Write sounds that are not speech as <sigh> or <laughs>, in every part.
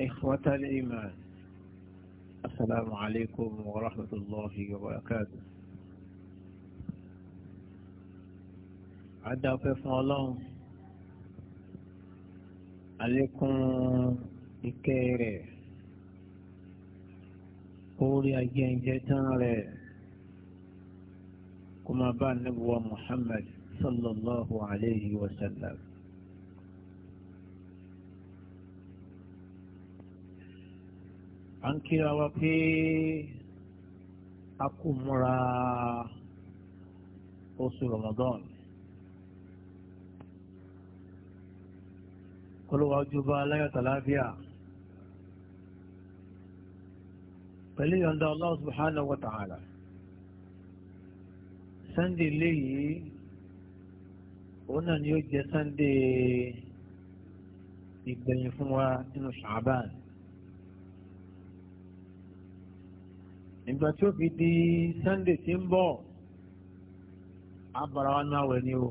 إخوة الإيمان السلام عليكم ورحمة الله وبركاته عدا في فالون عليكم إكيري قولي أجين جيتان كما بان نبوة محمد صلى الله عليه وسلم à ń kíra wa pé a kò múra oṣù Ramadan. olùwàjú bá aláyọ̀tà lábíà pẹ̀lú ìyọ̀ǹda Allah subhanahu wa ta'ala sannde léyìí òun náà ni ó jẹ́ sannde ìgbẹ̀yìn fún wa nínú ṣàbáàn. ìgbà tí ó fi di Sunday tí ń bọ̀ abara wa náà wẹ̀ ni o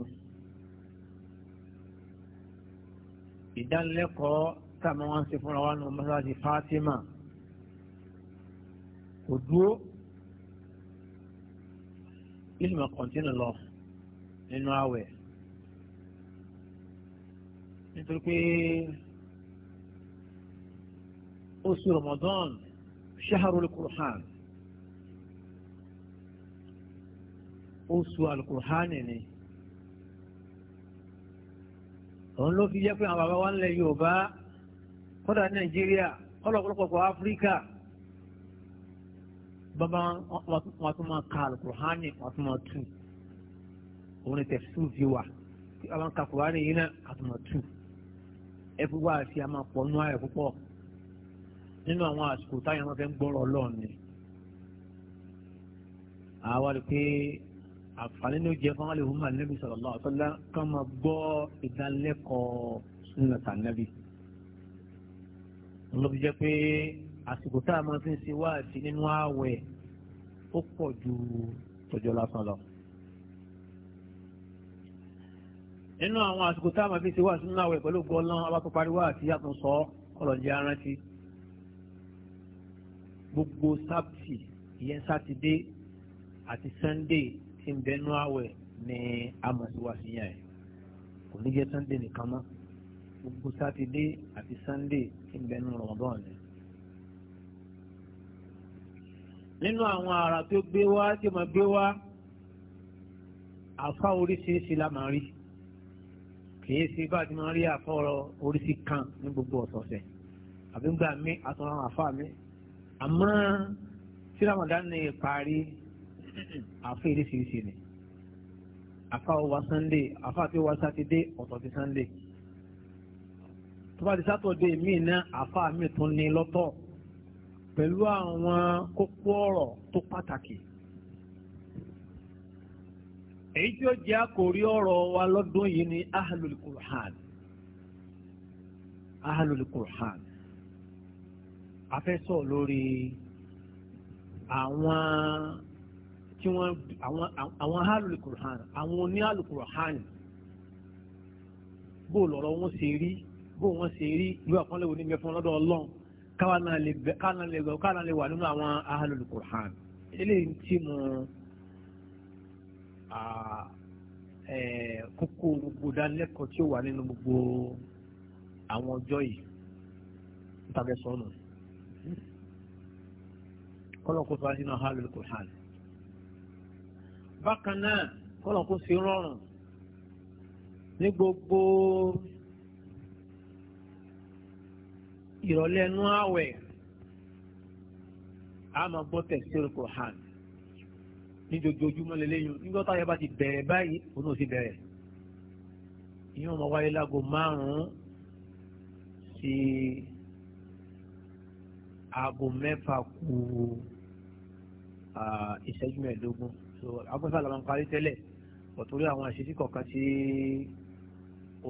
ìdánilẹ́kọ̀ọ́ táwọn wọn ṣe fúnra wa nù mọ́sáàsì Fatima kò dúró ilmu kọ̀ntínú lọ nínú àwẹ̀ nítorí pé oṣù Ramadan shaharul Qur'an. oṣù alukur'an ni òun ló fi jẹ́ pé àwọn bàbá wa ńlẹ̀ Yorùbá kọ́dà Nàìjíríà kọ́lọ̀kọ́lọ́kọ́ Áfíríkà bàbá wọn tún máa ka alukur'an ni wọn tún máa tú òun ni tẹ̀síù fi wà tí a máa ka kur'an yìí náà a tún máa tú ẹ fi àti a máa pọ̀ nù ayọ̀ púpọ̀ nínú àwọn àsìkò táyà wọn fẹ́ ń gbọ́rọ̀ lọ́ọ̀ni àwa rí pé àǹfààní ló jẹ́ fún alẹ́ òun ànábì sallallahu alaihi wasallam kán máa gbọ́ ìdánilẹ́kọ̀ọ́ sunnata ànábì. ló fi jẹ́ pé àsìkò tá a máa fi ń ṣe wáàsí nínú ààwẹ̀ ó pọ̀ ju tọjọ́ lásán lọ. nínú àwọn àsìkò tá a máa fi ṣe wáàsí nínú ààwẹ̀ pẹ̀lú gọ́ọ̀lán abápapari wáàsí yàtọ̀ sọ ọlọ́jẹ́ arántí gbogbo sábtì ìyẹn sátidé àti sànńdé ti ń bẹnu àwẹ̀ ni amọ̀síwáṣíyàn ẹ̀ kò ní jẹ́ sunday nìkan mọ́ gbogbo sátidé àti sunday ti ń bẹnu rọ̀bọ̀n ni. nínú àwọn ara tó gbé wá tí mo gbé wá àfa oríṣiríṣi la máa rí kìí ṣe bá a ti máa rí àfa oríṣi kan ní gbogbo ọ̀sọ̀ọ̀sẹ̀ àbí ń gbà mí àtúnra àwọn àfa mi àmọ́ tí ramadan ní ìparí àfa eréṣiríṣi ni àfa wa sunday àfa àti wa sátidé ọ̀tọ̀ ti sunday tó bá di sátọ̀dé míì náà àfa mi tún ní lọ́tọ̀ pẹ̀lú àwọn kókó ọ̀rọ̀ tó pàtàkì èyí tí ó jẹ́ àkòrí ọ̀rọ̀ wa lọ́dún yìí ni ahlul qur'an ahlul qur'an a fẹ́ sọ lórí àwọn tí wọ́n àwọn alùkùrán àwọn oní alùkùrán bó lọ́rọ̀ wọn ṣe rí bó wọn ṣe rí ìlú àpọ́nlẹ̀ òní mẹ́fọ́n lọ́dọ̀ ọlọ́run káwọn lè wà nínú àwọn alùkùrán eléyìí tí mo kókó gbogbo dánilẹ́kọ̀ọ́ tí ó wà nínú gbogbo àwọn ọjọ́ yìí tàbí sọnù kọ́lọ́kùnrin fásitì náà hàlùkùrán bákan náà kọ́lọ̀ kó fi rọrùn ní gbogbo ìrọ̀lẹ́ inú àwẹ̀ a máa gbọ́ tẹ̀síọ̀rọ̀ kò hàn ní jojoojúmọ́ lélẹ́yìn nígbà táyà bá ti bẹ̀rẹ̀ báyìí òun ò ti bẹ̀rẹ̀ ìyẹn ọmọ wáyé láago márùn-ún sí aago mẹ́fà kù ìṣẹ́jú mẹ́ẹ̀ẹ́dógún so àkọsà làwọn parí tẹ́lẹ̀ ọ̀tọ́rí àwọn àṣetí kọ̀ọ̀kan tí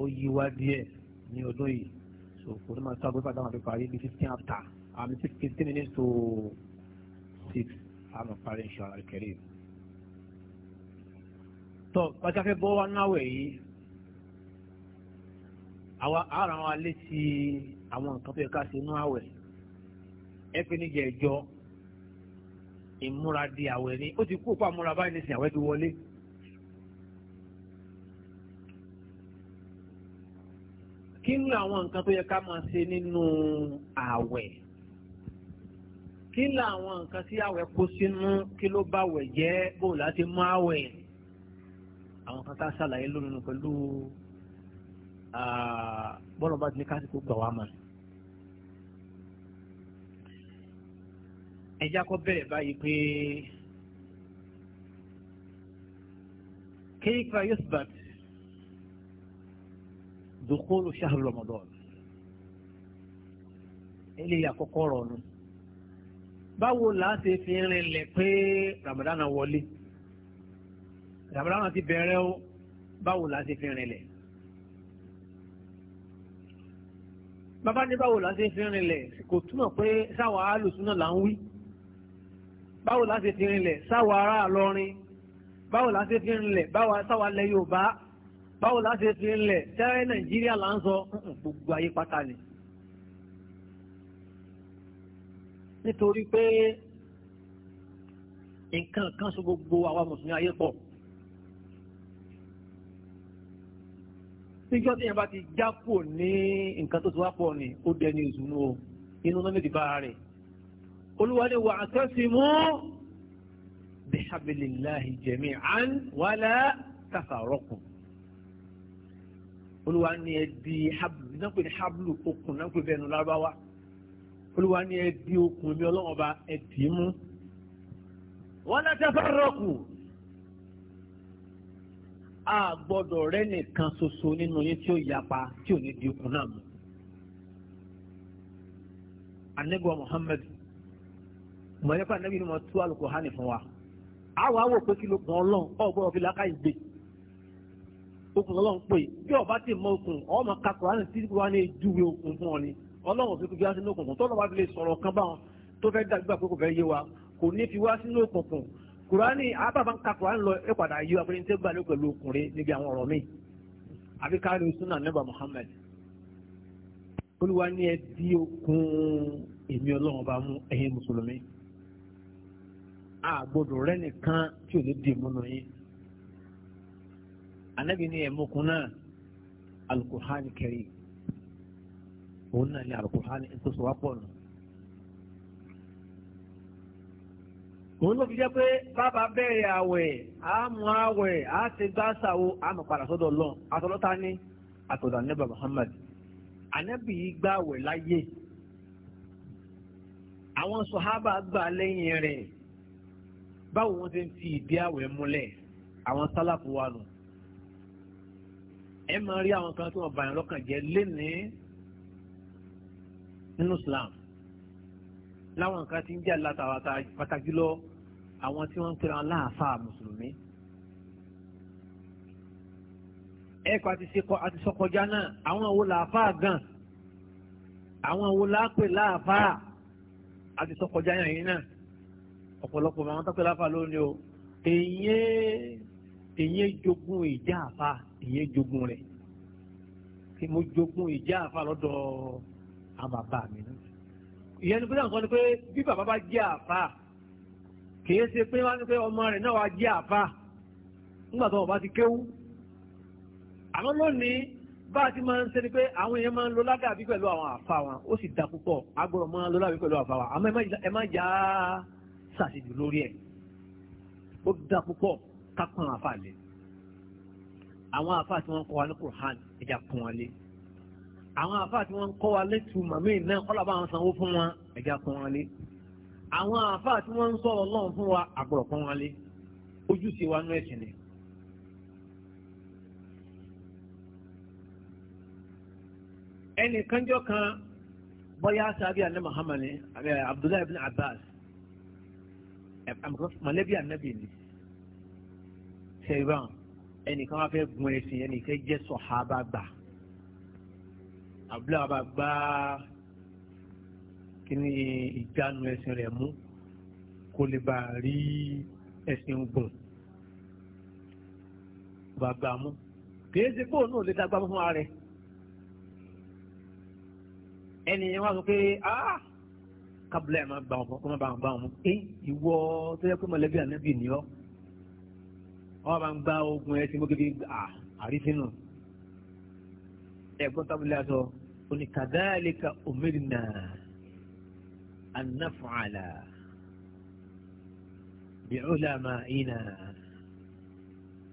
ó yí wá díẹ̀ ní ọdún yìí so kò ní máa sọ àgbẹ̀fà táwọn fi parí bíi fifteen after àmì fifteen minutes to six àmọ̀ parí ìṣọ̀rọ̀ àkẹrẹ́ yìí tọ́ pàtàkì bọ́ wá náwẹ̀ yìí àwa ara wa létí àwọn nǹkan tó yẹ ká ṣe nú àwẹ̀ ẹ pé níjẹ̀ ẹjọ́ ìmúra di àwẹ̀ ni ó ti kú òpá múra báyìí nísìnyí àwẹ̀ ti wọlé. kí ni àwọn nǹkan tó yẹ ká máa ṣe nínú àwẹ̀ kí ni àwọn nǹkan tí àwẹ̀ kó sínú kí ló bá wẹ̀ jẹ́ bó láti mú àwẹ̀ àwọn kan tá a ṣàlàyé lónìí pẹ̀lú bọ́lá bá ti ní ká sì kó gbà wá mọ̀. ẹja kọ́ bẹ̀rẹ̀ báyìí pé kéèkà yusbat dùkúrú shahru Ramadan eléyìí àkọ́kọ́ rọ̀ nù báwo láti fi rinlẹ̀ pé Ramadan wọlé Ramadan ti bẹ̀rẹ̀ o báwo láti fi rinlẹ̀. bàbá ní báwo láti fi rinlẹ̀ kò túmọ̀ pé sáwọn alùsùn náà là ń wí báwo la ṣe fi rinlẹ̀ sáwọn ará àlọrin báwo la ṣe fi rinlẹ̀ sáwọn alẹ́ yorùbá báwo la ṣe fi rinlẹ̀ sẹ́rẹ́ nàìjíríà là ń sọ gbogbo ayé pátá ni. nítorí pé nǹkan kan so gbogbo àwa mùsùlùmí ayé pọ̀. níjọ́ tí yẹn bá ti já kúrò ní nǹkan tó ti wá pọ̀ ni ó dẹni ìzùnú o inú náà méjì bá rẹ̀ olúwa ni wa'tasimu bihablillahi jami'an wala tafarraqu olúwa ni ẹ di hablu náà pé ní hablu okùn náà pé bẹ́ẹ̀ nù lárúbáwá olúwa ni ẹ di okùn mi ọlọ́wọ́n ba ẹ dì í mú wala tafarraqu a gbọ́dọ̀ rẹ nìkan ṣoṣo nínú yín tí ó yapa tí ò ní di okùn náà mú. anagba Muhammad mọ̀ nípa nẹ́bí ni mo tú àlùkò hánì fún wa àwọn àwọn òpè kìlọ̀ kan ọlọ́run ọgbọ́n òfin làákà ìgbè okùn ọlọ́run pè bí ọba ti mọ okùn ọmọ kakọ̀ hánì tí wọ́n ní júwe okùn fún ọ ni ọlọ́run òfin fi wá sínú òkùnkùn tọ́lọ́ wa fi lè sọ̀rọ̀ kan báwọn tó fẹ́ dàgbà pé kò fẹ́ yé wa kò ní fi wá sínú òkùnkùn kùránì àbàbà ń ka kùránì lọ ẹ padà yí wa pé ní tẹ́gbà ló pẹ̀lú Muhammad olúwa ní ẹ di okùn èmi ọlọ́run bá mú àgbọ́dọ̀ rẹ nìkan tí o lè dì múnú yín anabi ni ẹmọkun náà alukuhani kẹrin òun náà ni alukuhani ntòsó wa pọ̀ nù. òun ló fi jẹ́ pé bàbá bẹ̀rẹ̀ àwẹ̀ àmú àwẹ̀ àṣegbàṣàwò àmọ̀ padà sọ́dọ̀ lọ́n àtọ́lọ́ta ní àtọ̀dọ̀ anábà Muhammad anábì yìí gbà láyé àwọn báwo wọ́n ṣe ń fi ìdí àwẹ̀ múlẹ̀ àwọn sálàfù wa nù ẹ máa rí àwọn kan tí wọ́n bàyàn lọ́kàn jẹ́ lénìí nínú Islam láwọn kan ti ń jà látàwátà pàtàkì lọ àwọn tí wọ́n ń pera láàfáà mùsùlùmí. ẹ̀kọ́ àti sọkọjá náà àwọn wo làáfáà gan àwọn wo láàpè láàfáà àti sọkọjá yẹn náà ọ̀pọ̀lọpọ̀ àwọn tó pẹ́lá fà lónìí o èyí jogún ìjà àfà èyí jogún rẹ̀ tí mo jogún ìjà àfà lọ́dọ̀ àwọn mi náà ìyẹn ni pé náà ni pé bí bàbá bá jẹ́ àfà kìí ṣe pé wá ní pé ọmọ rẹ̀ náà wá jẹ́ àfà nígbà tó wọn bá ti kéwú àmọ́ lónìí bá a ti máa ń ṣe ni pé àwọn èèyàn máa ń lo ládàbí pẹ̀lú àwọn àfà wọn ó sì dà púpọ̀ agbọ̀rọ̀ máa ń lo ládàbí pẹ̀lú àfà wọn àmọ́ ẹ má jà á ṣàṣejù lórí ẹ̀ ó dá púpọ̀ ká pọ́n àwọn àfa lé àwọn àfa tí wọ́n kọ́ wa ní Qur'an ẹ̀já pọ́n wọn lé àwọn àfa tí wọ́n kọ́ wa lẹ́tùú màmí náà kọ́lá bá wọn sanwó fún wọn ẹ̀já pọ́n wọn lé àwọn àfa tí wọ́n ń sọ̀rọ̀ lọ́run fún wa àgbọ̀rọ̀ pọ́n wọn lé ojúṣe wa nú ẹ̀sìn ni. ẹnì kanjọ́ kan bọ́yá sábẹ́ alẹ́ Muhammad abdullahi ibn Abbas mọ̀lẹ́bí ànábì ni sẹ́yìnbọn ẹnìkan wá fẹ́ gun ẹ̀sìn ẹnìkan jẹ́ sọ̀hábà gbà àbúlé àbá gbá kíní ìjánu ẹ̀sìn rẹ̀ mú kó lè bá rí ẹ̀sìn gùn gbàgbà mú kìí ṣe bóun náà lè dàgbà mú fún ara rẹ̀ ẹnìyẹn wá sọ pé áá kábílà ẹ̀ máa gbà wọn kọ́ máa bá wọn gbà wọn mú ẹ ìwọ tó yẹ kó mọ̀lẹ́bí ànábì ni ọ́ wọ́n máa ń gba ogun ẹ̀ sí mú kékeré à àrífínù ẹ̀gbọ́n tábìlì àtọ oníkàdáàlíkà òmìnira anáfààlà bìcúlàmà ìnà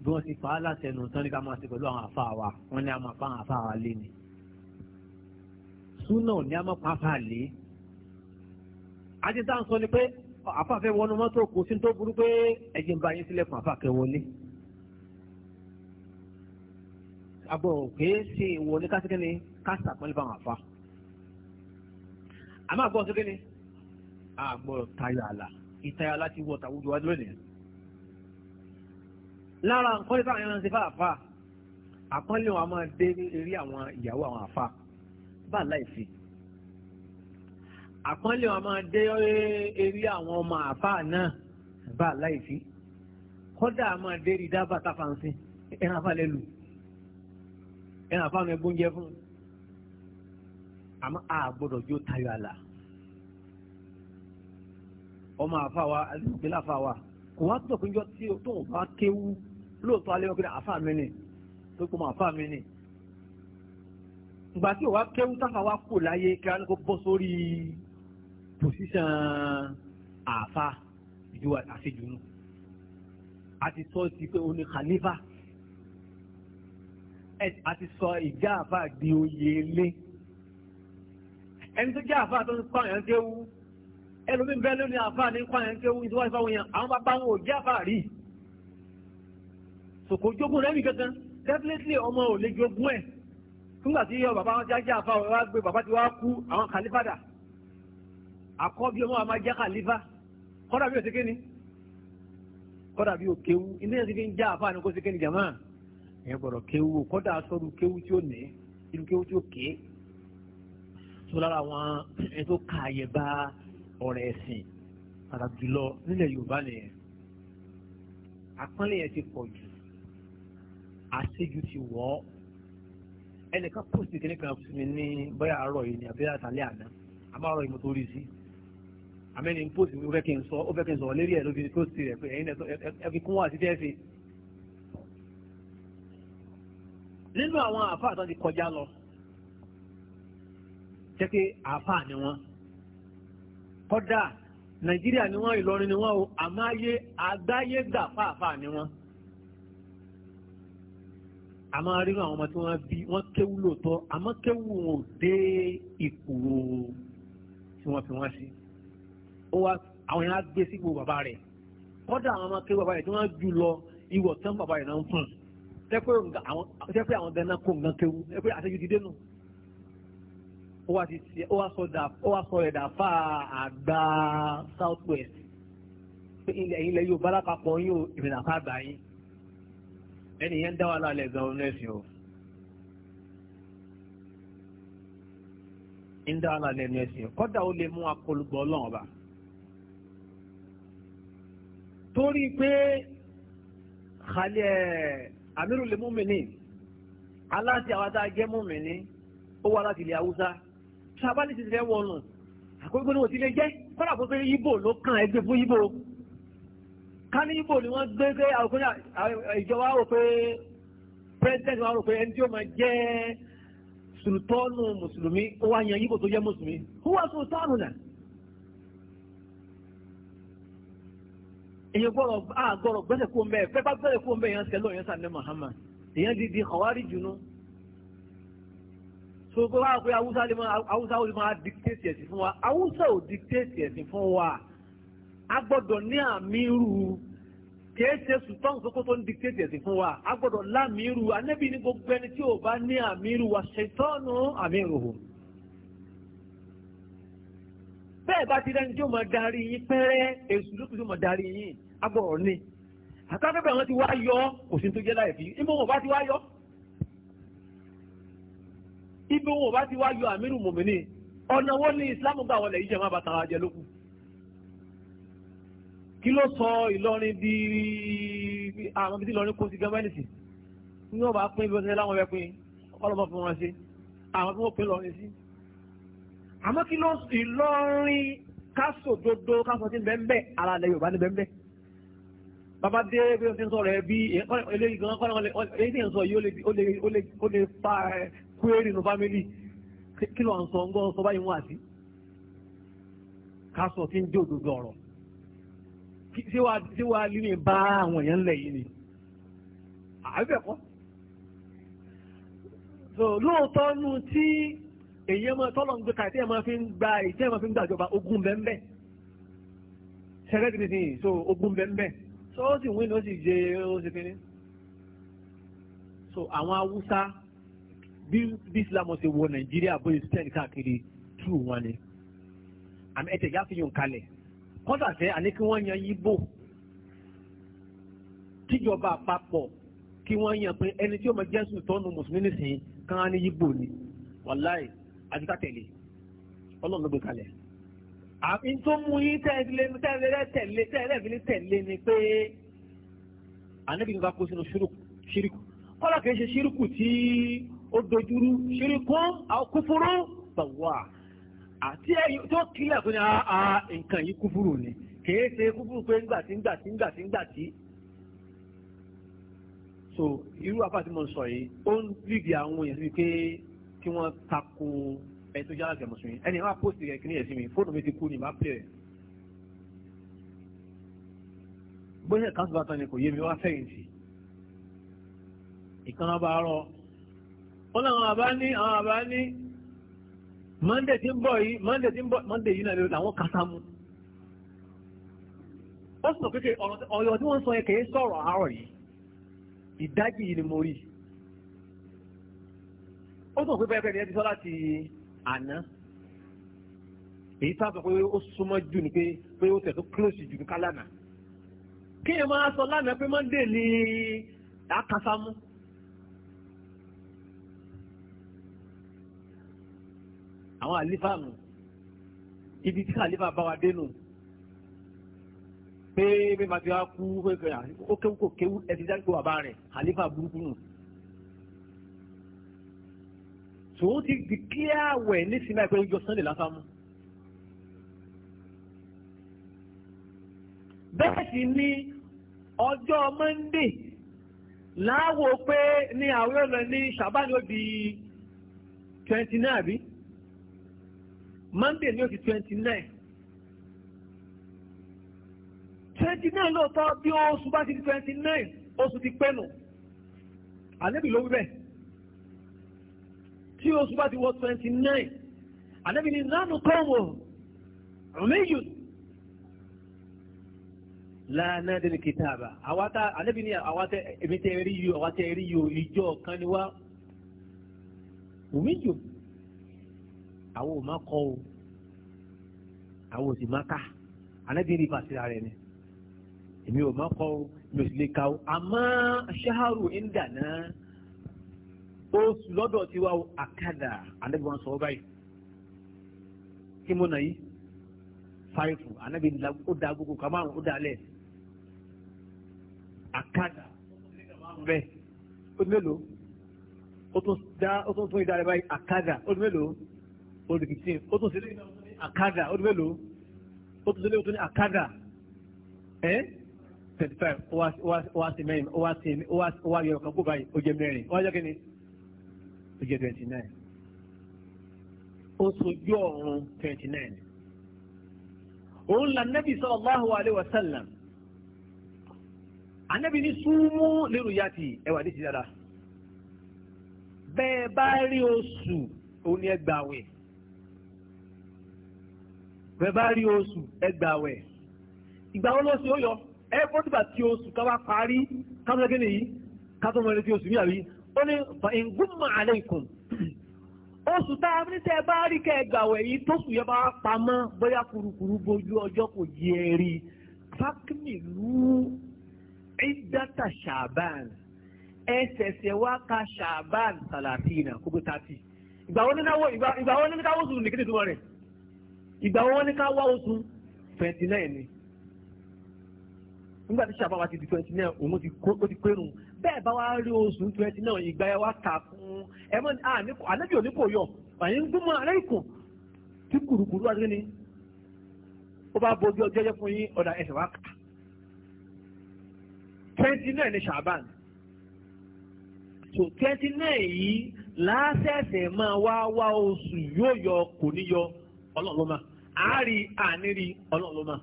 bí wọ́n ti fà á látẹnu tán ní ká máa ṣe pẹ̀lú àwọn àfa wa wọ́n ní a máa fa àwọn wa lé ni súnà ò ní a máa pa àfa lé àti tá à ń sọ ni pé àfàfẹ́ wọnú mọ́tò kò sí tó burú pé ẹ̀jẹ̀ ń ba yín sílẹ̀kùn àfàkẹ́ wọlé. àbọ̀ kìí ṣe ìwọ ní kásìkí ni kásà pẹ́lú báwọn àfa. àmọ́ àgbọ̀ sí kíni àgbọ̀ tayọ àlà ìtayọ àlà ti wọ tàwùjọ wa lónìí. lára nǹkan nípa àwọn ẹran ṣe fáàfáà àpọ́nlé wọn a máa dé eré àwọn ìyàwó àwọn àfa bá láì fi àpọ́nlé wọn máa dé eré àwọn ọmọ àbá náà bá láìsí kọ́dà máa dé rí dábàá táfàǹsì ẹran afá lẹ́lu ẹran afá mi gbóúnjẹ fún àmọ́ a jó tayọ àlà ọmọ àfa wa alùpùpẹ́lá àfa wa kò wá tó kúnjọ tí o tó bá kéwú lóòótọ́ alẹ́ wọn kí ni àfa mi ni tó kọ́ mọ àfa mi ni ìgbà o wá kéwú táfà wa kò láyé kí wọn kó bọ́ sórí pòsíṣàn àfa ju àṣejù nù àti sọ ti pé ó ní khalifa àti sọ ìjà àfa di oyè lé ẹni tó jẹ́ àfa tó ń pààyàn kéwú ẹlòmí bẹ́ẹ̀ ló ní àfa ní pààyàn kéwú ìdíwájú fáwọn èèyàn àwọn bàbá wọn ò jẹ́ àfa rí sòkò jogun rẹ́mi kankan definitely ọmọ ò lè jogun ẹ̀ nígbà tí bàbá wọn jájá àfa wọn wá gbé bàbá tí wọ́n kú àwọn kàlífàdà àkọ́bí ọmọ àmà jẹ́ kàlífà kọ́dà bí ó ti kéni kọ́dà bí ó kéwu ilé yẹn ti fi ń já àfa ni kó ti kéni jàmá ẹ gbọ́dọ̀ kéwu kọ́dà sọ́dún kéwu tí ó nẹ́ inú kéwu tí ó ké tó lára àwọn ẹni tó ka àyè bá ọ̀rẹ́ ẹ̀sìn pàtàkì jùlọ nílẹ̀ Yorùbá nìyẹn àpọ́nlé yẹn ti pọ̀ jù àṣejù ti wọ̀ ọ́ ẹnìkan pòsìtì kìnnìkan fún mi ní bóyá àárọ̀ yìí ni àbí àtàlẹ́ àná àbá àárọ̀ yìí mo tó rí sí àmẹ́ni post mi ó fẹ́ kí n sọ ó fẹ́ kí n sọ̀rọ̀ lérí ẹ̀ lóbi post rẹ̀ pé ẹ̀yin ẹ̀ kún wá sí tẹ́ẹ̀fì. nínú àwọn àáfàá tó ti kọjá lọ jẹ́ pé àáfàá ni wọ́n kọ́dà nàìjíríà ni wọ́n ìlọrin ni wọ́n o àmọ́ ayé àgbáyé gbà fáàfáà ni wọ́n àmọ́ rírun àwọn ọmọ tí wọ́n bí wọ́n kéwú lóòótọ́ àmọ́ kéwú wọn ò dé ipò tí wọ́n fi wọ́n sí ó wá àwọn yẹn á gbé sígbó bàbá rẹ̀ kọ́dà àwọn ọmọ kéwà bàbá rẹ̀ tí wọ́n á jù lọ ìwọ̀ tán bàbá rẹ̀ náà ń fún un tẹ́pẹ́ àwọn gánà kó nǹkan kéwu tẹ́pẹ́ àtẹ́jú ti dénú ó wá sọ ẹ̀dà fà àgbà south west pé ilẹ̀ ilẹ̀ yóò bá lápapọ̀ yóò ìrìnà fà àgbà yín ẹni yẹn ń dá wàhálà lẹ̀ gan ọ̀nà ẹ̀sìn o ń dá wàhálà lẹ̀ ẹ̀sìn o kọ́dà ó lè mú akólúgbọ́ ọlọ́run ọba torí pé amirul mumini aláṣẹ àwọn tá a jẹ́ mumini ó wá láti ilẹ̀ haúsá sábàlì ti fẹ́ wọnù àkókò ní òtí lè jẹ́ kọ́dà kó pé ibo ló kàn ẹgbẹ́ fún ibo ká ní ibo ni wọ́n gbé pé ìjọba rò pé president wa rò pé ẹni tí ó máa jẹ́ sultanu mùsùlùmí ó wá yan ibo tó jẹ́ mùsùlùmí ó wá sultanu náà. èyàn gbọ́dọ̀ àgọ́rọ̀ gbẹ́sẹ̀ kó ń bẹ́ẹ̀ pẹ́ bá gbẹ́sẹ̀ kó ń bẹ́ẹ̀ yẹn sẹ́lọ̀ yẹn sànni Muhammad èyàn di di kọ̀wárí jùnú. so kó wá pé awúsá lè máa awúsá ó lè máa dictate ẹ̀sìn fún wa awúsá ò dictate ẹ̀sìn fún wa a gbọ́dọ̀ ní àmírù kìí ṣe sùtọ́n sókó tó ń dictate ẹ̀sìn fún wa a gbọ́dọ̀ lámírù anẹ́bí ní gbogbo ẹni tí ò bá ní àmírù wa ṣètọ́nù àmírù hù. bẹ́ẹ̀ bá ti dání tí ó máa darí yín pẹ́rẹ́ èṣù ló kù tó máa darí yín agbọ̀rọ̀ ni àtàkùnbẹ̀ wọn ti wá yọ kò sí tó jẹ́ láì fi ibo wọn bá ti wá yọ ibo wọn bá ti wá yọ àmínú mòmìnì ọ̀nà wọn ní islam gbà wọlé yìí jẹ́ má bàtà ajẹ́ lókun kí ló sọ ìlọrin di àwọn bíi ìlọrin kó sí gẹ́mẹ́nìtì ní wọn bá pín ibi ọ̀sẹ̀ láwọn ẹ̀pin ọlọ́mọ fún wọn ṣe àwọn tí wọ́n pín lọrin sí àmọ́ kí ló ìlọrin kásòdodo kásòtí bẹ́ẹ̀ bẹ́ẹ̀ ara lẹ́yìn ò bàbá dé bí wọ́n ti ń sọ̀rọ̀ ẹ bí eléyìí gan kọ́nà eléyìí tí ń sọ yìí ó lè fa kúérì nù fámìlì kí ló ń sọ ń gbọ́ sọ báyìí wọ́n àti ká sọ tí ń dé òdodo ọ̀rọ̀ tí wàá lé ní bá àwọn èèyàn lẹ̀ yìí ni àbẹ̀kọ́ lóòótọ́ nu tí èyí ọmọ tọ́lọ̀ ń gbé ka ìtẹ́ máa fi ń gba ìtẹ́ máa fi ń gbàjọba ogun bẹ́ẹ̀ bẹ́ẹ̀ ṣẹlẹ́ ti ní sìn so ogun bẹ́ẹ̀ bẹ́ẹ̀ so ó sì win ó sì jẹ ó sì kéré so àwọn haúsá bí bí islam ṣe wọ nàìjíríà bóyá spain káàkiri true wọn ni àmì ẹ̀tẹ̀ ìyá fi yàn kalẹ̀ kọ́tà fẹ́ àní kí wọ́n yan yíbò kíjọba àpapọ̀ kí wọ́n yan pé ẹni tí ó mọ jésù tọ́nu mùsùlùmí nìsín kán ní yíbò ni wàláì àti kátẹ̀lé ọlọ́run ló gbé kalẹ̀ àmì tó mú yín tẹ́lẹ̀ tẹ́lẹ̀ tẹ́lẹ̀ fi tẹ̀lé ni pé ànábì nípa kó sínú ṣíríkù kọ́lá kìí ṣe ṣíríkù tí ó dojúrú ṣíríkù àwọn kúfúrú bàwà àti ẹ̀yìn tó kílẹ̀ fún ni àà nǹkan yìí kúfúrú ni kìí ṣe kúfúrú pé ńgbà tí ńgbà tí ńgbà tí ńgbà tí so irú apá tí mo sọ yìí ó ń rídìí àwọn èèyàn sí pé kí wọ́n tako ẹni tó jára jẹ mùsùlùmí ẹni máa post rẹ kí ni ẹsìn mi fóònù mi ti kú ni máa play rẹ. bóyá kan tó bá tán ni kò yé mi wá fẹ̀yìntì ìkànnà bá rọ ó láwọn àbá ní àwọn àbá ní monday tí ń bọ̀ yìí monday tí ń bọ̀ monday yìí náà lè làwọn kàtà mu ó sọ pé ọ̀yọ̀ tí wọ́n sọ yẹn kì í sọ̀rọ̀ àárọ̀ yìí ìdájì yìí ni mo rí ó sọ pé bẹ́ẹ̀ bẹ́ẹ̀ ni ẹ ti sọ láti àná èyí tá a sọ pé ó súnmọ́ jù ni pé pé ó tẹ̀sán close jù ní kálánà kéèyàn máa sọ lánàá pé monday ni àkàsámú. àwọn àlífà nù ibi tí àlífà bá wa dé nù pé bí màtí wa kú ó kéwú kò kéwú ẹ ti dá gbé wàbá rẹ̀ àlífà burúkú nù. So tòun ti di clear wẹ̀ nísìnyí àìpẹ́ ọjọ́ sunday lásán mú. bẹ́ẹ̀ sì ni ọjọ́ monday láwo pé ní àwọn ọ̀nà ní sàbáni ó di twenty nine àbí monday ní ó di twenty nine twenty nine lóòótọ́ bí oṣù bá ti di twenty nine oṣù ti pẹ́ nù àlébì ló wí bẹ́ẹ̀ tí oṣù bá ti wọ twenty nine ànábì ní nánú kọ́wọ̀ ọ̀mẹ́yù lánàá dẹ́nu kìtàbà àwátá ànábì ní àwátá èmi tẹ́ rí yìí àwátá rí yìí ìjọ kan ni wá ọ̀mẹ́yù àwọn ò má kọ́ o àwọn ò sì má ká ànábì ní ìfàsíra rẹ̀ ni èmi ò má kọ́ o mi ò sì lè ka o àmọ́ ṣáàrù ń dà náà oṣù lọ́dọ̀ ti wá àkàdà àdébọn sọ báyìí kí mo nà yí fáìfù ànábi ó da gbogbo kan márùn ó dalẹ̀ àkàdà bẹ́ẹ̀ ó di mélòó ó tún dá ó tún tún ìdárẹ̀ báyìí àkàdà ó di mélòó ó di fifteen ó tún sílẹ̀ àkàdà ó di mélòó ó tún sílẹ̀ ó tún ní àkàdà ẹ́ thirty five ó wá sí mẹ́rin ó wá sí ó wá yọ ọ̀kan kó báyìí ó jẹ mẹ́rin ó wá jẹ́ kí ni ó jẹ́ twenty nine ó sojú ọ̀run twenty nine òun la nabi sallallahu alayhi wa sallam anabi ní súnmú lérò ya ti ẹwà dé ti dára bẹ́ẹ̀ bá rí oṣù òun ni ẹ gbààwẹ̀ bẹ́ẹ̀ bá rí oṣù ẹ gbààwẹ̀ ìgbà wo lóṣù ó yọ ẹ bó tí oṣù ká parí ká tó nìyí ká tó tí oṣù ní àbí ó ní fàìngúnmọ̀ àlẹ́kùn <clears throat> oṣù tá a ní tẹ́ ẹ bá rí kẹ́ ẹ gbàwẹ̀ yìí tó sùn yẹ bá pamọ́ bóyá kurukuru bójú ọjọ́ kò yẹ ẹ rí fákìmìlú ìdátà ṣàbàn ẹsẹ̀sẹ̀ wá ka ṣàbàn sàlàtìnà kó bó tààtì ìgbà wo ní ká wọ ìgbà wo ní ká wọ sùn nìkìtì tó rẹ̀ ìgbà wo ní ká wá oṣù twenty nine ni nígbà tí ṣàbàn wa ti di twenty nine òun ti kó ó ti kó irun. bẹ́ẹ̀ bá wá rí oṣù twenty ìgbà ẹ wá kà fún ẹ mọ́ ànábì òní kò yọ àyè gbọ́mọ alẹ́ tí kùrùkùrù wá sí ni ó bá bójú ọjọ́ fún yín ọ̀dà ẹsẹ̀ ni ṣàbàn so twenty nine yìí láṣẹ̀ṣẹ̀ máa wá wá oṣù yóò yọ kò ní yọ ọlọ́ọ̀lọ́mà àárí àníri ọlọ́ọ̀lọ́mà.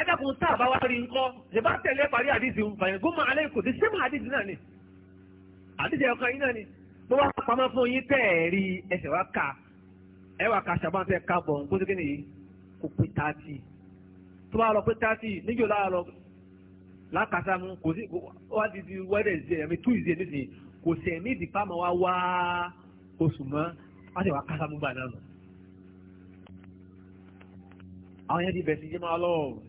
ẹ̀dàkùn tá a bá wá rí nkọ́ ṣèbá tẹ̀lé parí àdìsí fàyẹn gómà alẹ́ kò sí àdìsí náà ni àdìsí ọkàn yín náà ni bó wá pamọ́ fún yín tẹ́ ẹ̀ rí ẹsẹ̀ wá ká ẹ wà ká ṣàbá tẹ ká bọ̀ nkó sókè nìyí kò pé tààtì tó bá lọ pé tààtì níjó láà lọ lákàtà mu kò sí wá di di wẹ́dẹ̀ zi ẹ̀mí tú ìzì ẹ̀mí sì kò sí ẹ̀mí ìdí pàmò wá wá oṣù mọ́ wá wá kásá gbà náà nù. àwọn yẹn ti bẹ̀ sí jẹ́ máa lọ́wọ́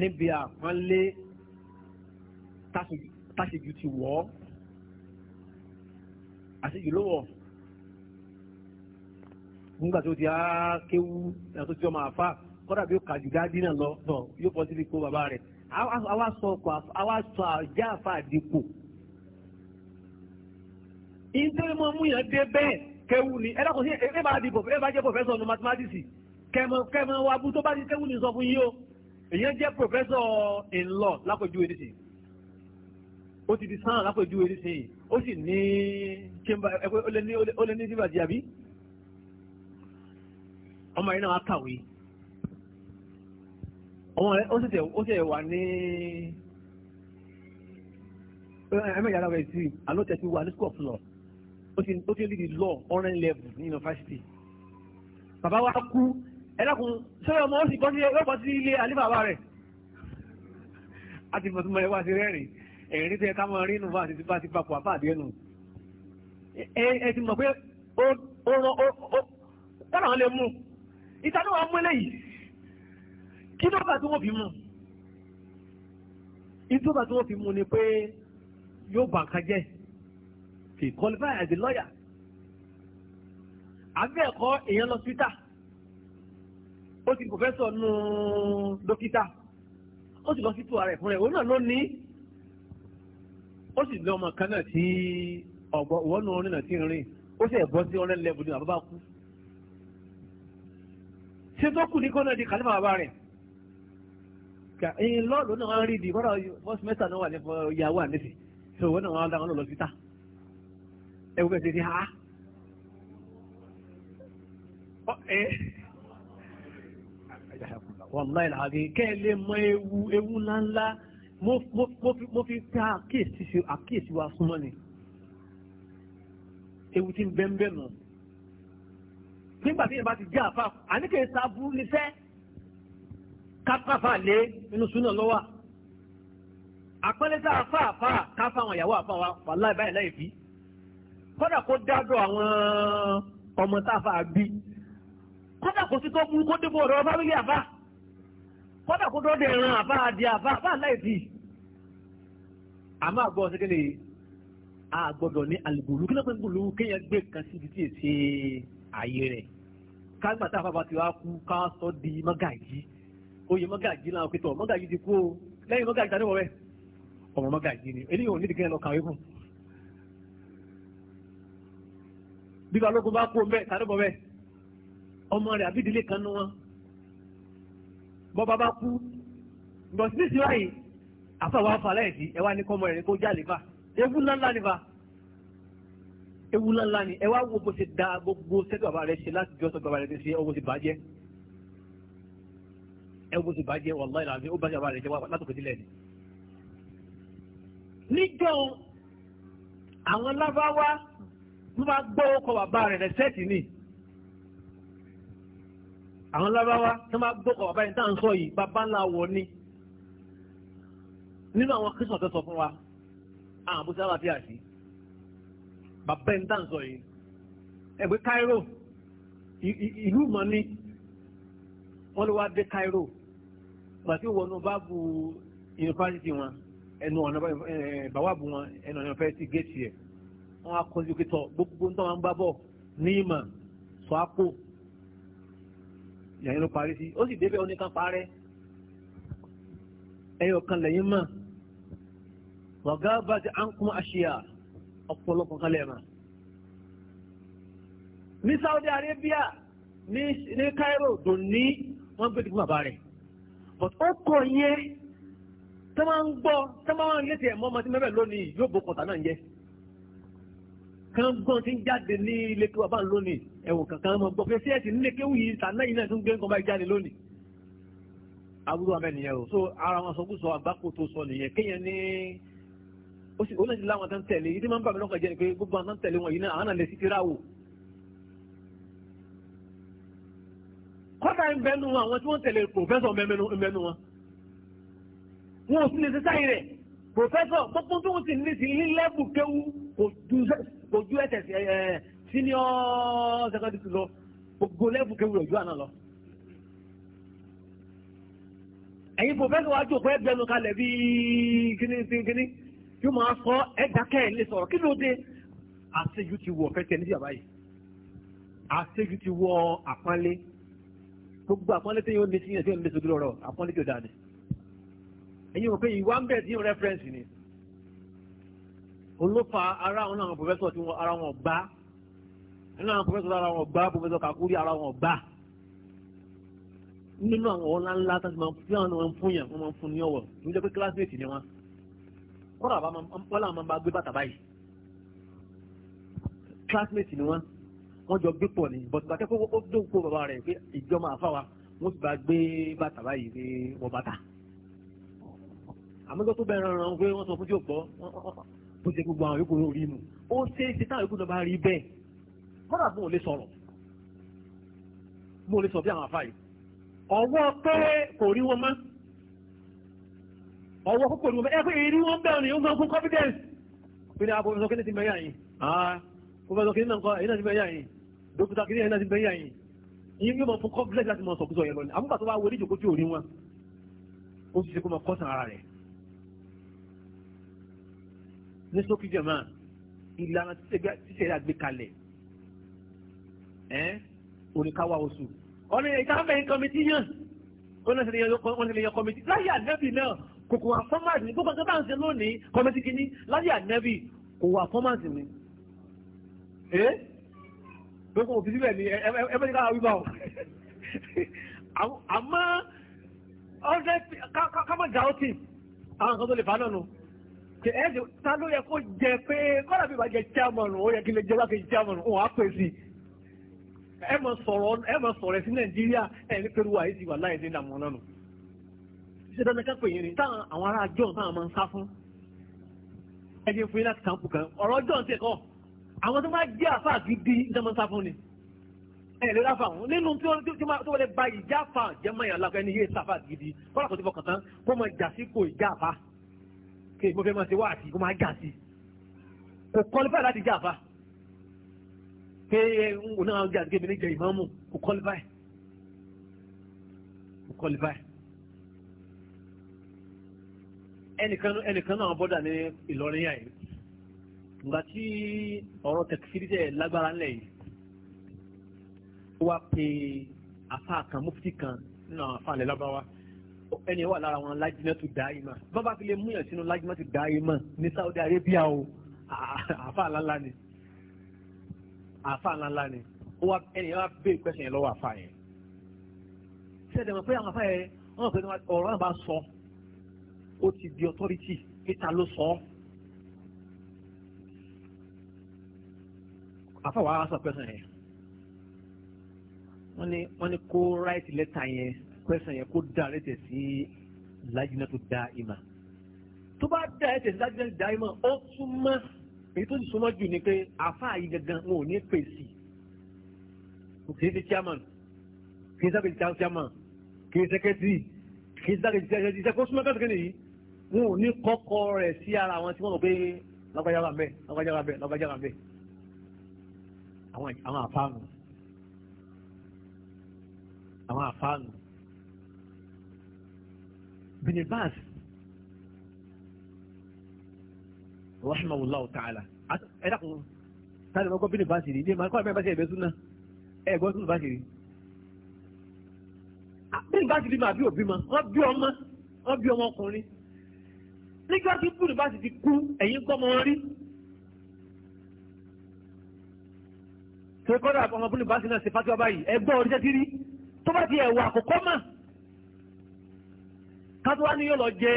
níbi àpọ́nlé táṣejù ti wọ̀ ọ́ àṣejù ló wọ̀ nígbà tó ti á kéwú nígbà tó ti ọmọ àfa kọ́dà bí ó kà jù dáadé náà lọ tọ̀ yóò bọ́ síbi kó bàbá rẹ̀ àwa sọ ọkọ̀ àwa sọ àjá àfa àdìpò. ìdílé mọ́ mú yàn dé bẹ́ẹ̀ kéwú ni ẹ dákun sí ẹ bá dìbò ẹ bá jẹ́ pòfẹ́sọ̀ ní mathematics kẹmọ kẹmọ wa bú tó bá di kéwú ni sọ fún yín o èyàn jẹ́ professor in law lápèjúwe nísìnyí ó ti di sàn lápèjúwe nísìnyí ó sì ní chamber ẹgbẹ́ ó lé ní chamber di àbí ọmọ yìí náà kàwé ọmọ rẹ ó sì tẹ ó sì wà ní ẹ̀mẹ́ yàrá rẹ̀ sí àlọ́ tẹ̀ sí wà ní school of law ó ti ó ti lead the law online level ní yunifásitì bàbá wa kú ẹ̀dàkùn sọ́yọ́ ọmọ ó sì bọ́ sí ilé alíbàbà rẹ̀ àti mọ̀túnmọ̀ ẹwà ti rẹ́rìn ẹ̀rín tẹ́ ká mọ̀ rínú bá ti bá ti papọ̀ àfáàdé ẹnu ẹ ti mọ̀ pé ó rán ó rán lè mú ìtàdé wa mú eléyìí kí ló bá tí wọ́n fi mú ìtọ́ba tí wọ́n fi mú ni pé yóò bà ká jẹ́ he qualify as a lawyer àbí ẹ̀kọ́ èèyàn lọ sí twitter ó ti pòfẹ́sọ̀ nù dókítà ó sì lọ sí tó ara ẹ̀ fúnra ẹ̀ òun náà ló ní ó sì lọ ọmọ kan náà tí ọ̀gbọ́n òun náà náà ti rìn ó sì ẹ̀bọ́ sí ọ̀rẹ́ lẹ́bù ni àbábá kú ṣé tó kù ní kọ́nà di kàlífà bàbá rẹ̀ ẹ̀yin lọ́ọ̀lù náà wọ́n rí di bọ́dọ̀ fọ́sí mẹ́ta náà wà ní ìyàwó àníṣe tó wọ́n náà wọ́n dáhùn lọ́lọ́ sí ta ẹ̀wọ́n bẹ̀rẹ̀ sí ha wàláì làbí kẹ́ ẹ lè mọ ewu ewu ńláńlá mo fi ká àkíyèsí wa súnmọ́ ni ewu ti ń bẹ́ńbẹ́ nù nígbà tí ìyàbá ti jẹ́ àfa àníkè sábú nífẹ́ kápáfà lé inú súnà lọ́wọ́ àpẹẹlẹsẹ àfa àfa káfà àwọn ìyàwó àfa wa wàláì báyìí láì fi kódà kó dádọ̀ àwọn ọmọ táfà bí kódà kó sí tó burú kó débò ọ̀rọ̀ fámílì àfa kọ́dà kó tó dé ẹran àbá àdì àbá àbá láìsí. àmọ́ àgbọ̀ ṣẹ́kẹ́lẹ́ yìí a gbọ́dọ̀ ní àlùbùlù kí ló pé gbùlù kéèyàn gbé kan síbi tí èsì ààyè rẹ̀ kágbà tá a fàbà tí wàá kú ká sọ di mọ́gàjì oyè mọ́gàjì o pé tọ̀ mọ́gàjì ti kú o lẹ́yìn mọ́gàjì tani wọ̀ bẹ́ẹ̀ ọmọ mọ́gàjì ni eléyìí ò ní ìdíkẹ́ lọ kàwé fún. bí balógun bá kú o bẹ́ẹ̀ tani bọ̀ bẹ́ẹ̀ ọmọ rẹ̀ àbídílé kan ní wọn bọ́ba bá kú bọ̀sí ní ìsirá yìí àfàwọn afàlẹ́ ẹ̀sìn ẹ wá ní kọ́mọ rẹ̀ kó jáde bá ewu ńláńlá ni bá ewu ńláńlá ni ẹ wá wo bó ṣe da gbogbo sẹ́dọ̀ bàbá rẹ̀ ṣe láti jọ́ sọ bàbá rẹ̀ ṣe ọwọ́ ti bàjẹ́ ẹwọ́ ti bàjẹ́ wàláì làbí ó bàjẹ́ àbára ìjẹwà látòkè sílẹ̀ ni. níjọ́ àwọn lábáwá ló máa gbọ́ ọkọ̀ bàbá rẹ̀ rẹ̀ sẹ́ẹ̀tì ni àwọn lábáwá tó máa gbókọ̀ bàbá yìí tá à ń sọ yìí bàbá ńlá wọ ni nínú àwọn kristu tó sọ fún wa àwọn àbúté aláfíà sí bàbá yìí tá à ń sọ yìí ẹgbẹ́ Cairo ìlú mọ̀ ni wọ́n ló wá dé Cairo pàtí wọnú báàbù yunifásitì wọn ẹnu ọ̀nà bàwábù wọn ẹnu ọ̀nà fẹ́ ti géètì ẹ̀ wọ́n á kọ́ sí pé tọ́ gbogbo ń tọ́ wọn ń bọ̀ ní ìmọ̀ sọ àpò lẹ́yìn ló parí sí ó sì débẹ̀ oníkan parẹ́ ẹyọ kan lẹ́yìn mọ̀ wàgá bá ti à ń kún àṣìyà ọ̀pọ̀lọpọ̀ kan lẹ́ẹ̀mọ̀. ní Saudi Arabia ní Cairo dòní wọ́n gbé dìgbò bàbá rẹ̀ but ó kọ̀ yẹn tó máa ń gbọ́ tó máa ń létí ẹ̀mọ́ ọmọ tí mẹ́fẹ̀ lónìí yóò bó kọ̀tà náà ń jẹ́ kan gbọ́n ti ń jáde ní ilé kí wàá bá ń lónìí ẹ̀wọ̀n kankan mọ̀ gbọ́ pé sí ẹ̀sìn nílé kéwù yìí sànà yìí náà tún gbé nǹkan báyìí jáde lónìí. àbúrò abẹ nìyẹn o so ara wọn sọ gúúsọ àgbákò tó sọ nìyẹn kéèyàn ní ó sì olóòjì láwọn tó ń tẹ̀lé ìdí máa ń bà mí lọ́kàn jẹ́ ni pé gbogbo àwọn tó ń tẹ̀lé wọn yìí náà àwọn náà lè sí tira wò. kọ́tà ń bẹnu àwọn tí wọ́n tẹ̀lé Professor, pòfẹ́sọ̀ gbogbo tó ń sì ní ti ní lẹ́bù kéwú kò ju ẹ̀tẹ̀ senior secondary school lọ gbogbo lẹ́bù kéwú rẹ̀ ju àná lọ. ẹ̀yin pòfẹ́sọ̀ wa jòkó ẹgbẹ́nu kalẹ̀ bí kíní kíní kí wọ́n máa sọ ẹ̀dá kẹ́hìn lè sọ̀rọ̀ kí ló dé àṣejù ti wọ̀ fẹ́ tẹ̀ níbi àbáyé àṣejù ti wọ àpọ́nlé gbogbo àpọ́nlé tí yóò ní sí yẹn tí yóò ní sojú lọ́rọ̀ àpọ́nlé tí yóò dáa ni ẹ̀yin ò pé ìwà ń bẹ̀ tí yóò rẹ́fẹ̀rẹ́nsì ni olófa ara àwọn àwọn pòfẹ́sọ̀ tí wọn ara wọn gbá nínú àwọn pòfẹ́sọ̀ ara wọn gbá pòfẹ́sọ̀ kakuri ara wọn gbá nínú àwọn ọ̀la ńlá tó ti máa ń fún àwọn ọmọ fún yẹn wọ́n máa ń fún ní ọ̀wọ̀ tó ń jẹ́ pé kílásìmẹ̀tì ni wọ́n kọ́ra àbá wọ́n làwọn máa ń bá gbé bàtà báyìí kílásìmẹ̀tì ni wọ́n wọ́n jọ gbé pọ̀ ní bọ́tù bàtà kó ó dókòó bàbá rẹ̀ pé ìjọ máa fà wa wọ́n ti bá gbé bàtà báyìí àmọ́jọ́ tó bẹ̀rẹ̀ ràn pé wọ́n sọ fún tí ò gbọ́ bó ṣe gbogbo àwọn yòókù orí mu ó ṣe é ṣe táwọn yòókù náà bá rí bẹ́ẹ̀ kọ́dà mo lè sọ̀rọ̀ mo lè sọ bí àwọn àfáà yìí ọwọ́ pé kò rí wọn mọ́ ọwọ́ kó kò rí wọn mọ́ ẹ pé èrí wọn bẹ̀rẹ̀ ni máa fún confidence pé ní abọ́sọ kí ti mẹ́yà yìí àá pọ́fẹ́sọ kí ní nǹkan èyí náà ti mẹ́yà yìí dókítà kí náà ti mẹ́yà yìí yìí yóò fún confidence láti mọ sọ̀kúsọ̀ yẹn lọ ní sókè jẹ̀mọ́ ìlànà tíṣẹ̀lẹ̀ àgbékalẹ̀ ẹ́ oníkáwá oṣù ọ̀nà ìtàfẹ́ nǹkan mi ti yàn wọ́n ti lè yan kọ́mìtì láyé ànẹ́bì náà kòkò àfọ́màsì ní gbogbo ọ̀gá ṣe lónìí kọ́mìtì kìíní láyé ànẹ́bì kò wà àfọ́màsì ni. ẹ gbogbo òfin síbẹ̀ ni ẹ bẹ́ẹ̀ ní káwá wíwá o àmọ́ ọ̀rẹ́ kámọ̀jà ó tì àwọn kan tó lè fà náà nù ẹ̀ẹ́dì ta ló yẹ kó jẹ pé kọ́lá bí ìbàjẹ́ chairman ó yẹ kí lè jẹ́ wákejì chairman òun á pè sí ẹ mọ̀ sọ̀rọ̀ ẹ mọ̀ sọ̀rọ̀ sí nàìjíríà ẹ̀ ní pẹ̀lú àyè ti wà láì dé nàmọ́ náà nù. ṣé dandan ká pè yín ni táwọn àwọn ará john táwọn máa ń sá fún ẹ jẹ́ fún yín láti kàǹpù kan ọ̀rọ̀ john ti kọ́ àwọn tó máa jẹ́ àfáà gidi ní sọ́mọ́ sá fún ni ẹ lè ráfà wọn nínú tí wọ́n tó lè ba ìjáfà jẹ́mọ́ ìyàlá kí mo fẹ́ máa ṣe wá àti kó máa jà sí kò kọ́lífà láti jà fa pé òun náà jà sí ní jẹ ìmáàmù kò kọ́lífà ẹ̀ kò kọ́lífà ẹ̀. ẹnìkan ẹnìkan náà bọ́dà ní Ìlọrin yà yìí ìgbà tí ọ̀rọ̀ tẹ̀kísírì lágbára ńlẹ̀ yìí ó wá pe àfa kan mufti kan nínú àwọn àfa àlẹ́ lábáwá ẹni wà lára wọn lájúmọ́ tó dá ìmọ̀ bọ́n bá fi lè múyàn sínú lájúmọ́ tó dá ìmọ̀ ní Saudi Arabia o àfa ńláńlá ni àfa ńláńlá ni ẹni wà bẹ́ẹ̀ pẹ́sẹ̀ yẹn lọ́wọ́ àfa yẹn sẹ́dẹ̀ mọ̀ pé àwọn afá yẹn wọ́n pè ní ọ̀rọ̀ náà bá sọ ó ti di authority kíta ló sọ ọ́ afá wàá sọ pẹ́sẹ̀ yẹn wọ́n ní wọ́n ní kó write letter yẹn kwẹsàn yẹn kó da rẹ tẹ̀ sí lajina tó da ìmà tó bá da rẹ tẹ̀ sí lajina tó da ìmà ó súnmọ́ èyí tó sì súnmọ́ jù ni pé àáfàá yìí gangan wọn ò ní pèsè kì í ṣe chairman kì í ṣe chairman kì í ṣe secretary kì í ṣe secretary ṣe kó súnmọ́ kẹ́sìkẹ́ nìyí wọn ò ní kọ́kọ́ rẹ̀ sí ara wọn tí wọ́n rò pé lọ́gbàjá bẹ́ẹ̀ lọ́gbàjá bẹ́ẹ̀ lọ́gbàjá bẹ́ẹ̀ àwọn àfáànù binibas rahimahullahu ta'ala ẹ dàkún sáré ọgbọ́n binibas yìí ní kọ́ ẹ̀ bá ṣe ẹ̀bẹ̀ súnà ẹ̀ gbọ́ súnà bá ṣe rí binibas bí màá bí òbí ma wọ́n bí ọmọ wọ́n bí ọmọ ọkùnrin nígbà tí binibas ti kú ẹ̀yìn gbọ́mọ rí. ṣé kọ́dà ọmọ binibas náà ṣe fatiwa báyìí ẹ gbọ́ oríṣẹ́ tí rí tó bá ti ẹ̀wọ̀ àkọ́kọ́ máa kátó wá ní yóò lọ jẹ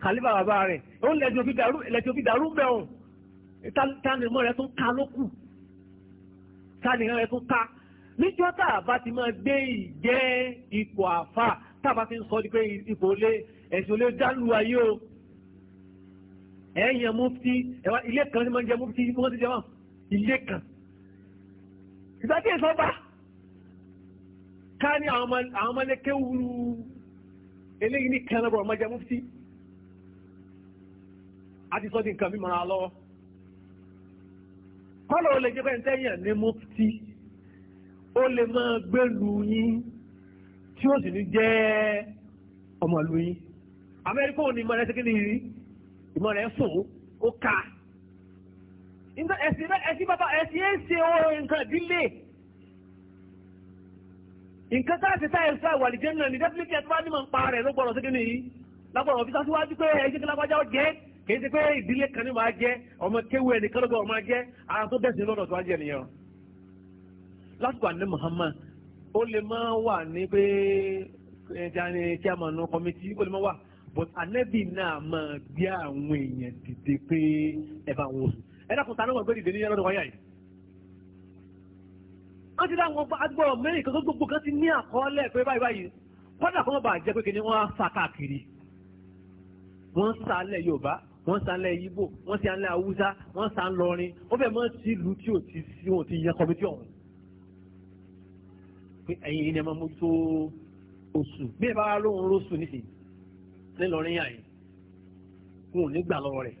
kàlífà bàbá rẹ̀ òun lẹ́jọ́ fi dàrú lẹ́jọ́ fi dàrú bẹ́ẹ̀ òun tánimọ́ rẹ̀ tó ká lókù tánimọ́ rẹ̀ tó ká níjọ́ tá a bá ti máa gbé ìjẹ́ ipò àfà tá a bá ti ń sọ di pé ipò lé ẹ̀sùn lé dálù ayé o ẹ̀yàn mufti ilé kan ti máa ń jẹ mufti wọ́n ti jẹ́ wọn ilé kan ìgbà tí èso bá ká ní àwọn ọmọ lẹ́kẹ́ wúru eléyìí ní kẹrẹ́bọ̀ ọmọ jẹ́ mufti a ti sọ́ di nǹkan mímọ́ra lọ́wọ́ kọ́lọ̀ ó lè jẹ́ bẹ́ẹ̀ tẹ́yìn ní mufti ó lè máa gbẹ́lu yín tí ó sì ní jẹ́ ọmọlú yín amẹ́ríkà ò ní ìmọ̀ rẹ̀ ṣe kí ni yìí ìmọ̀ rẹ̀ fò ó ka ẹ̀sìn bàbá ẹ̀sìn ẹ̀ ń ṣe nǹkan ìdílé nǹkan sáàtì táyẹ̀ sáà wà lìjẹ́ náà ní dẹ́pìlìkì ẹ̀tọ́ bá ní màá ń pa rẹ̀ lọ́gbọ̀rọ̀ sí kíni yìí lọ́gbọ̀rọ̀ fi sáṣíwájú pé ẹ̀jẹ̀ kí lágbájá ó jẹ́ kì í ṣe pé ìdílé kan ní máa jẹ́ ọmọ kéwé ẹnìkan lọ́gbọ̀rọ̀ máa jẹ́ ara tó dẹ̀sìn lọ́dọ̀ tó wá jẹ́ nìyẹn. lásìkò àná Muhammad ó lè máa wà ní pé ẹ̀jáni chairman kọ́mítì ó lè máa wà but anabi náà máa gbé àwọn èèyàn dìde pé ẹ bá wọn sùn ẹ dákun ta ló wà gbé dìde ní yàrá lọ́dọ̀ wáyà wọ́n ti dáwọn agbọ́rọ̀ mẹ́rin kan tó gbogbo kan ti ní àkọọ́lẹ̀ pé báyìí báyìí kọ́dà kan bá jẹ́ pé kí ni wọ́n á sa káàkiri wọ́n sa alẹ́ Yorùbá wọ́n sa alẹ́ Ìgbò wọ́n sa alẹ́ Haúsá wọ́n sa ńlọrin ó fẹ́ mọ́ sí ìlú tí ò ti sí wọn ti yan kọ́mítì ọ̀hún. pé ẹ̀yin ni ẹ máa mójútó oṣù bí ẹ bá lóun lóṣù nísìnyí ńlọrin yàn yìí wọn ò ní gbà lọ́wọ́ rẹ̀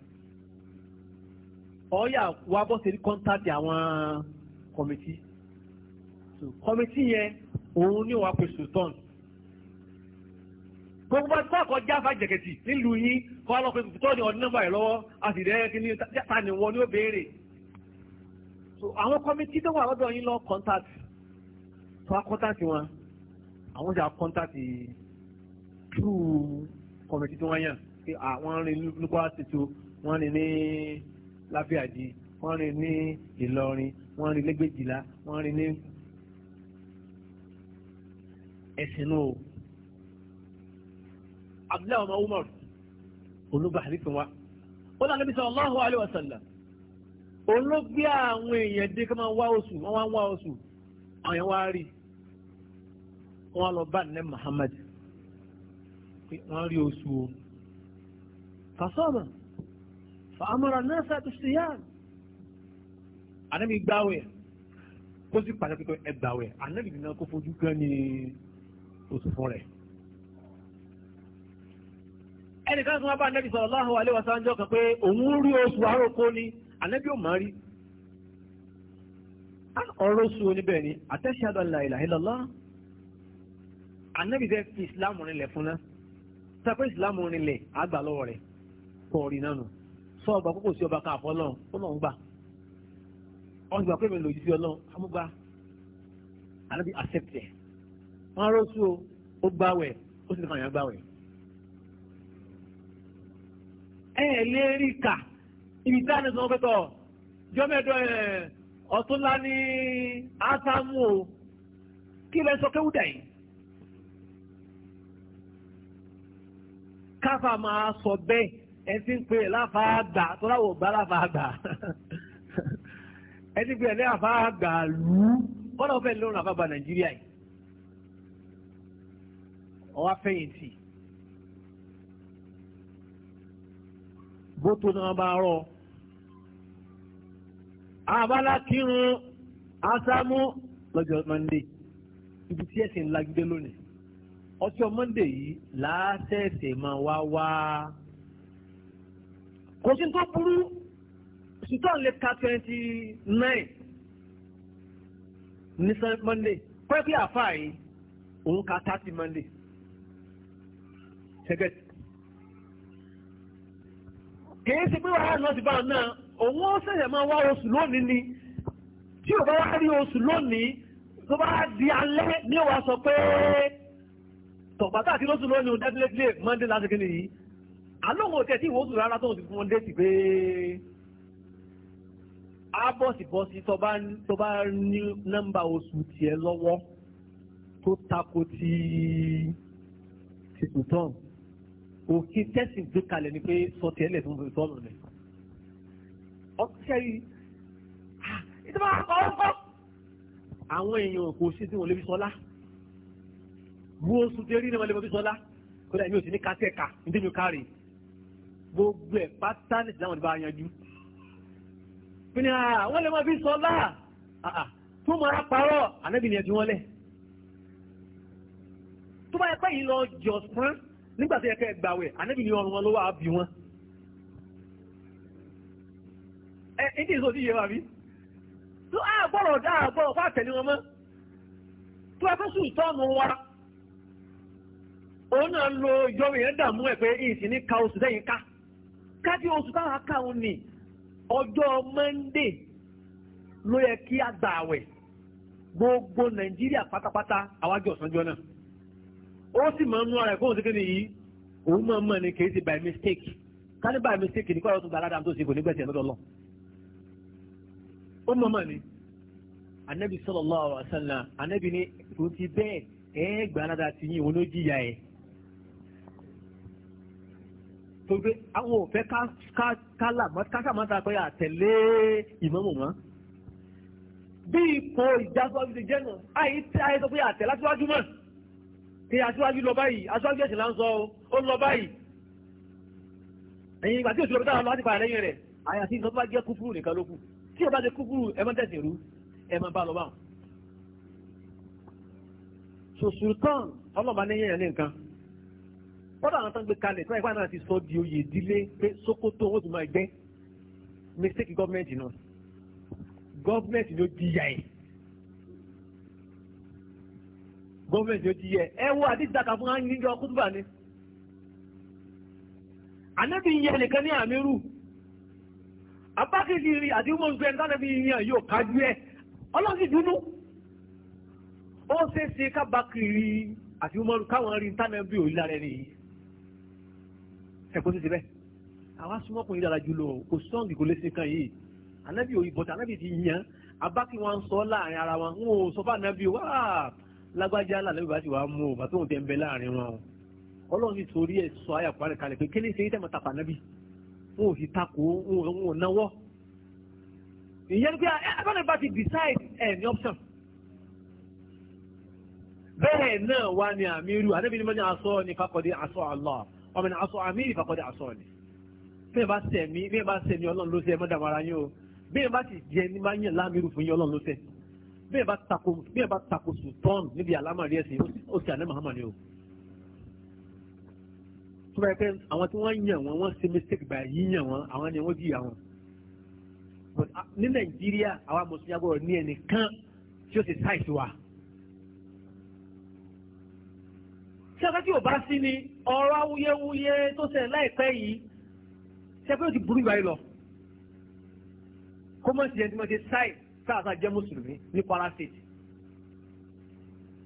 ọ̀ọ́yà wa bọ́ sí kọ́ńtàtì àwọn kọ̀mítì kọ́mítì yẹn òun ní wàá pe sultan gbogbo àti kọ́ọ̀kọ́ jáfa jẹ̀kẹ̀tì nílùú yín kọ́ ọ lọ pé sultan ní ọdún nọ́mbà yìí lọ́wọ́ a sì rẹ́ kí ni ta ni wọ́n ní ó béèrè àwọn kọ́mítì tó wà lọ́dọ̀ yín lọ contact tó wá contact wọn àwọn jà contact true kọ́mítì tó wọ́n yàn pé àwọn rìn ní Kwara State wọ́n rìn ní láfíàjì wọ́n rìn ní Ìlọrin wọ́n rìn lẹ́gbẹ̀jìlá wọ́n rìn ní ẹ̀sìn náà o abdullahi ọmọ umar olùgbà àdìsìn wa ó lọ níbi sallallahu alaihi wasallam òun ló gbé àwọn èèyàn dé kí wọ́n wá oṣù wọ́n wá ń wá oṣù àwọn èèyàn wá rí wọ́n lọ bá ní Muhammad pé wọ́n rí oṣù o fasọ́mà fàámọ́ra náà sàtú sí yá ànábì gbáwẹ̀ kó sì pàṣẹ pé ẹ gbáwẹ̀ nìkan kó fojú gan ni. oṣù fún rẹ̀. ẹnìkan tó wá bá anábì sallallahu alaihi wasallam kan pé òun rí oṣù ni anábì ò máa rí ọ̀rọ̀ oṣù oníbẹ̀ ni ashhadu an la ilaha illallah anábì fẹ́ fi ìsìláàmù rinlẹ̀ fún náà sápẹ́ ìsìláàmù rinlẹ̀ àgbà lọ́wọ́ rẹ̀ kọ́ ọ̀rì náà sọ kókò sí ọba gbà wọ́n rọ́ṣù o ó gbàwẹ̀ ó sì fàyàn gbàwẹ̀. ẹ ẹ lè rí kà ibi tí a ní sọ pẹ́tọ̀ jọ́mẹ́dọ̀ ẹ̀ ọ̀túnla ní ásámù o kí lẹ sọ kéwúdà yìí. káfà máa sọ bẹ́ẹ̀ ẹ ti ń pè é láfàágbà tó gbá láfàágbà <laughs> ẹ ti pè é ní lù ú wọ́n náà fẹ́ lóun àfàágbà nàìjíríà yìí ọwọ́ afẹ́yìntì bó tó náà bá rọ abala kírun asámú lọ́jọ́ mọ́ndé ibi tí ẹ̀sìn lagídé lónìí ọjọ́ mọ́ndé yìí láṣẹ̀ṣẹ̀ máa wá wá kò sí tó burú ṣùgbọ́n lè ka twenty nine ní sàn mọ́ndé pẹ́ bí àfáà yìí òun ka thirty mọ́ndé tẹ́gẹ́ kìí ṣe pé wàhálà náà ti bá a náà òun ó ṣẹ̀ṣẹ̀ máa wá oṣù lónìí ni tí ò bá wá rí oṣù lónìí tó bá di alẹ́ ní òwà sọ pé tọ̀gbàtà àti lóṣù lónìí definitely monday láti kí nìyí alóhùn òtẹ́ tí ìwòsùn rárá tóun ti fún wọn dé sí pé á bọ̀sibọ̀si tó bá ní nọ́mbà oṣù tiẹ̀ lọ́wọ́ tó tako ti ti sùtọ́n òfin tẹ́sí gbé kalẹ̀ ni pé sọtì ẹlẹ́ tó ń bọ̀ sọ́ọ̀nù rẹ̀ ọ̀ṣẹ́ yìí ìjọba àkọ́kọ́ àwọn èèyàn kò sí tí wọ́n lè fi sọlá bú oṣù tẹ́rí ni wọ́n lè fi sọlá kódà mi ò sí ní kásẹ̀ka ní tẹ́mi kárì gbogbo ẹ̀ pátá ní ìsìlámù ní bá yanjú pínlẹ̀ àwọn lè fi sọlá tó máa parọ́ ànábìnrin ẹ̀ tí wọ́n lẹ̀ tó bá yẹ nígbà tí ẹ̀kẹ́ gbàwẹ̀ ànábì ní ọrùn wọn ló wà bí wọn. ẹ ẹ ní ìsòsí yẹ wà mí. tó a gbọ́dọ̀ dá a fún àtẹ̀lé wọn mọ́. tó a fẹ́ sùn tọ́ọ̀nù wa. òun náà lo ìjọba yẹn dààmú ẹ̀ pé ìsìn ní ka oṣù lẹ́yìn ká. kájí oṣù táwọn akáwọn nì ọjọ́ mọ́ndé ló yẹ kí a gbà gbogbo nàìjíríà pátápátá àwájọ ọ̀sánjọ́ náà. ó sì máa ń mú ara ẹ̀ sí kí ni yìí òun máa mọ̀ ní kì ti by mistake ká ní by mistake ní kọ́ ọ̀rọ̀ tó gba aládàá tó ṣe kò ní gbẹ̀sẹ̀ lọ́dọ̀ lọ. ó mọ̀ mọ̀ ni anabi sallallahu alaihi wasallam anabi ni kò ti bẹ́ẹ̀ ẹ̀ gbà aládàá ti yín òun ló jìyà ẹ̀ torí àwọn òfẹ́ kálà kásàmọ́ta pé àtẹ̀lé ìmọ̀mọ̀ mọ́. bí ipò ìjásọ́ ti jẹ́ nù àyè tí a yẹ sọ pé àtẹ̀ láti wájú mọ́ kí aṣáájú lọ báyìí aṣáájú ẹ̀sìn là ń sọ ó lọ báyìí ẹ̀yin ìgbà tí òṣèlú táwọn láti bá lẹ́yìn rẹ̀ àyàfi nǹkan tó bá jẹ́ kúkúrú nìkan ló kù tí ẹ bá jẹ kúkúrú ẹ má tẹ̀sìn rú ẹ má bá lọ báwọn. sòsùtàn ọlọ́ba ní yẹn ní nǹkan kọ́dà àwọn tó ń gbé kalẹ̀ tó ẹ̀fọ́ náà ti sọ di oyè ìdílé pé Sokoto ó ti máa gbẹ́ mistake gọ́ọ̀mẹ̀ntì náà gọ́ọ̀mẹ̀ntì ló di yà gọ́ọ̀mẹ̀ntì ó ti yẹ ẹ wo àdìsídàkà fún wọn níjọ kútùbà ni. ànábì yẹ nìkan ní àmírù abákejì rí àti wọn gbẹ ntánàbí yẹn yóò kájú ẹ ọlọ́sì dúnú ó ṣe é ṣe kábàkiri àti wọn káwọn rí ntánàbí òyìn lára ẹni yìí ẹ̀kọ́ ti ti bẹ́ẹ̀ àwa súnmọ́kùnrin dára jùlọ kò sọ́ọ̀gì kò lè kan yìí ànábì òyìn bọ̀tà ànábì ti yàn abákejì wọn sọ láàrin ara wọn ń wò sọ fún ànábì wáá. lágbájá lànà ìbá ti wàá mú o bàtò òde ń bẹ láàrin wọn o ọlọ́run ti torí ẹ̀ sọ àyà parí kalẹ̀ pé kí ni ṣe é tẹ̀mọ̀ tàpá nábì wọn ò takò wọn ò náwọ́ ìyẹn pé abẹ́rẹ́ decide ẹ̀ ní option bẹ́ẹ̀ náà wá ní àmírù ní aṣọ ni fakọ̀dé aṣọ Allah ọmọ ní aṣọ aṣọ ni bẹ́ẹ̀ bá sẹ̀mí bẹ́ẹ̀ bá sẹ̀mí ọlọ́run ló sẹ́ mọ́dàmọ́ra yín o bẹ́ẹ̀ bá ti jẹ́ ní fún yín ọlọ́run bẹ́ẹ̀ bá tako bẹ́ẹ̀ bá tako sultan níbi àlámàrí ẹ̀sìn ó sì àná mahama ni o. tó bá yẹ pé àwọn tí wọ́n yàn wọ́n wọ́n ṣe mistake by yíyàn wọ́n àwọn ni wọ́n jìyà wọn. Ah, ní nàìjíríà àwa mùsùlùmí agbọ́dọ̀ ní ẹnìkan tí ó ti ṣàìsí wa. tí a bá tí ò bá sí ni ọ̀rọ̀ awuyewuye tó ṣẹlẹ̀ láìpẹ́ yìí ṣe pé ó ti burú ìgbà yìí lọ. kó mọ̀ sí ẹni tí wọ́n ti ṣàìsí táàtà jẹ́ mùsùlùmí ní Kwara State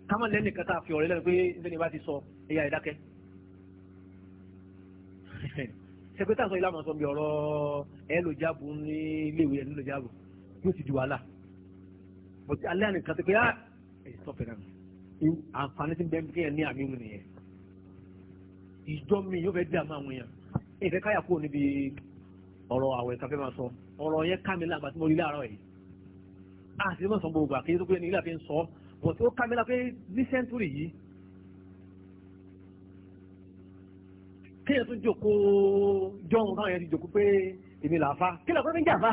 ká má lẹ́nu kẹta fi ọ̀rẹ́ lẹ́nu pé ìdẹ́ni bá ti sọ ẹ̀yà ìdákẹ́ sẹpẹtà <laughs> sọ ìlànà sọmi ọ̀rọ̀ ẹ lò jáàbù ní iléèwé ẹ lò jáàbù yóò ti di wàhálà but alẹ́ àná kan ti pé ah ẹ̀yìn tó fẹ́ràn àǹfààní ti bẹ́ẹ̀ kéèyàn ní àmì òun nìyẹn ìjọ mi yóò fẹ́ dé àmọ́ àwọn èèyàn ìfẹ́ káyà kúrò níbi ọ̀rọ̀ àwẹ̀ kan fẹ́ máa sọ ọ̀rọ̀ yẹn ká mi lágbàtí mo rí láàárọ̀ yìí àti ah, mọ̀ sọ gbogbo àkíyè tó pé ní ilé àfi ń sọ bọ̀ tí ó ká mi la pé ní sẹ́ńtúrì yìí kéèyàn tún jòkó jọ́hún káwọn yẹn ti jòkó pé èmi là á fa kí lóò pé mi ń jà fa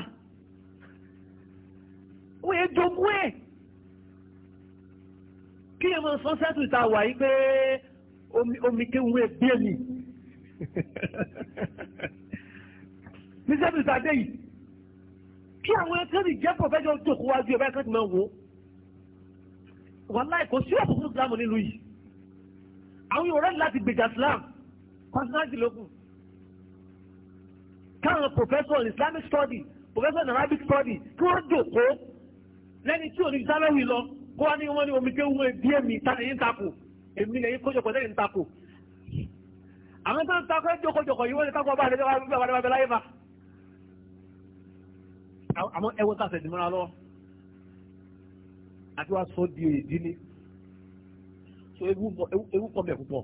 ó yẹ jogún ẹ̀ kéèyàn máa sọ sẹ́ńtúrì tá a wà yìí pé omi kéwù ẹ̀ bí èmi <laughs> ní sẹ́ńtúrì tá dé yìí kẹ́rì jẹ́ pọ̀fẹ́sọ̀ jòkó wájú ẹ̀bá ẹ̀kọ́ ti máa wò wàláì kò sí òkú fún islam nílùú yìí àwọn yòó rẹ̀ láti gbèjà islam kọ́ńtínátì lókun káwọn pọ̀fẹ́sọ̀ islamic study pọ̀fẹ́sọ̀ arabic study kí wọ́n jòkó lẹ́ni tí òní sáwẹ́wì lọ kó wá ní wọ́n ní omi kéwú ẹbí ẹ̀mí tàlẹ́yìn takò èmi lẹ́yìn kójọpọ̀ lẹ́yìn takò àwọn tó ń takò ẹjọ́ kójọpọ̀ yìí wọ́n ti takò ọba àdébẹ́ wa bẹ́ẹ̀ wà àmọ́ ẹwọ́n tàṣẹ ìdìmọ́ra lọ àti wàá sọ di èdè ní so ewu pọ̀ mẹ́ púpọ̀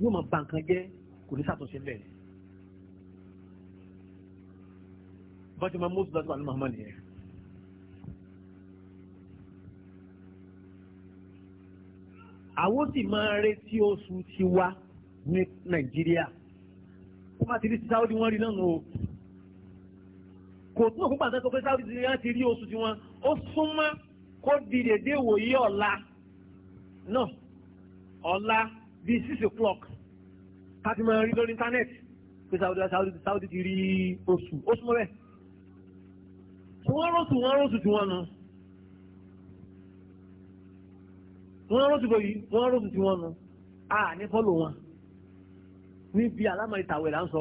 yóò máa ba nǹkan jẹ́ kò ní sàtúnṣe bẹ́ẹ̀ bọ́tí máa mú sùdọ́tí wà ní mahamman yẹn. àwọn sì máa retí oṣù tiwa ní nàìjíríà wọ́n bá ti rí ti sáwọ́dí wọ́n rí náà nù o kò tún òkú pàṣẹ sọ pé sáwọ́dì ti yá rí oṣù tiwọn ó súnmọ́ kó di dèdè wòye ọ̀la náà ọ̀la bíi six o'clock ká máa rí lórí íńtánẹ́ẹ̀tì pé sáwọ́dì ti rí oṣù ó súnmọ́ bẹ́ẹ̀ wọ́n rọ́ọ̀tù wọ́n rọ́ọ̀tù tí wọ́n nu wọ́n rọ́ọ̀tù bọ̀ yìí wọ́n rọ́ọ̀tù tí wọ́n nu a ní fọ́lọ̀ wọn níbi alámọ̀ ìtàwé là ń sọ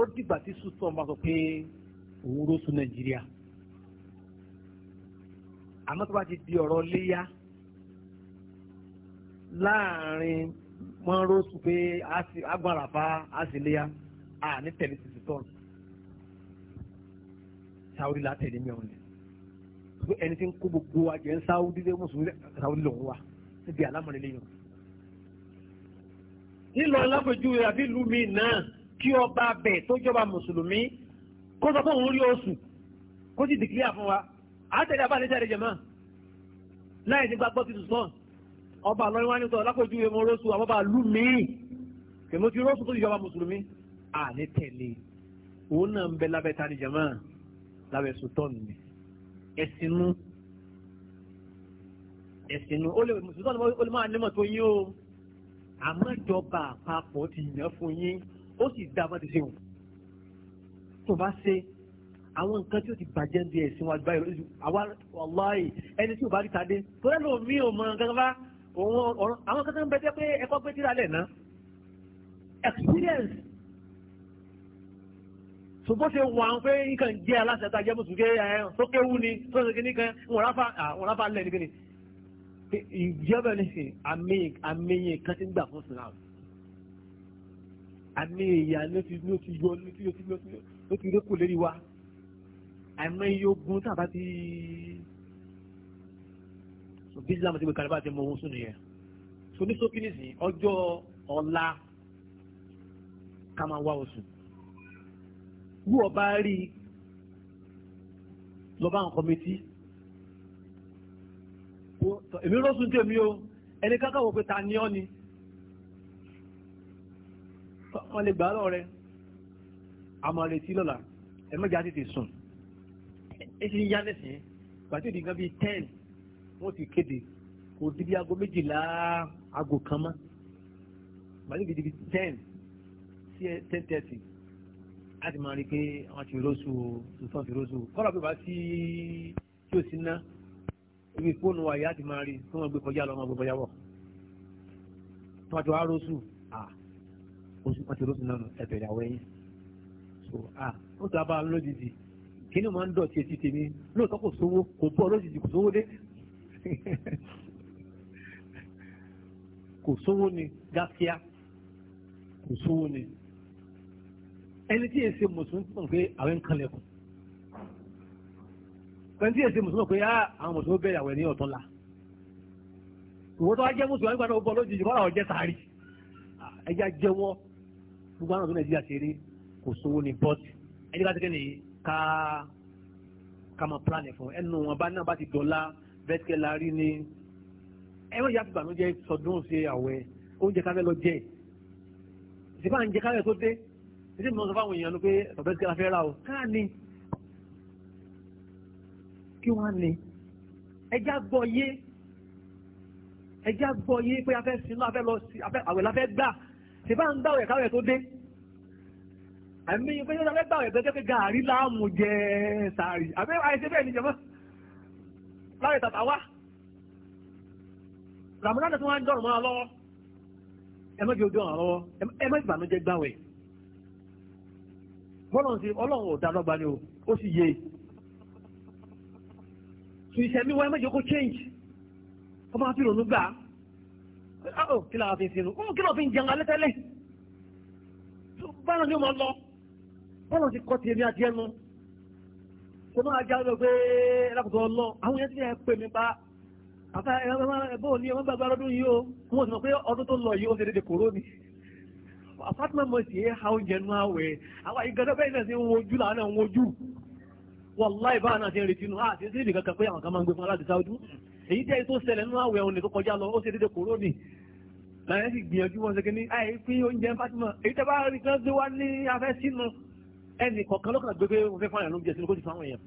ó dìgbà tí sùtọ̀ ń bá sọ pé òun ló sún nàìjíríà àmọ́ tó bá ti di ọ̀rọ̀ léyà láàrin wọ́n rósù pé agbárafa á sì léyà ní tẹ̀lé títí tọ́n sáwúrí la tẹ̀lé mi ọ̀hún ni ẹni tí ń kó gbogbo àjẹ́ ń sáwúrí lé mùsùlùmí sáwúrí lòún wà níbi àlámọ̀lẹ́ lẹ́yìn nílò alábòjúwe àbí ìlú mi náà kí ọba abẹ tó jọba mùsùlùmí kó sọ fún òun rí oṣù kó sì dìkìlíà fún wa àtẹ̀lé abáàlẹ́ sáré jẹ̀ máa láì ní gbàgbọ́ ti sùn ọba àlọ́ ìwá nítorí alákòjúwe mo róṣù àwọn ọba àlú míì kèmó ti róṣù tó ìjọba mùsùlùmí àní tẹ̀lé òun náà ń bẹ lábẹ́ tani jẹ̀ máa lábẹ́ sùtọ́ọ̀nù mi ẹ̀sìnú ẹ̀sìnú ó lè mùsùlùmí ó lè máa nímọ̀ tó yín o àmọ́ ìjọba àpapọ̀ ti yàn fún yín ó sì dá bá ti ṣe wù tó bá ṣe àwọn nǹkan tí ó ti bàjẹ́ bí ẹ̀sìn wa gbá ìrọ̀lẹ́sì àwa wàláì ẹni tí ò bá rí tadé tó lẹ́nu mi ò mọ nǹkan bá òun àwọn kankan bẹ jẹ́ pé ẹ̀kọ́ pé tíra lẹ̀ ná experience so bó ṣe wà ń pé nǹkan jẹ́ aláṣẹ tá a jẹ́ mùsùlùmí ẹ̀ sókèwú ni tó ṣe kíní kan wọn ráfa lẹ̀ nígbìnì ìjọba nìsín àmìyàn kan ti ń gbà fún Islam àmìyàn ló ti yọ ló ti yọ ló ti yọ ló ti rékò lérí wa àìmọ iye ogun tá a bá ti so bí islam ti gbé kalẹ̀ bá ti mọ ohun sùn nìyẹn so ní sókí nìsín ọjọ́ ọ̀la ká máa wá oṣù wú ọba rí lọ́ba àwọn kọ́mẹ́tì èmi rọ́sùn tèmi o ẹni kákàwọ́ pé ta ni ọ́ ni wọ́n lè gbà á lọ́rẹ́ àmọ́ retí lọ́la ẹ mọ́jà tètè sùn ẹ ṣe ń yá lẹ́sìn pàtó ìdí nǹkan bíi ten wọ́n ti kéde kò di bí aago méjìlá aago kan mọ́ pàtó ìdí bíi ten sí ten thirty láti máa rí i pé àwọn ti rọ́ọ̀sù tuntun ti rọ́ọ̀sù kọ́lá pé bá sí tí ò sí ná ibi fóònù wa ìyá ti máa rí tí wọ́n gbé kọjá lọ́mọ gbé kọjá wọ̀ tí wọ́n ti wá rọ́ọ̀sù à wọ́n ti rọ́ọ̀sù náà ẹ̀bẹ̀rẹ̀ àwọ̀ so ah ó sábà lójijì kí ni mo ń dọ̀tí etí tèmi lóòótọ́ kò sówó kò bọ́ lójijì kò sówó dé <laughs> kò sówó ni gáfíà kò sówó ni ẹni tí èsì mùsùlùmí tó ń pè àwọn ń kanlẹ̀kùn ẹni tí èsì mùsùlùmí pé ah, àwọn mùsùlùmí bẹ̀rẹ̀ àwẹ̀ ní ọ̀tún la ìwọ́n tó wá jẹ́ mùsùlùmí gbàdúrà ó bọ́ lójijì kọ́ra ọ̀jẹ́ sáré ah, ẹja jẹ́wọ́ gbogbo àwọn ọ̀dọ́ nàìjíríà ṣe rí kò sówó ní bọ́t ẹni ká ti kẹ́ni ká ká máa plan ẹ̀ fún ẹnu wọn bá náà bá ti dọ̀la bẹ́tẹ̀ la rí ni ẹ wọ́n yà fìbànújẹ́ sọdún ṣe àwẹ̀ oúnjẹ káfẹ́ lọ jẹ́ ìṣèpá ń jẹ káfẹ́ tó dé ìṣèpá mọ̀ sọ fáwọn èèyàn pé bẹ́tẹ̀ la fẹ́ ra o káà ni kí wọ́n á ni ẹjá gbọ́ yé ẹjá gbọ́ yé pé afẹ́ sinú afẹ́ lọ sí àwẹ̀ la fẹ́ gbà ìṣèpá ń gbà ọ̀yẹ̀ káwẹ̀ tó dé àmì ìpé yóò lọ́gbẹ́gbà rẹ̀ gẹ́gẹ́ pé gàárì láàmù jẹ sàárì àbẹ́ àìsí bẹ́ẹ̀ ni jẹ̀mọ́ láàrin tàtà wá ràmúlánà tí wọ́n á ń dọ̀rùn mọ́ra lọ́wọ́ ẹ mọ́ jẹ́ ojú ọ̀ràn lọ́wọ́ ẹ mọ́ ìbànújẹ́ gbàwẹ̀ bọ́lọ̀ sí ọlọ́run ò dá lọ́gba o ó sì yé sùn ìṣẹ̀mí wọn ẹ mọ́ jẹ́ kó change ọmọ àfi rònú gbà á ah, oh, kí làwọn fi ń sinú oh, kí làwọn fi ń jẹun alẹ́ tẹ́lẹ̀ báwọn ni ó lọ bọ́lá ti kọ́ ti èmi àti ẹnu kò máa já lọ pé ẹlẹ́kùtọ̀ lọ àwọn yẹn ti ní ẹ̀pẹ́ mi pa àfa ẹ̀bọ́ ní ọmọ gbàgbà lọ́dún yìí o wọ́n ti pé ọdún tó lọ yìí ó ti dédé kòró ni Fatima mọ̀ sí ha oúnjẹ nú àwẹ̀ àwa ìgbàdọ́ bẹ́ẹ̀ náà ti ń wojú làwọn náà ń wojú wàláì báwa náà ti ń retí nu a ti sí ìdìkan kan pé àwọn kan máa ń gbé fún aláàdì sáwọ́dún èyí jẹ́ tó ṣẹlẹ̀ nú àwẹ̀ òun lè tó kọjá lọ ó ti dédé kòró ni làwọn yẹn sì gbìyànjú wọn ṣe kí ni àìpín oúnjẹ Fatima èyí tẹ́ bá rí kan gbé wá ní afẹ́ sínú ẹnì kọ̀ọ̀kan lọ́kàn gbé pé mo fẹ́ fáwọn ẹ̀rọ jẹ sínú kó ti fáwọn èèyàn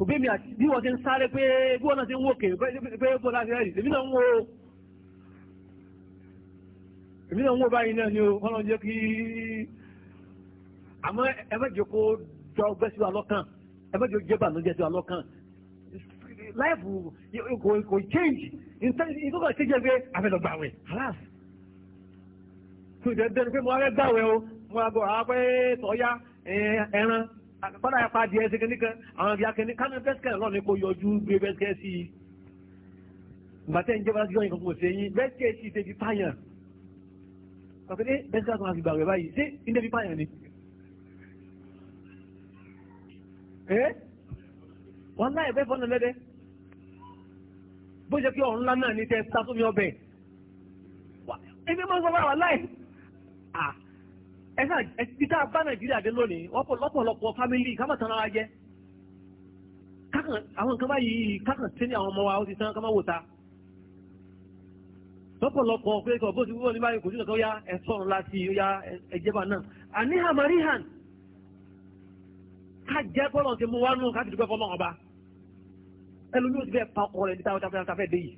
òbí mi àti bí wọ́n ti ń sáré pé bí wọ́n náà ti ń wòkè pé bọ́lá ti rẹ̀ èmi náà ń wo èmi náà ń wo báyìí náà ni o wọ́n lọ́n jẹ́ kí àmọ́ ẹ má jẹ́ kó jọ ọgbẹ́ sí wa lọ́kàn ẹ má jẹ́ kó jẹ́ bànújẹ́ sí wa lọ́kàn life kò kò change ìtọ́kọ̀ ṣe jẹ́ pé àfẹ́lọ́gbàwẹ̀ alas tó ìdẹ́gbẹ́ni pé mo wá fẹ́ gbàwẹ̀ o mo wá gbọ́ àwọn ah, pé tọ́yá ẹran kọ́dà yà pa adìẹ ṣe kìnnìkan àwọn ìyá kìnnìkan kánú bẹ́sikẹ́tì lọ́ọ̀ni kò yọjú gbé bẹ́sikẹ́tì sí i gbàtẹ́ ìjọba láti yọ̀yìn kankan ṣe yín bẹ́sikẹ́tì sí i tẹ́bi páyàn ọ̀kẹ́dẹ́ eh, bẹ́sikẹ́tì kan àti gbàgbé báyìí ṣé ní tẹ́bi páyàn ni. Eh? wọ́n náà ẹ̀fẹ́ fọ́nà lẹ́dẹ́ bó ṣe kí ọ̀run ńlá náà ní tẹ́ sásómi ọbẹ̀ ẹ̀mí máa ń sọ fún àwọn láì ẹ̀sà ẹ̀sì tá a bá nàìjíríà dé lónìí lọ́pọ̀lọpọ̀ fámìlì ká má tan ara jẹ kákan àwọn nǹkan báyìí kákan tẹ́ ní àwọn ọmọ wa ó ti tán ká má wò ta lọ́pọ̀lọpọ̀ pé kò bó ti wúwo ní báyìí kò sí nǹkan ó yá ẹ̀sọ́run láti ó yá ẹ̀jẹ̀bà náà àníhàn maríhàn ká jẹ́ kọ́lọ̀ ti mú wá nù ká ti dúpẹ́ fọlọ́ ọba ẹlòmí ò ti fẹ́ pa ọkọ rẹ̀ níta ọ̀tá fẹ́ dé yìí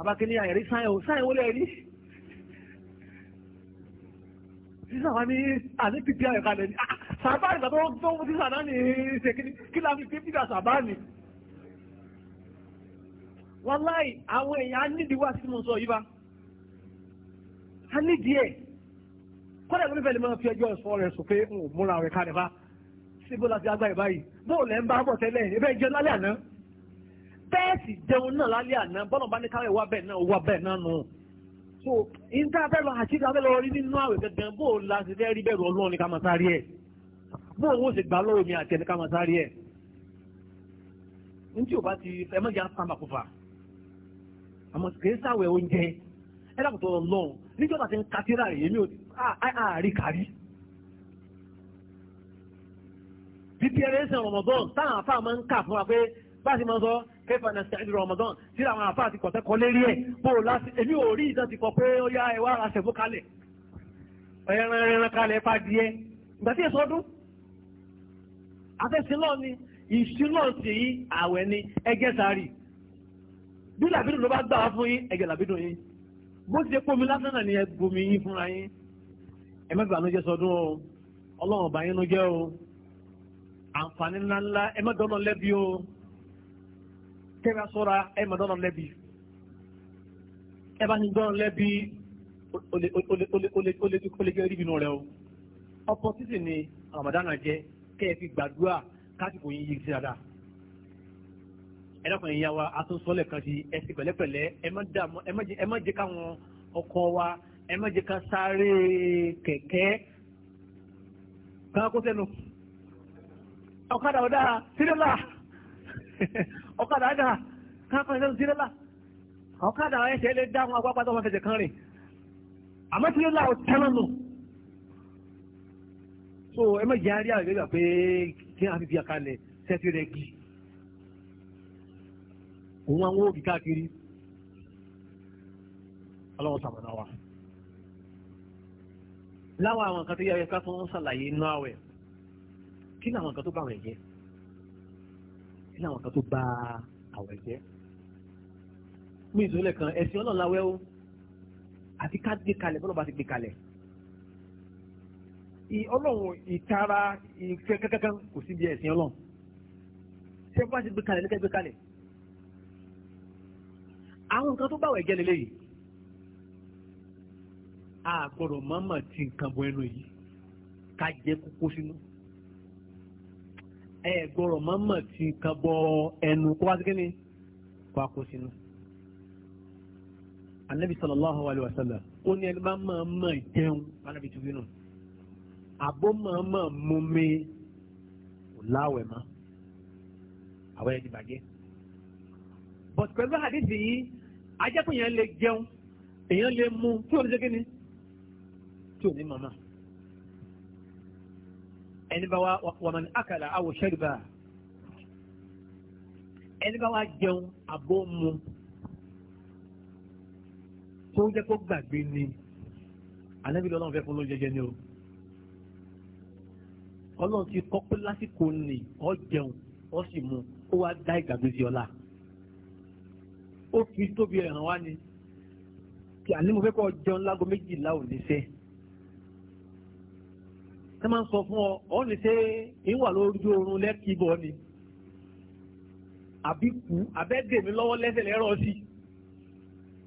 àbákẹ́ ní àyẹ̀rí sáyẹn ò sáyẹn wọlé ẹ̀rí sísà wa ní àní pípí àyọ̀kalẹ̀ ni ah, ah, sàbá ìgbà tó tó mú sísà náà ní ṣe kí láti pé pípí àsàbá ni. wàláì àwọn èèyàn á nídìí wá sí mo sọ yìí bá á nídìí ẹ̀ kọ́lẹ̀ ló fẹ́ lè máa fi ẹjọ́ ìfọ́ rẹ̀ sọ pé n ò múra rẹ̀ kalẹ̀ bá síbó láti agbáyé báyìí bóò lẹ́ ń bá bọ̀ tẹ́lẹ̀ ẹ bẹ́ẹ̀ jẹun lálẹ́ àná bẹ́ẹ̀ sì jẹun náà lálẹ́ àná bọ́lọ̀ bá ní káwé wá bẹ́ẹ̀ náà wá bẹ́ẹ̀ náà nù so ìta fẹ́ lọ àṣírí afẹ́ lọ rí nínú àwẹ̀ gangan bó o la ṣe fẹ́ rí bẹ̀rù ọlọ́run ní ká máa sáré ẹ̀ bó o ṣe gbà lọ́wọ́ mi àti ẹni ká máa sáré ẹ̀ ní tí o bá ti ẹ mọ̀jà sábà kó fà àmọ́ kìí sáwẹ̀ oúnjẹ ẹ dàpọ̀tọ̀ ọlọ́run níjọba ti ń katira rẹ̀ èmi ò àárí kárí. preparation Ramadan táwọn afáà máa ń kà fún wa pé bá a ti máa sọ kẹfà náà sẹ́yìn Ramadan tí àwọn àfa àti kọ̀tẹ́kọ̀ lérí ẹ̀ bó o láti èmi ò rí ìdán ti kọ pé ó yá ẹwà ara ṣẹ̀fó kalẹ̀ ẹran ẹran kalẹ̀ fàdíẹ ìgbà tí èso ọdún afẹ́sìn náà ni ìṣúná sí àwẹ̀ ni ẹgẹ́ sáré bí làbídùn ló bá gbà wá fún yín ẹgẹ́ làbídùn yín bó ti ṣe pómi lásán náà ni ẹ gbomi yín fúnra yín ẹ má bànújẹ́ sọdún o ọlọ́run ọba yín ló jẹ́ o àǹfààní ńláńlá ẹ má dọ́nà lẹ́bi o kẹ́ra sọ́ra ẹ mà dọ́nà lẹ́bi ẹ bá ní dọ́nà lẹ́bi ó lè jẹ́ rí bínú rẹ o opportunity ni Ramadan jẹ kẹ́ ẹ fi gbàdúrà kásìkò yín yí sí dáadáa ẹ dákun ẹ̀yìn yàwá asosọ́lẹ̀ kan sí ẹ sì pẹ̀lẹ́pẹ̀lẹ́ ẹ má jẹ́ káwọn ọkọ wa ẹ má jẹ́ ká sáré kẹ̀kẹ́ kan kó sẹ́nu ọ̀kadà ọ̀dà sílẹ̀ la ọ̀kadà dà káfíń sẹ́nu tirẹ́là ọ̀kadà ẹsẹ̀ lè dá àwọn agbápá tó wọn fẹsẹ̀ kan rìn àmọ́ tirẹ́là ò tẹ́lẹ̀ nù. so ẹ má jẹ́ àríyá ìgbéga pé kí á fi fi àkàlẹ̀ sẹ́tì rẹ̀ gì òun àwọn òbí káàkiri ọlọ́wọ́ sàmọ̀nà wa láwọn àwọn nǹkan tó yẹ ká tún ṣàlàyé inú àwẹ̀ kí ni àwọn nǹkan tó bá wọn jẹ́ sí àwọn kan tó ba àwẹ̀ jẹ́ mí ìsúnlẹ̀ kan ẹ̀sìn ọlọ́run láwẹ́ o àti ká gbé kalẹ̀ bọ́lá bá ti gbé kalẹ̀ ọlọ́run ìtara ìfẹ́ kankan kò síbi ẹ̀sìn ọlọ́run ṣé bá ti gbé kalẹ̀ nígbà gbé kalẹ̀ àwọn nǹkan tó bá wẹ̀ jẹ́ lélẹ́yìí a gbọ́dọ̀ mọ́mọ́ ti nǹkan bọ ẹnu yìí ká jẹ́ kókó sínú ẹ gbọ́rọ̀ mọ́mọ́ ti kan bọ ẹnu kó wá sí kíni kó a kó sínú. anabi sallallahu alayhi wa sallam ó ní ẹni bá máa mọ̀ jẹun anabi tó fi nù àbó máa mọ̀ mú mi kò láwẹ̀ mọ́ àwọn ẹni bàjẹ́. bọ̀t pẹ̀lú àdìsí yìí ajẹ́kùn yẹn lè jẹun èèyàn lè mú tí ò ní ṣe kíni tí ò ní mọ̀ náà ẹni bá wa wàmàn akàlà àwọ̀ ṣẹ́gbà ẹni bá wa jẹun àbó mu tó jẹ́ kó gbàgbé ni ànábì lọ́lọ́run fẹ́ fún ló jẹjẹ ni o ọlọ́run ti kọ́ pé lásìkò ni ọ jẹun ọ sì mu ó wá dá ìgbàgbé sí ó fi tóbi ẹ̀ràn wá ni kí àní mo fẹ́ kọ́ jẹun lágo méjìlá ò ní sẹ́ẹ́ tí wọ́n sọ fún ọ ọ ní ṣe ń wà lójú oorun lẹ́kì bọ̀ ni àbí kú abẹ́gbèmí lọ́wọ́ lẹ́sẹ̀ lẹ́rọ̀ sí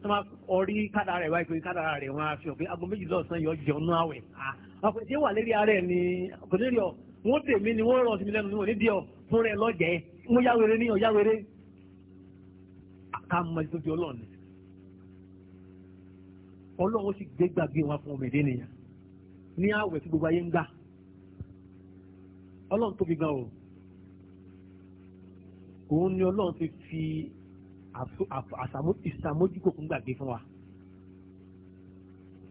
tí wọ́n ọrí kádàrà rẹ̀ wáyé pé kádàrà rẹ̀ wọ́n á fi hàn pé aago méjìlá ọ̀sán yọ jẹun náà wẹ̀ àpò ṣé wà lérí ara ẹ̀ ni kò lérí ọ wọ́n tèmi ni wọ́n rọ̀ sí mi lẹ́nu ni wọ́n ní díọ̀ fún rẹ̀ lọ́jẹ̀ẹ́ mo yáwèrè ní ọ̀yáwèrè ká mọ ìtọ́jú ọlọ́run ni ọlọ́run ó sì gbé gbàgbé wọn fún ọmọ ìdí nìyà ní àwẹ̀ tí gbogbo ayé ń gbà ọlọ́run tóbi gan o òun ni ọlọ́run ti fi àṣàmójúkò fún gbàgbé fún wa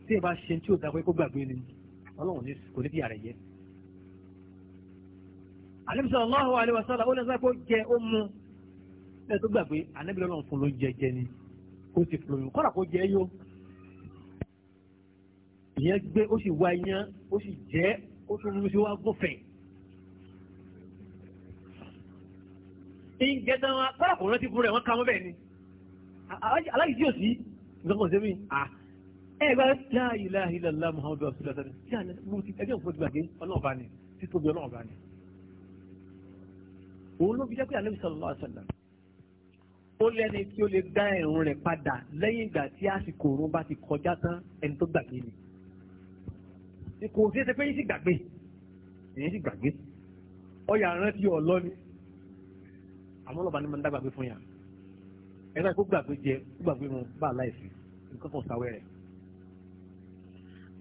tí ẹ bá ṣe tí ò dáa pé kó gbàgbé ni ọlọ́run kò ní bí ààrẹ yẹ. ànábì sallallahu alaihi wasallam ó lẹ́sẹ̀ pé ó jẹ ó mu ẹ tó gbàgbé ànábì ọlọ́run fún ló ń jẹjẹ ni ó ti fún lóyún kọ́ra kó jẹ yó. ìyẹn gbé ó sì wá iyán ó sì jẹ́ ó tún mú sí wá gúnfẹ̀ẹ́. ń jẹ́ tán wọn kọ́lá kò rántí fún rẹ̀ wọ́n ká wọ́n bẹ́ẹ̀ ni aláyìí tí ò sí ìgbàgbọ́ sẹ́mi ẹ bá la ilaha illallah muhammadu rasulullah sani tí a lè mú ti ẹjọ́ òfin gbàgbé ọlọ́ọ̀bá ni títóbi ọlọ́ọ̀bá ni. òun ló fi jẹ́ pé àlẹ́ sallallahu alaihi wasallam ó lẹ́ni tí ó lè dá ẹ̀rùn rẹ̀ padà lẹ́yìn ìgbà tí àsìkò òun bá ti kọjá tán ẹni tó gbàgbé ni. kò sí ẹsẹ̀ pé yín sì gbàgbé èyí sì gbàgbé ọyà rántí ọ̀lọ́ ni àmọ́ lọ́ba ni mo ń dàgbàgbé fún yà ẹ̀rọ ìkó gbàgbé jẹ gbàgbé mu bá a láìsí nǹkan kan sàwẹ́ rẹ̀.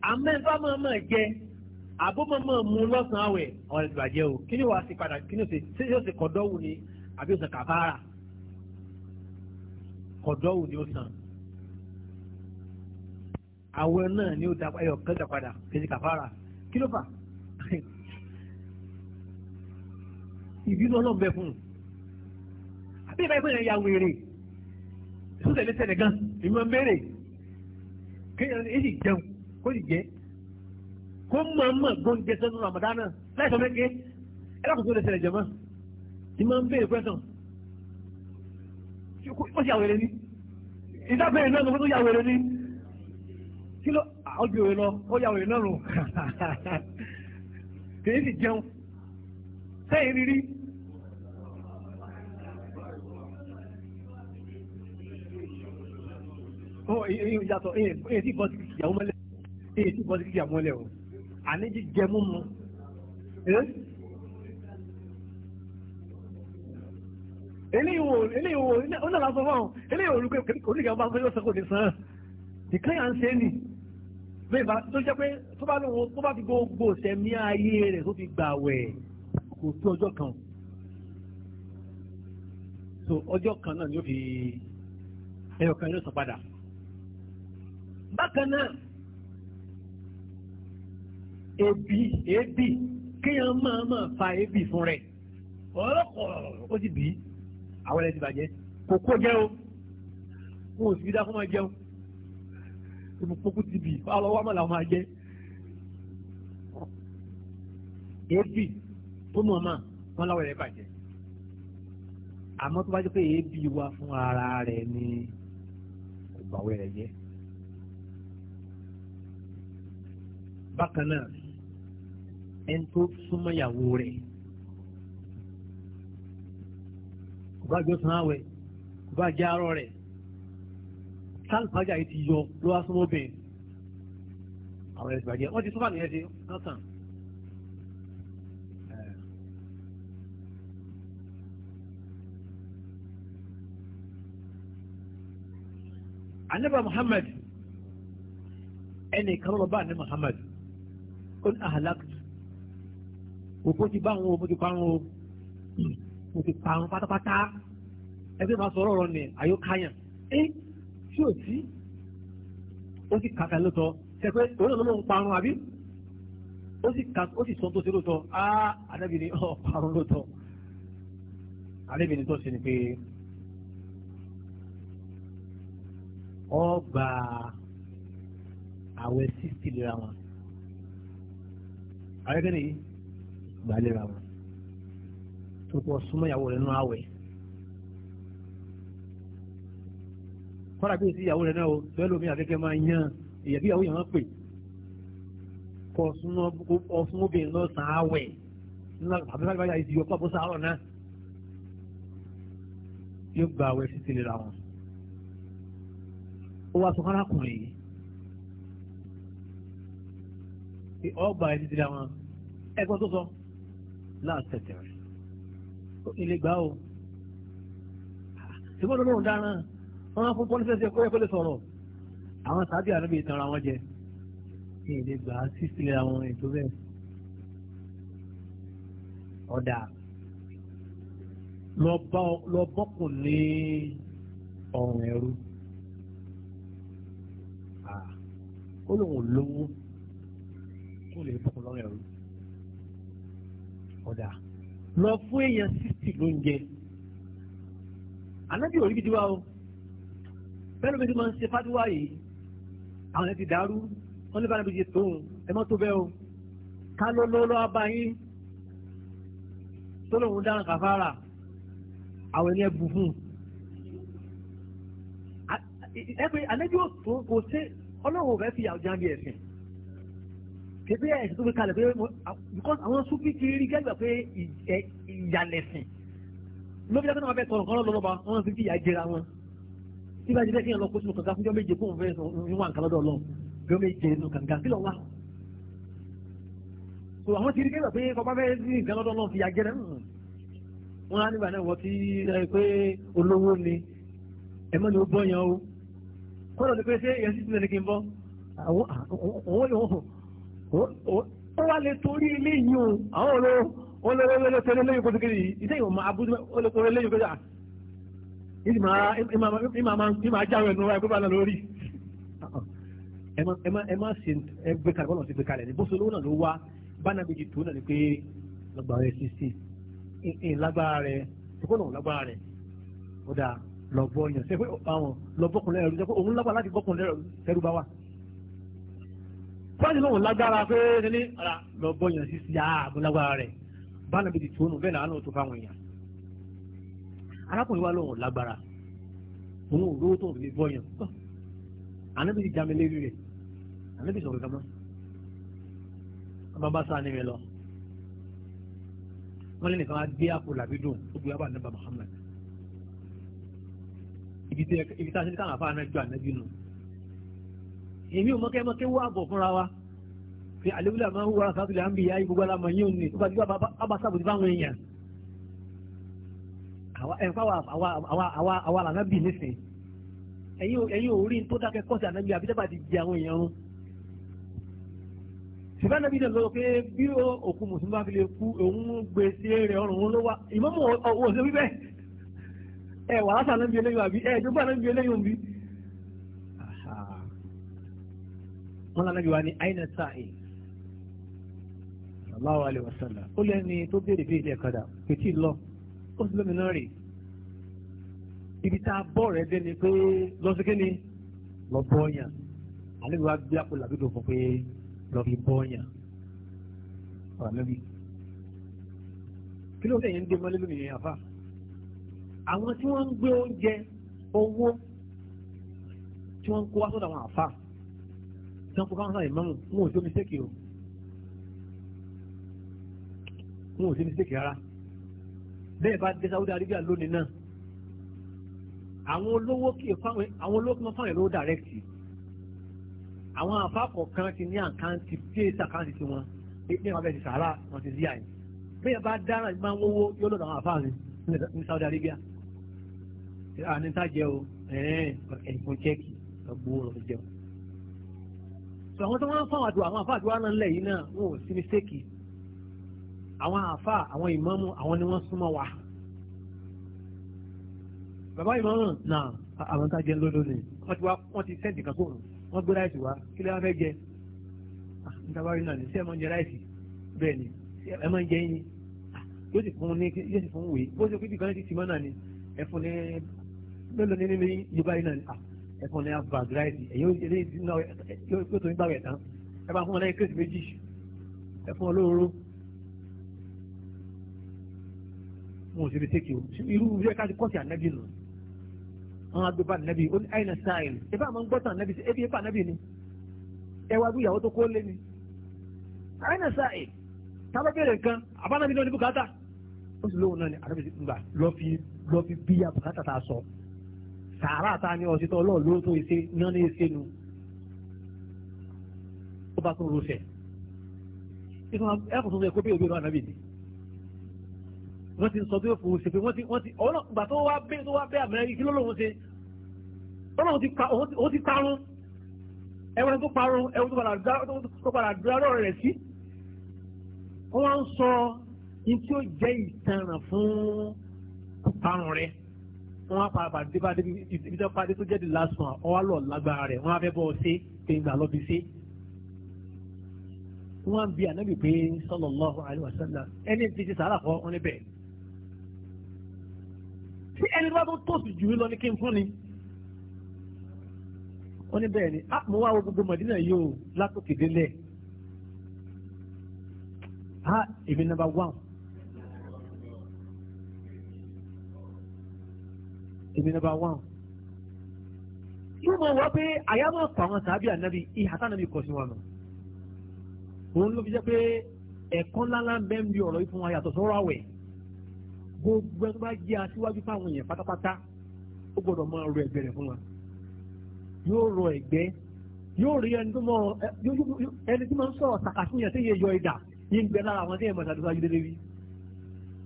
àmọ́ ẹ̀fọ́ máa máa jẹ àbó máa máa mu lọ́sàn-án àwẹ̀ ọ̀rẹ́ ti bàjẹ́ o kí ni wàá sì padà kí ni yóò sì kọ̀dọ́wù ni àbí òsàn kàfàrà kọ̀dọ́wù ni ó sàn. àwẹ̀ náà ni ó da ẹyọ kẹta padà kejì kàfàrà kí ló fà? <laughs> ìbínú ọlọ́ọ̀bẹ fún un. àbí ìbáyìí fún ìyá wèrè ìsúnṣẹ́ lè ṣẹlẹ̀ gan ìmọ̀ mẹ́rẹ̀ kéèyàn èyí jẹun kó sì jẹ́ kó mọ̀ mọ̀ gbóúnjẹ sẹ́nu Ramadan náà láìsọ mẹ́kẹ́ ẹ tó lè ṣẹlẹ̀ jẹ̀mọ́ ìmọ̀ ń béèrè pẹ́sàn ó sì àwẹ̀rẹ̀ ni ìdábẹ̀rẹ̀ náà ló fún tó yàwẹ̀rẹ̀ ni kí ló ọjọ́ òwe lọ ó ha náà rò kèé sì jẹun sẹ́yìn rírí ìyàtọ̀ èyí tí bọ́ sí ìyàwó mọ́lẹ̀ èyí tí bọ́ sí ìyàwó mọ́lẹ̀ o àní jíjẹ múmu eléyìí wo eléyìí wo ó nàlá sọ fún ọ eléyìí olùkọ́ oníkẹ́ ọba fún yóò sọ kò ní sàn án nìkan yà ń ṣe é nì bẹ́ẹ̀ bá tó jẹ́ pé tó bá lóun tó bá fi gbogbo sẹ́mi ayé rẹ̀ tó fi gbà wẹ̀ kò tó ọjọ́ kan so ọjọ́ kan náà ni ó fi ẹyọ kan bákan náà ebi ebi kéèyàn máa máa fa ebi fún rẹ̀ ọlọ́kọ̀ ó ti bì í àwọn ẹlẹ́dìí bàjẹ́ kò kó jẹ́ o wọn ò sì fi dá fún máa jẹun ìbùkún ti bì í ọlọ́wọ́ àmàlà máa jẹ́ èébì tó mọ̀ máa wọ́n láwọn ẹ̀rẹ́ bàjẹ́ àmọ́ tó bá jẹ́ pé èébì wá fún ara rẹ̀ ni kò bá wẹ̀rẹ̀ jẹ́ bákan náà ẹni tó súnmọ́ ìyàwó rẹ̀ kò bá jọ san àwẹ̀ kò bá jẹ́ arọ rẹ̀ sálùfájà yìí ti yọ ló wá súnmọ́ bẹ́ẹ̀ àwọn ẹ̀sìn bàjẹ́ wọ́n ti súnmọ́ Anaba Muhammad ẹnì kan lọ bá Muhammad. ó ahalak, àhàlákì òkú ti bá wọn o mo ti parun o ti parun pátápátá ẹgbẹ́ máa sọ̀rọ̀ ọ̀rọ̀ ni àyọkáyàn ẹ tí ò sí ó sì kàkà lóòótọ́ sẹ́pẹ́ òun náà ló ń parun àbí ó sì kà ó sì sọ tó ṣe lóòótọ́ á àdébìnrin ọ̀ parun lóòótọ́ àdébìnrin tó ṣe ni pé ọ gba àwẹ̀ sixty lera wọn àwẹ̀ kẹ́ni gbàlera wọn tó kọ́ súnmọ́ ìyàwó rẹ̀ nù àwẹ̀ kọ́ra bí o sí ìyàwó rẹ̀ náà o bẹ́ẹ̀ lómi àfẹ́kẹ́ máa yan èyàn bí ìyàwó yẹn máa pè kọ́ súnmọ́ ọ̀sùn obìnrin náà sàn àwẹ̀ nínú àbúrò àgbáyà ìdí ọkọ̀ àbúrò sàárọ̀ náà yóò gba àwẹ̀ sí tìlera wọn ó wá sọ kárakùnrin yìí. pé ọgbà ẹni ti ra wọn ẹgbọ́n tó sọ láàtẹ̀tẹ̀ rẹ̀ ilé gbà ó ṣùgbọ́n lọ́dún dáná wọn á fún pọ́lísẹ́sì ẹ̀kọ́ ẹ̀kọ́ lè sọ̀rọ̀ àwọn sábì àdúgbò ìtanra wọn jẹ ilé gbà á sì sílẹ̀ àwọn ètò bẹ́ẹ̀ ọ̀dà lọ ní ọ̀rùn ẹ̀rú ó lóun lówó kó lè bọ́kùn lọ́rọ̀ ẹ̀rú ọ̀dà lọ fún èèyàn sixty lóúnjẹ ànábì òrí gidi wa o bẹ́ẹ̀ ló fi máa ń ṣe fáduwa yìí àwọn ẹ̀ ti dàrú wọ́n ní bá níbi ṣe tóun ẹ mọ́ tó bẹ́ẹ̀ o ká ló ló lọ́wọ́ bá yín tó lóun dáhùn kàfàrà àwọn ẹni ẹ bù fún un ẹ pé ànábì ò tó kò sí ọlọ́run ò fẹ́ fi àwùjá bí ẹ̀sìn ṣebí ẹ̀sìn tó fi kalẹ̀ pé because àwọn súnfì ti rí gẹ́gbà pé ìyàlẹ̀sìn lóbi dákẹ́ náà wọ́n fẹ́ tọrọ nǹkan lọ́dọ̀ lọ́ba wọ́n fi ìyà jẹra wọn tí bá ti fẹ́ kí èèyàn lọ kó sínú kànga fúnjọ́ méje kóun fẹ́ wà nǹkan lọ́dọ̀ lọ bí wọ́n méje nínú kànga kí lọ wá. so àwọn ti rí gẹ́gbà pé kọ́ba fẹ́ rí nǹkan lọ́dọ̀ lọ́n fi ìyà hmm. wọn á nígbà náà wọ́n ti rẹ pé olówó ni ẹ̀mọ́ ni ó bọ́ yẹn o kọ́ ó wá lè torí ilé yìí o àwọn olówó olówó olówó tẹ́lẹ̀ lẹ́yìn kótó kiri yìí iṣẹ́ ìwọ̀n máa abúlé olówó lẹ́yìn kótó ìmọ̀ ìmọ̀ ajáwé ẹnu wa ìgbébà náà lórí ẹ má ṣe ẹgbẹ́ kalẹ̀ bọ́lá ti gbé kalẹ̀ ní bó ṣe olówó náà ló wá bánà méjì tó náà ni pé lọ́gbàá rẹ̀ sísè ìlágbára rẹ̀ ìkọ́nà lágbára rẹ̀ ó dáa lọ́gbọ́ yẹn ṣe pé àwọn lọ́gbọ́kùnrin ẹ̀rú ṣe pé òun lágbára láti gbọ́kùnrin ẹ̀rú bá wà fáàlì lóhùn lágbára pé ní ara lọ bọyàn sí sí ààbò ah, lágbára rẹ̀ báńdà bíi tó nù bẹ́ẹ̀ làánú tó fáwọn èèyàn arákùnrin wa lóhùn lágbára òun ò lówó tó ń fi bọyàn ànábì ti jámi lérí rẹ̀ ànábì sọ̀rọ̀ kama ababa sáà ni mi lọ wọ́n lé nìkan á gbé àpò làbí dùn ó gbé abá ànábà Muhammad ibi tí a ti ní káwọn afáàná ju ànábì nù èmi ò mọ́kẹ́ mọ́kẹ́ wọ́ àgọ̀ fúnra wa fi àlewúlẹ̀ àmọ́ wọ́n wọ́n sátúlẹ̀ à ń bì yá ibùgbọ́ la mọ̀ yín òní tó bá dúró bá sábòtí fáwọn èèyàn àwa àlànà bì nísìn ẹ̀yin ò rí tó dákẹ́ kọ́sì ànábì àbí dábàá ti di àwọn èèyàn rún sìgbà nàbí náà lọ pé bí òkú mùsùlùmí bá fi lè kú òun gbé sí rẹ̀ ọrùn òun ló wá ìmọ̀mù òṣèlú bẹ́ẹ̀ ẹ̀ wàhálà sànábì eléyìí àbí ẹ̀ ìjọba ànábì eléyìí òun bíi wọn lànà yìí wá ní aina sa'i sallallahu alayhi wa sallam ó lẹ́ni tó béèrè bí ilé kadà kò tí ì lọ ó sì lómi náà rè ibi tá a bọ́ rẹ̀ dẹ́ni pé lọ́sọ̀kẹ́ni lọ bọ́ọ̀yàn àlejò wa bí apò làbí tó fún pé lọ fi bọ́ọ̀yàn ọ̀rọ̀ mẹ́bí kí ló ń tẹ̀yìn ń dé mọ́lẹ́ lómi yẹn àfa àwọn tí wọ́n ń gbé oúnjẹ owó tí wọ́n ń kó wá sọ́dọ̀ àwọn àfa sanko bá ń ra ìmáàmù wọn ò tó mistake o wọn ò tó mistake rárá bẹ́ẹ̀ bá dé Saudi Arabia lónìí náà àwọn olówó kì í fáwọn àwọn olówó kì í fáwọn ìlú direct àwọn àfáàkọ̀ kan ti ní àkáǹtì pé sàkáǹtì ti wọn pé ní ìwà bẹ́ẹ̀ ti sàárà wọn ti zí àyè bẹ́ẹ̀ bá dára ìmáà wọ́wọ́ yóò lọ́dọ̀ àwọn àfáà ní Saudi Arabia àníntàjẹ́ o ẹ̀ẹ́n ẹ̀ẹ́n sọ àwọn tó wọ́n fún àdúrà àwọn àfa àdúrà náà lẹ̀ yìí náà wọn ò sí mistake àwọn àfa àwọn ìmáàmù àwọn ni wọ́n súnmọ́ wa. bàbá ìmáàmù náà àwọn tá a jẹ lọ́dọ̀ ni wọ́n ti wá wọ́n ti sẹ́ǹtì kan fóònù wọ́n gbé láìsí wa kí lè wá fẹ́ jẹ ah, nítabárí náà ni sí ẹ̀ máa ń jẹ láìsí bẹ́ẹ̀ ni ẹ̀ máa ń jẹ yín ah, yóò sì fún ní yóò sì fún wèé bó ṣe kí ibi kan ti ti mọ́ náà ni ẹ̀ fún ní mélòó ní nínú Yorùbá yìí náà ni ah, ẹ̀kan ní àfà gíráìtì ẹ̀yìn ó ilé ìdínà yóò tó ń gbàgbẹ̀ tán ẹ bá fún wọn lẹ́yìn kéésì méjì ẹ fún wọn lóoró wọn ò sì fi tèkì o irú ilé káàdì kọ́ọ̀tì ànábì nù àwọn agbèbá ànábì ó ní àyìnà sáàyìn ìfẹ́ àwọn gbọ́tàn ànábì sí ebi ẹ̀fà ànábì ni ẹ wá bí ìyàwó tó kó lé ni àyìnà sáàyìn tábà bẹ̀rẹ̀ nǹkan àbánábì náà ní bùkátà ó sì lóhùn náà ni ànábì ń gbà lọ́ fi bí bùkátà tá sàárà ta ni ọ̀sítọ́ ọlọ́run ló tún ṣe iná ní ṣe nu ó bá tún rọṣẹ̀ ẹ̀kọ́ tó ń yẹ kó bí òbí rọ ànábì ni wọ́n ti sọ pé òfò ṣe pé wọ́n ti wọ́n ti ọ̀rọ̀ gbà tó wá bẹ́ẹ̀ tó wá bẹ́ẹ̀ àmì kí ló lóun ṣe ọlọ́run ti pa òun ti parun ẹ̀wọ̀n tó parun ẹ̀wọ̀n tó padà dúró ọ̀rọ̀ rẹ̀ sí. wọ́n wá ń sọ ní tí ó jẹ́ ìtanràn fún parun rẹ̀ wọ́n á pa àbàdé bá débi ibi tó padé tó jẹ́dí last one ọwọ́ lọ lágbára rẹ̀ wọ́n á fẹ́ bọ́ ọ sí pé ń gbà lọ́bi sí. wọ́n á bi ànábì pé sallallahu alaihi wasallam ẹni tí ti sàrà kọ́ wọn níbẹ̀. tí ẹni bá tó tòṣì jù mí lọ ní kí n fún ni. wọ́n ní bẹ́ẹ̀ ni mo wá wo gbogbo Mọ̀dínà yìí o látòkè délẹ̀. ha èmi number one. èmi nọ́mbà wán yóò mọ̀ wá pé àyà máa pa àwọn sàábì ànábì ìhà sànábì kọ̀ sí wọn nù òun ló fi jẹ́ pé ẹ̀kọ́ ńláńlá ń bẹ ń bi ọ̀rọ̀ yìí fún wa yàtọ̀ sọ́rọ̀ àwẹ̀ gbogbo ẹni bá jẹ́ aṣíwájú fáwọn èèyàn pátápátá ó gbọ́dọ̀ máa ro ẹ̀gbẹ́ rẹ̀ fún wa yóò ro ẹ̀gbẹ́ yóò rí ẹni tó mọ ẹni tí máa ń sọ̀rọ̀ sàkàtúnyẹ̀ tó yẹ yọ ìdà yín gbẹ lára àwọn tí yẹn mọ̀ ṣàdúrà yìí lé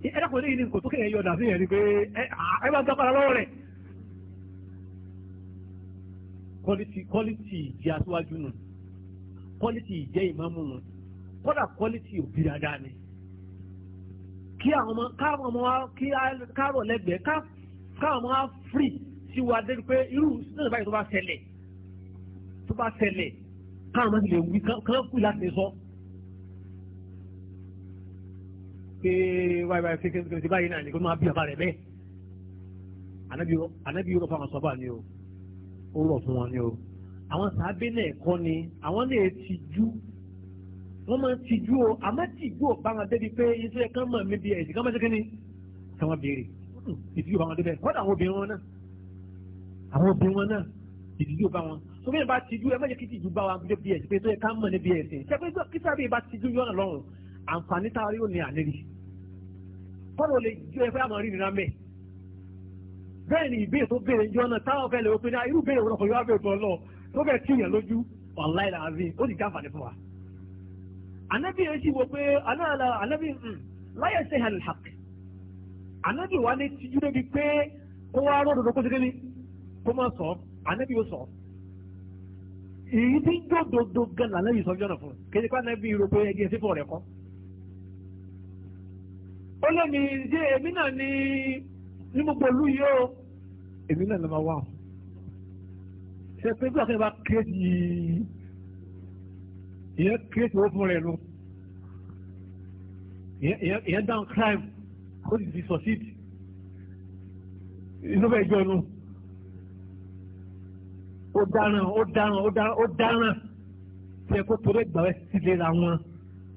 ẹ̀dàkùn eléyìí ni nǹkan tó kéèyàn yọ̀dà sí yẹn ni pé ẹ bá gbàgbára lọ́wọ́ rẹ̀. quality quality ìjẹ́ aṣíwájú nù quality ìjẹ́ ìmáàmù nù kódà quality òbí dáadáa ni. kí àwọn ọmọ káwọn ọmọ wa kí káàrọ̀ lẹ́gbẹ̀ẹ́ káwọn ọmọ wa free sí wa dé pé irú sílẹ̀ báyìí tó bá ṣẹlẹ̀ tó bá ṣẹlẹ̀ káwọn ọmọ ti lè wí kán kú láti sọ. pé wáyé wáyé pé kékeré ti báyìí náà ni kó máa bí bàbá rẹ̀ bẹ́ẹ̀. ànábì yóò rọ̀ fún àwọn sọ́bà ni o ó rọ̀ fún wọn ni o. àwọn sàábé náà kọ́ ni àwọn náà ti jú wọ́n máa ti jú o àmọ́ tí ìjú ò bá wọn débi pé iṣẹ́ kan mọ̀ mí bí ẹ̀sìn kan máa ṣe kíni kí wọ́n béèrè ìdíjú ò bá wọn débẹ̀ kọ́dà àwọn obìnrin wọn náà àwọn obìnrin wọn náà ìdíjú ò bá wọn tó bí ẹ bá tijú ẹ má jẹ́ kí tijú bá wa níbi ẹ̀sìn pé tó yẹ ká mọ̀ níbi ẹ̀sìn ṣé pé kí sábẹ́ bá tijú yọ̀nà lọ́rùn àǹfààní táwọn yóò ní àlérí kọ́nà lè ju ẹ̀fẹ́ àmọ́ rí nira mẹ́ bẹ́ẹ̀ ni ìbéèrè tó béèrè yọ náà táwọn fẹ́ lè wọ́n pe ní irú béèrè wọn kò yọ abẹ́ òtún ọlọ́ tó bẹ̀ kí yẹn lójú wàláì làásì ó sì jáfàdé fún wa. ànábì yẹn sì wọ pé ànábì láyé ṣe hàn hàk ànábì wa ní tijú débi pé kó wá rọ́ dòdò kó ṣe kéde kó má sọ ànábì yóò sọ èyí tí ń jó dodo gan lànà yìí sọ jọ́nà fún kéde kó ànábì rò pé ẹgbẹ́ sí fún kọ́ ó lé mi ṣé èmi náà ní ní gbogbo ìlú yìí o èmi náà ló máa wà ṣe pé bí wàá bá kéèjì ìyẹn kéèjì owó fún rẹ̀ nu ìyẹn down crime ó sì ti succeed inú bẹ́ẹ̀ jọ nu ó dáràn ó dáràn ó dáràn ó dáràn ṣe kó torí ìgbà wẹ́ sílé ra wọn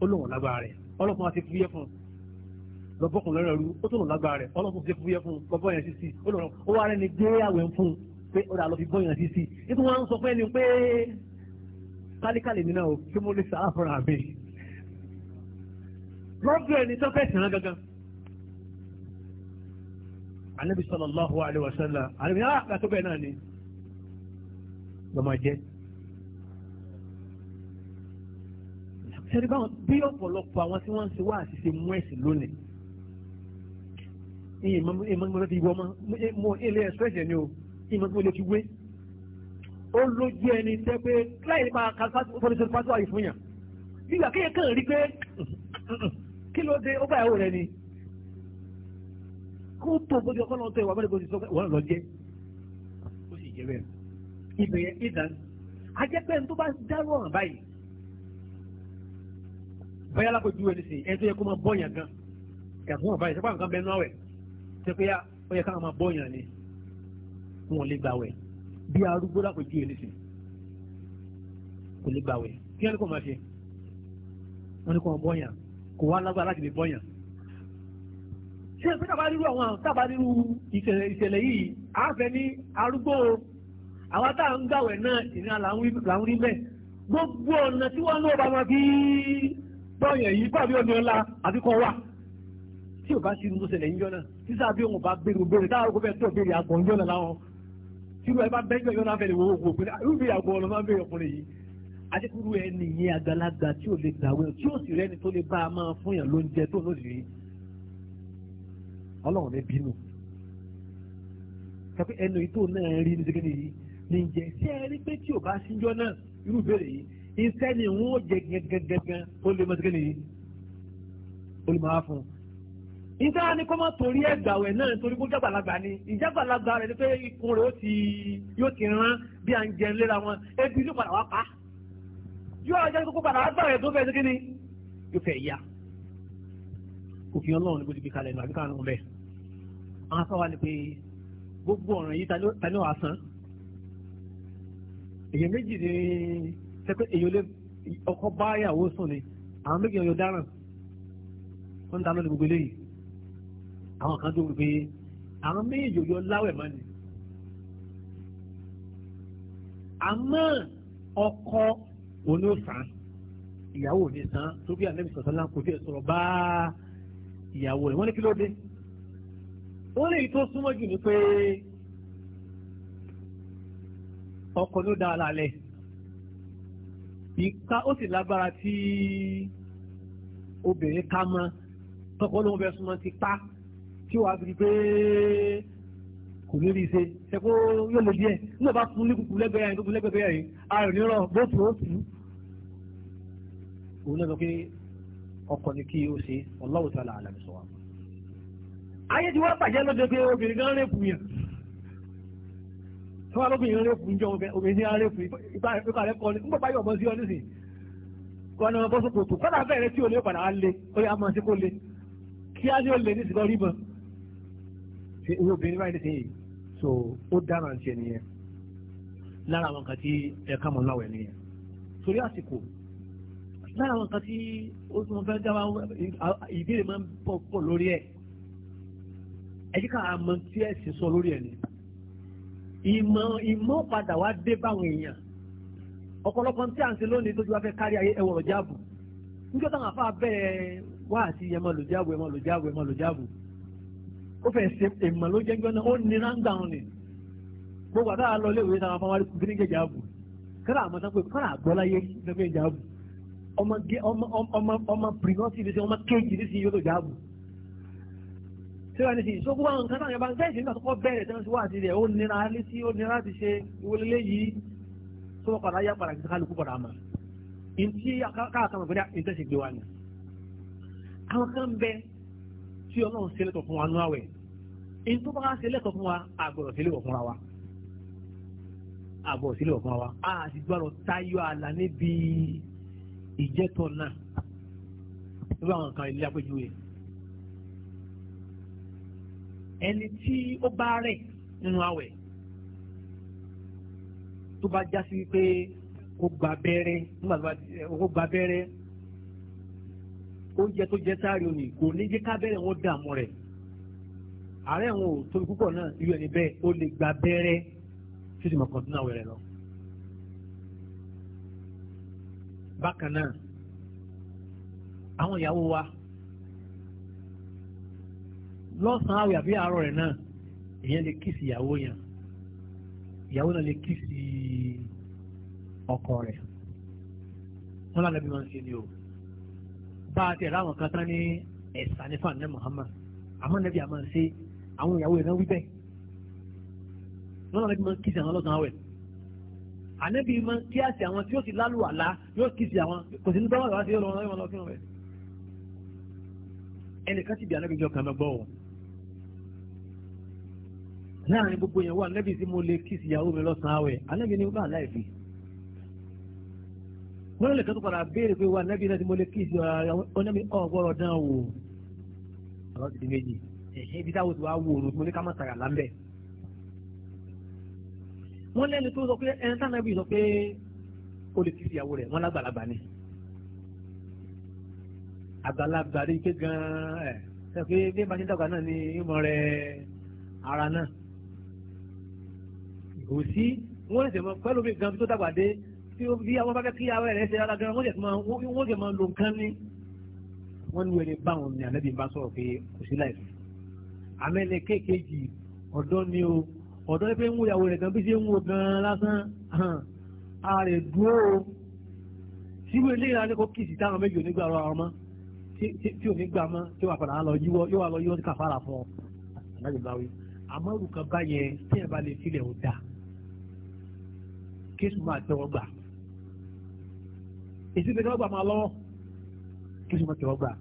ó lóun lágbára rẹ̀ ọlọ́pàá ti fi yẹ fún un lọ́bọ̀kùn lọ́rọ̀ ru ó tó lò lágbára rẹ̀ ọlọ́run fi fúyẹ́ fún lọ́bọ̀ yẹn sí sí ó lọ́rọ̀ ó wá rẹni gbé àwẹ̀ ń fún pé ó dà lọ́ fi bọ́ yẹn sí sí nítorí wọn sọ fẹ́ ni pé kálíkálí mi náà ò kí mo lè sàá fúnra mi lọ́dún ẹni tó fẹ́ sìn gangan. anabi sallallahu alayhi wa sallam anabi ah gàtó bẹ́ẹ̀ náà ni lọ́mọ sẹ́ni báwọn bí ọ̀pọ̀lọpọ̀ àwọn tí wọ́n ń ṣe wá àṣìṣe mú ẹ̀sìn lónìí ìmọ̀gbọ́n ti wọ́ mọ́ ilé ẹ̀sẹ̀ṣẹ̀ ni o ìmọ̀gbọ́n lè ti wé ó lójú ẹni tẹ́ pé láì nípa fọ́nìṣẹ́ pátó àyè fún yàn nígbà kéèyàn kàn rí pé kí ló dé ó bá ìyàwó rẹ ni kó tó bójú ọkọ náà tó ìwà mẹ́rin bó ti sọ wọ́n lọ jẹ́ ó sì jẹ́ bẹ́ẹ̀ ibẹ̀ yẹn ìdán ajẹ́pẹ́ tó bá dárò ọ̀ràn báyìí báyà lápò ju ẹni sìn ẹni tó yẹ kó máa bọ́ yàn gan yàtọ̀ ọ̀ràn báyìí sẹ́pà nǹkan bẹ́ẹ̀ náà wẹ̀ ṣe pé ó yẹ káwọn máa bọ́yàn ni wọn ò lè gbàwẹ̀ bí arúgbó lápòjú yẹn nísìn kò lè gbàwẹ̀ kí wọ́n ní kò máa ṣe wọ́n ní kò máa bọ́yàn kò wá lágbára láti lè bọ́yàn. ṣé ìpínlẹ̀ bá rírú àwọn àwọn tábà rírú ìṣẹ̀lẹ̀ yìí àáfẹ́ ní arúgbó àwọn táà ń gbàwẹ̀ náà ìrìn àlàáhùn rí bẹ́ẹ̀ gbogbo ọ̀nà tí wọ́n ń lò bá wọn bọ́yàn yìí pàbí ọ̀nà ọ̀la àbíkọ́ wà tí ò bá ṣe sísá bí òun bá gbèrú béèrè táwọn kò fẹ́ tó béèrè àgbọ̀n yọ̀nà láwọn tírú ẹ bá bẹ́jọ́ yọ̀nà fẹ́ lè wo òkú òkú irú bí àgbọ̀n ọ̀nà máa ń béèrè ọkùnrin yìí adékúrú ẹ nìyẹn àgbàlagbà tí ò lè gbàwé tí ó sì rẹ́ni tó lè bá a máa fún yàn lóúnjẹ tó ló lè ọlọ́run ní bínú tàbí ẹnu ìtò náà rí ní dégédé yìí ní jẹ ṣé ẹ rí pé tí o bá síjọ́ náà irú ìbéèrè yìí iṣẹ́ ni wọ́n jẹ gẹ́gẹ́gẹ́gẹ́ ó lè mọ́ dégédé yìí ó lè máa fún un ìta ni kó má torí ẹgbàwẹ̀ náà torí kó jágbàlagbà ni ìjágbàlagbà rẹ̀ ni pé ikùn rẹ̀ yóò ti rán bí à ń jẹun léra wọn ebi ló padà wá pa yóò ajá kó padà wá gbàwẹ̀ tó fẹ́ sí kíni yóò fẹ́ yá òfin ọlọ́run ni bó ti fi kalẹ̀ nù àbíká nù bẹ́ẹ̀ àwọn afáwa ni pé gbogbo ọ̀ràn yìí ta ni wàá san èyàn méjì ni sẹ́kẹ́ èyàn lé ọkọ báyàwó sùn ni àwọn méjì yẹn dáràn wọ́n ń ta lọ́dún gbogbo eléyìí àwọn kan tó wípé àwọn méjì òjò láwẹ̀ mọ́ ni àmọ́ ọkọ òní ò sàn ìyàwó òní sàn tó bí ànábì sọ̀tọ́lá kò tí ì sọ̀rọ̀ bá ìyàwó rẹ̀ wọ́n ní kí ló dé wọ́n lè tó súnmọ́ jù ní pé ọkọ ló dáa lálẹ́ ìka ó sì lágbára tí obìnrin ká mọ́ tọkọ ló ń fẹ́ súnmọ́ ti pa tí ó wà bí pé kò ní rí ṣe ṣe kó yóò lè díẹ̀ nígbà bá fún ní kúkú lẹ́gbẹ̀ẹ́ yẹn kúkú lẹ́gbẹ̀ẹ́ yẹn ayọ̀ nírọ̀ bó tu ó tu. òun náà sọ pé ọkọ ni kí o ṣe Allahu ta'ala àlàmì sọ wa. ayé ti wá bàjẹ́ lọ́dọ̀ pé obìnrin gan rẹ̀ fún yàn. tí wọ́n lóbìnrin rẹ̀ fún jọ obìnrin tí wọ́n rẹ̀ fún ipa rẹ̀ kọ́ ni nígbà bá yọ̀ ọmọ sí ọ nísìnyí. wọn náà bọ́ sókòtò kọ́dà bẹ́ẹ̀ rẹ̀ tí ò irú obìnrin báyìí nìkan so ó dára ṣe nìyẹn lára àwọn nǹkan tí ẹ̀ka mọ̀ láwẹ̀ nìyẹn torí àsìkò lára àwọn nǹkan tí ó tún mọ fẹ́ dábàá ìbéèrè máa ń pọ̀ pọ̀ lórí ẹ̀ ẹ jẹ́ tí ẹ̀ sì sọ lórí ẹ̀ ni ìmọ̀ ìmọ̀ padà wá dé báwọn èèyàn ọ̀pọ̀lọpọ̀ tí à ń ṣe lónìí tó ti wá fẹ́ kárí ayé ẹ̀wọ̀n lọ́jàbù níjọ́ táwọn afá bẹ́ẹ̀ wá àti ẹ̀mọ́ lọ́jàbù ẹ̀mọ́ lọ́jàbù ẹ̀mọ́ lọ́jàbù ó fẹ́ ṣe èèmọ̀ ló jẹ́ gbọ́n náà ó nira ń gbà wọn ni gbogbo àtàwọn lọ ilé ìwé sáwọn fáwọn gírí gé jáàbù kọ́ra àmọ́ sáwọn pé kọ́ra àgbọ́láyé lọ́gbẹ́ jáàbù ọmọ gé ọmọ ọmọ ọmọ pìrìmọ́sì ní sí ọmọ kéèjì ní sí yóò lò jáàbù. síwájú ní sí ìṣókú wa nǹkan táwọn yẹn bá ń bẹ́ẹ̀ sí nígbà tó kọ́ bẹ̀rẹ̀ tí wọ́n ti wá àti rẹ̀ ó nira létí ó nira ti ṣe ìwọlélé yìí tó wọ́n padà yá padà kí kálukú padà mọ̀. ìtí káàkiri àwọn kan bẹ tí ọlọ́run ṣe lẹ́tọ̀ fún wa nú àwẹ̀ èyí tó bá ṣe lẹ́tọ̀ fún wa àgbọ̀rọ̀ sílẹ̀ wọ̀ fúnra wa àgbọ̀rọ̀ sílẹ̀ wọ̀ fúnra wa a sì gbọ́dọ̀ tayọ àlà níbi ìjẹ́tọ̀ náà níbi àwọn nǹkan ilé àpéjúwe ẹni tí ó bá rẹ̀ nínú àwẹ̀ tó bá já sí pé kó gba abẹ́rẹ́ nígbà tó bá kó gba abẹ́rẹ́ oúnjẹ tó jẹ sáré òní kò ní jẹ́ kábẹ́rẹ́ wọn dààmú rẹ̀ àárẹ̀ wọn ò tóbi púpọ̀ náà irú ẹni bẹ́ẹ̀ ó lè gba abẹ́rẹ́ tí ó sì mọ̀ kọ̀ǹtínà wẹ̀rẹ̀ lọ. bákan náà àwọn ìyàwó wa lọ́sàn-án àwẹ̀ àbí àárọ̀ rẹ̀ náà èèyàn lè kíìsì ìyàwó yẹn ìyàwó náà lè kíìsì ọkọ rẹ̀ wọ́n lànà bí wọ́n ń ṣe ni o tá a ti rà àwọn kan tán ní ẹ̀sà ní fàánù náà Muhammad àmọ́ nàbí àmọ́ ṣe àwọn ìyàwó rẹ̀ náà wí bẹ́ẹ̀ wọ́n náà máa ń kí sí àwọn ọlọ́gàn àwẹ̀ ànábì máa ń kí àsì àwọn tí ó ti lálù àlá yóò kí sí àwọn kò sí ní báwọn ìwádìí yóò lọ wọn lọ kí wọn bẹ ẹnìkan ti bí ànábì jọ kàn mẹ́gbọ́ wọn láàrin gbogbo yẹn wà ànábì tí mo lè kí sí ìyàwó mi lọ́sàn-án àwẹ̀ ànábì ní bá àláìfì wọ́n lè kẹ́tọ́ padà béèrè pé wa nẹ́bí náà ti mo lè kí ìjọ ara ọ̀nẹ́mi ọ̀gbọ́rọ̀ dán o ọ̀rọ̀ ti di méjì ẹ̀hìn ibi táwọn ti wá wò ó mo ní ká má sàrà lámbẹ́. wọ́n lẹ́nu tó sọ pé ẹni tá nẹ́bí sọ pé o lè kí ìyàwó rẹ̀ wọ́n lágbàlagbà ni. àgbàlagbà rí pé gan-an ẹ̀ ṣe pé bí bá ti dàgbà náà ni ìmọ̀ rẹ̀ ara náà. kò sí wọ́n lè tẹ̀ mọ́ pẹ́lú tí ó bí àwọn bákẹ́ kí àwẹ̀ rẹ̀ ṣe ara gan wọ́n jẹ̀ máa lo nǹkan ní. wọ́n ní wẹ́rẹ́ báwọn ni ànábì bá sọ̀rọ̀ pé kò sí láìsí. àmẹ́ni kéèkéèjì ọ̀dọ́ ni o ọ̀dọ́ ni pé ń wo ìyàwó rẹ̀ gan bí ṣe ń wo gan lásán ara rẹ̀ dúró o. síbi ilé ìlànà kò kìsì táwọn méjì onígbà rọ àwọn ọmọ tí ò ní gbà mọ́ tí wà padà lọ yíwọ́ yóò wà lọ yíwọ́ sí kàfàrà fún ọ ànábì bá wí. àmọ́ òrùka báyẹn tí ẹ̀ bá lè filẹ̀ ò dáa kéésù máa tẹ́wọ́ gbà èsì tí wọ́n gbà máa lọ́wọ́ kí ló mọ̀ tí wọ́n gbà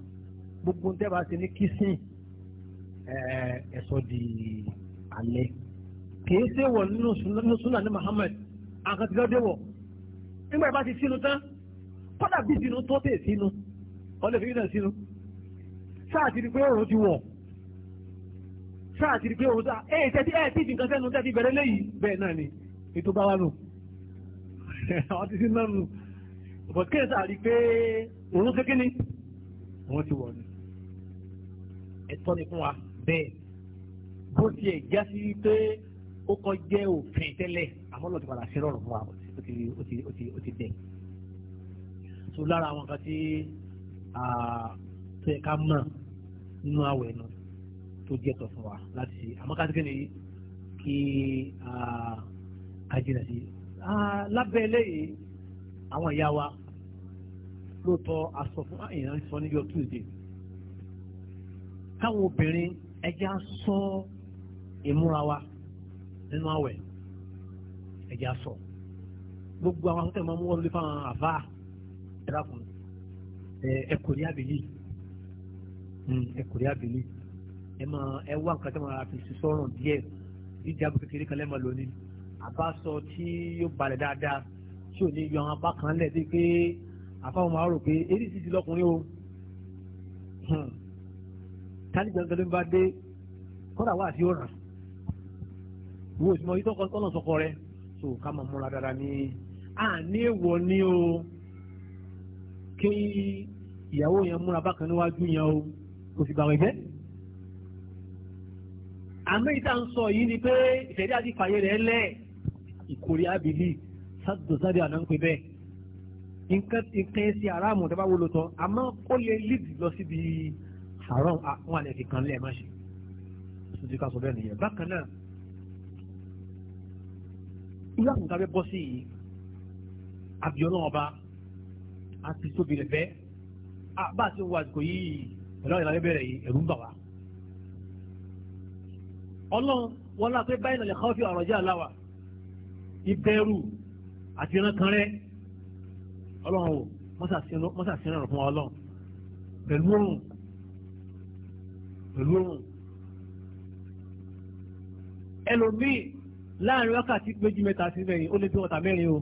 gbogbo tẹ́ bá ti ní kí sìn ẹ̀sọ́ di alẹ́ kìí ṣe wọ̀ nínú sunna ní Muhammad àkàtúndínlọ́dẹ wọ̀ nígbà yìí bá ti sínú tán kọ́dà bí sínú tó tẹ̀ sínú wọ́n lè fi yíyan sínú sáà ti di pé òun ti wọ̀ sáà ti di pé òun sáà ẹ̀ tẹ́tí ẹ̀ tí nǹkan sẹ́nu tẹ́tí bẹ̀rẹ̀ lẹ́yìn bẹ́ẹ̀ náà ni ètò bá nù ọ̀ <laughs> ti sínú náà nù bọ̀ kéèsà rí pé òun ṣe kíni òun ti wọ̀ ni ẹ̀tọ́ ni fún wa bẹ́ẹ̀ bó tiẹ̀ já sí pé ó kọ́ jẹ́ òfin tẹ́lẹ̀ àmọ́ lọ́ọ̀tì padà sí rọrùn fún wa ó ti ó ti ó ti ó ti dẹ̀ so lára àwọn kan tí tó yẹ ká mọ̀ nínú àwẹ̀ náà tó jẹ́ fún wa láti ṣe àmọ́ ká tẹ́kẹ́ nìyí kí a jìnà sí i lábẹ́ eléyìí àwọn ìyá wa lóòótọ́ aṣọ fún ìran sọ níjọ tuesday káwọn obìnrin ẹja sọ ìmúra wa nínú àwẹ̀ ẹja sọ gbogbo àwọn akọ́tẹ̀ máa mú wọ́n lé fáwọn àbá ẹ̀rákùn ẹ̀kọ́rí àbílí hmm, ẹ̀kọ́rí àbílí ẹ máa ẹ wá nǹkan tí wọ́n fi sísọ́rùn díẹ̀ jíjábọ̀ kékeré kan lẹ́ẹ̀ma lónìí àbá sọ tí yóò balẹ̀ dáadáa tí ò ní yọ àwọn apá kan lẹ̀ pé àfáwọn máa rò pé eré sì ti lọkùnrin o káàdì hmm. gbẹngàn ló ń bá dé kọ́dà wà sí ọ̀ràn wo ìsúnmọ́ yìí tọ́kọ tọ́nà sọkọ rẹ so ká máa múra dáadáa ní àní èèwọ̀ ni o kí ìyàwó yẹn múra bákan níwájú yẹn o kò sì gbàwẹ̀ jẹ́ àmì ìta ń sọ yìí ni pé ìṣẹ̀dí àti fàyè rẹ̀ lẹ̀ ìkórè abìlí sádùn sábẹ́ àná ń pè bẹ́ẹ̀ nǹkan nǹkan ṣe aráàmù tó bá wúlò tán àmọ́ ó lè lídì lọ síbi àárọ̀ àwọn àlẹ́ fi kan lẹ́ẹ̀ má ṣe tuntun ká sọ bẹ́ẹ̀ nìyẹn bákan náà irú àkùnkà bẹ́ bọ́ sí yìí àbíọ́nà ọba àti tóbi rẹ̀ bẹ́ẹ̀ bá a ti wọ àsìkò yìí pẹ̀lú àwọn ìlànà bẹ̀rẹ̀ yìí ẹ̀rù ń bà wá. ọlọ́run wọn lápẹ́ báyìí nàlẹ́ káwọ́fì ọ̀rọ̀ jẹ́ àláwà ìbẹ̀rù àti ìran kan rẹ ọlọ́run o mọ́sàsí rẹ̀ fún ọlọ́run pẹ̀lú òrùn pẹ̀lú òrùn ẹlòmíì láàrin wákàtí méjì mẹ́ta sí mẹ́rin ó lé bí wọ́ta mẹ́rin o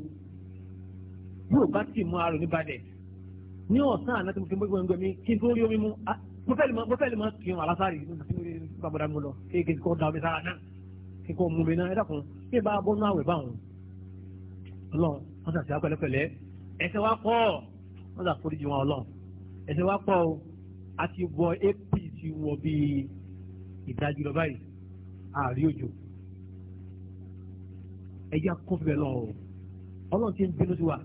bí o bá ti mú arò ní balẹ̀ ní ọ̀sán àná tí mo fi gbẹ́gbẹ́ gbẹ́gbẹ́ mi kí n tó rí omi mú mo fẹ́ lè máa kí n alásàrì nígbà tí mo lọ kí n kò da omi sára náà kí n kò mú mi náà ẹ dákun kí n bá bọ́nú àwẹ̀ báwọn ọlọ́run wọ́n sàṣẹ apẹlẹpẹlẹ ẹsẹ̀ wa pọ̀ wọ́n sàforíjì wọn ọlọ́run ẹsẹ̀ wa pọ̀ o a ti wọ apc wọ bíi ìdájú lọ báyìí àárí òjò ẹ̀yà kófìbẹ̀ lọ o ọlọ́run ti ń bínú sí wa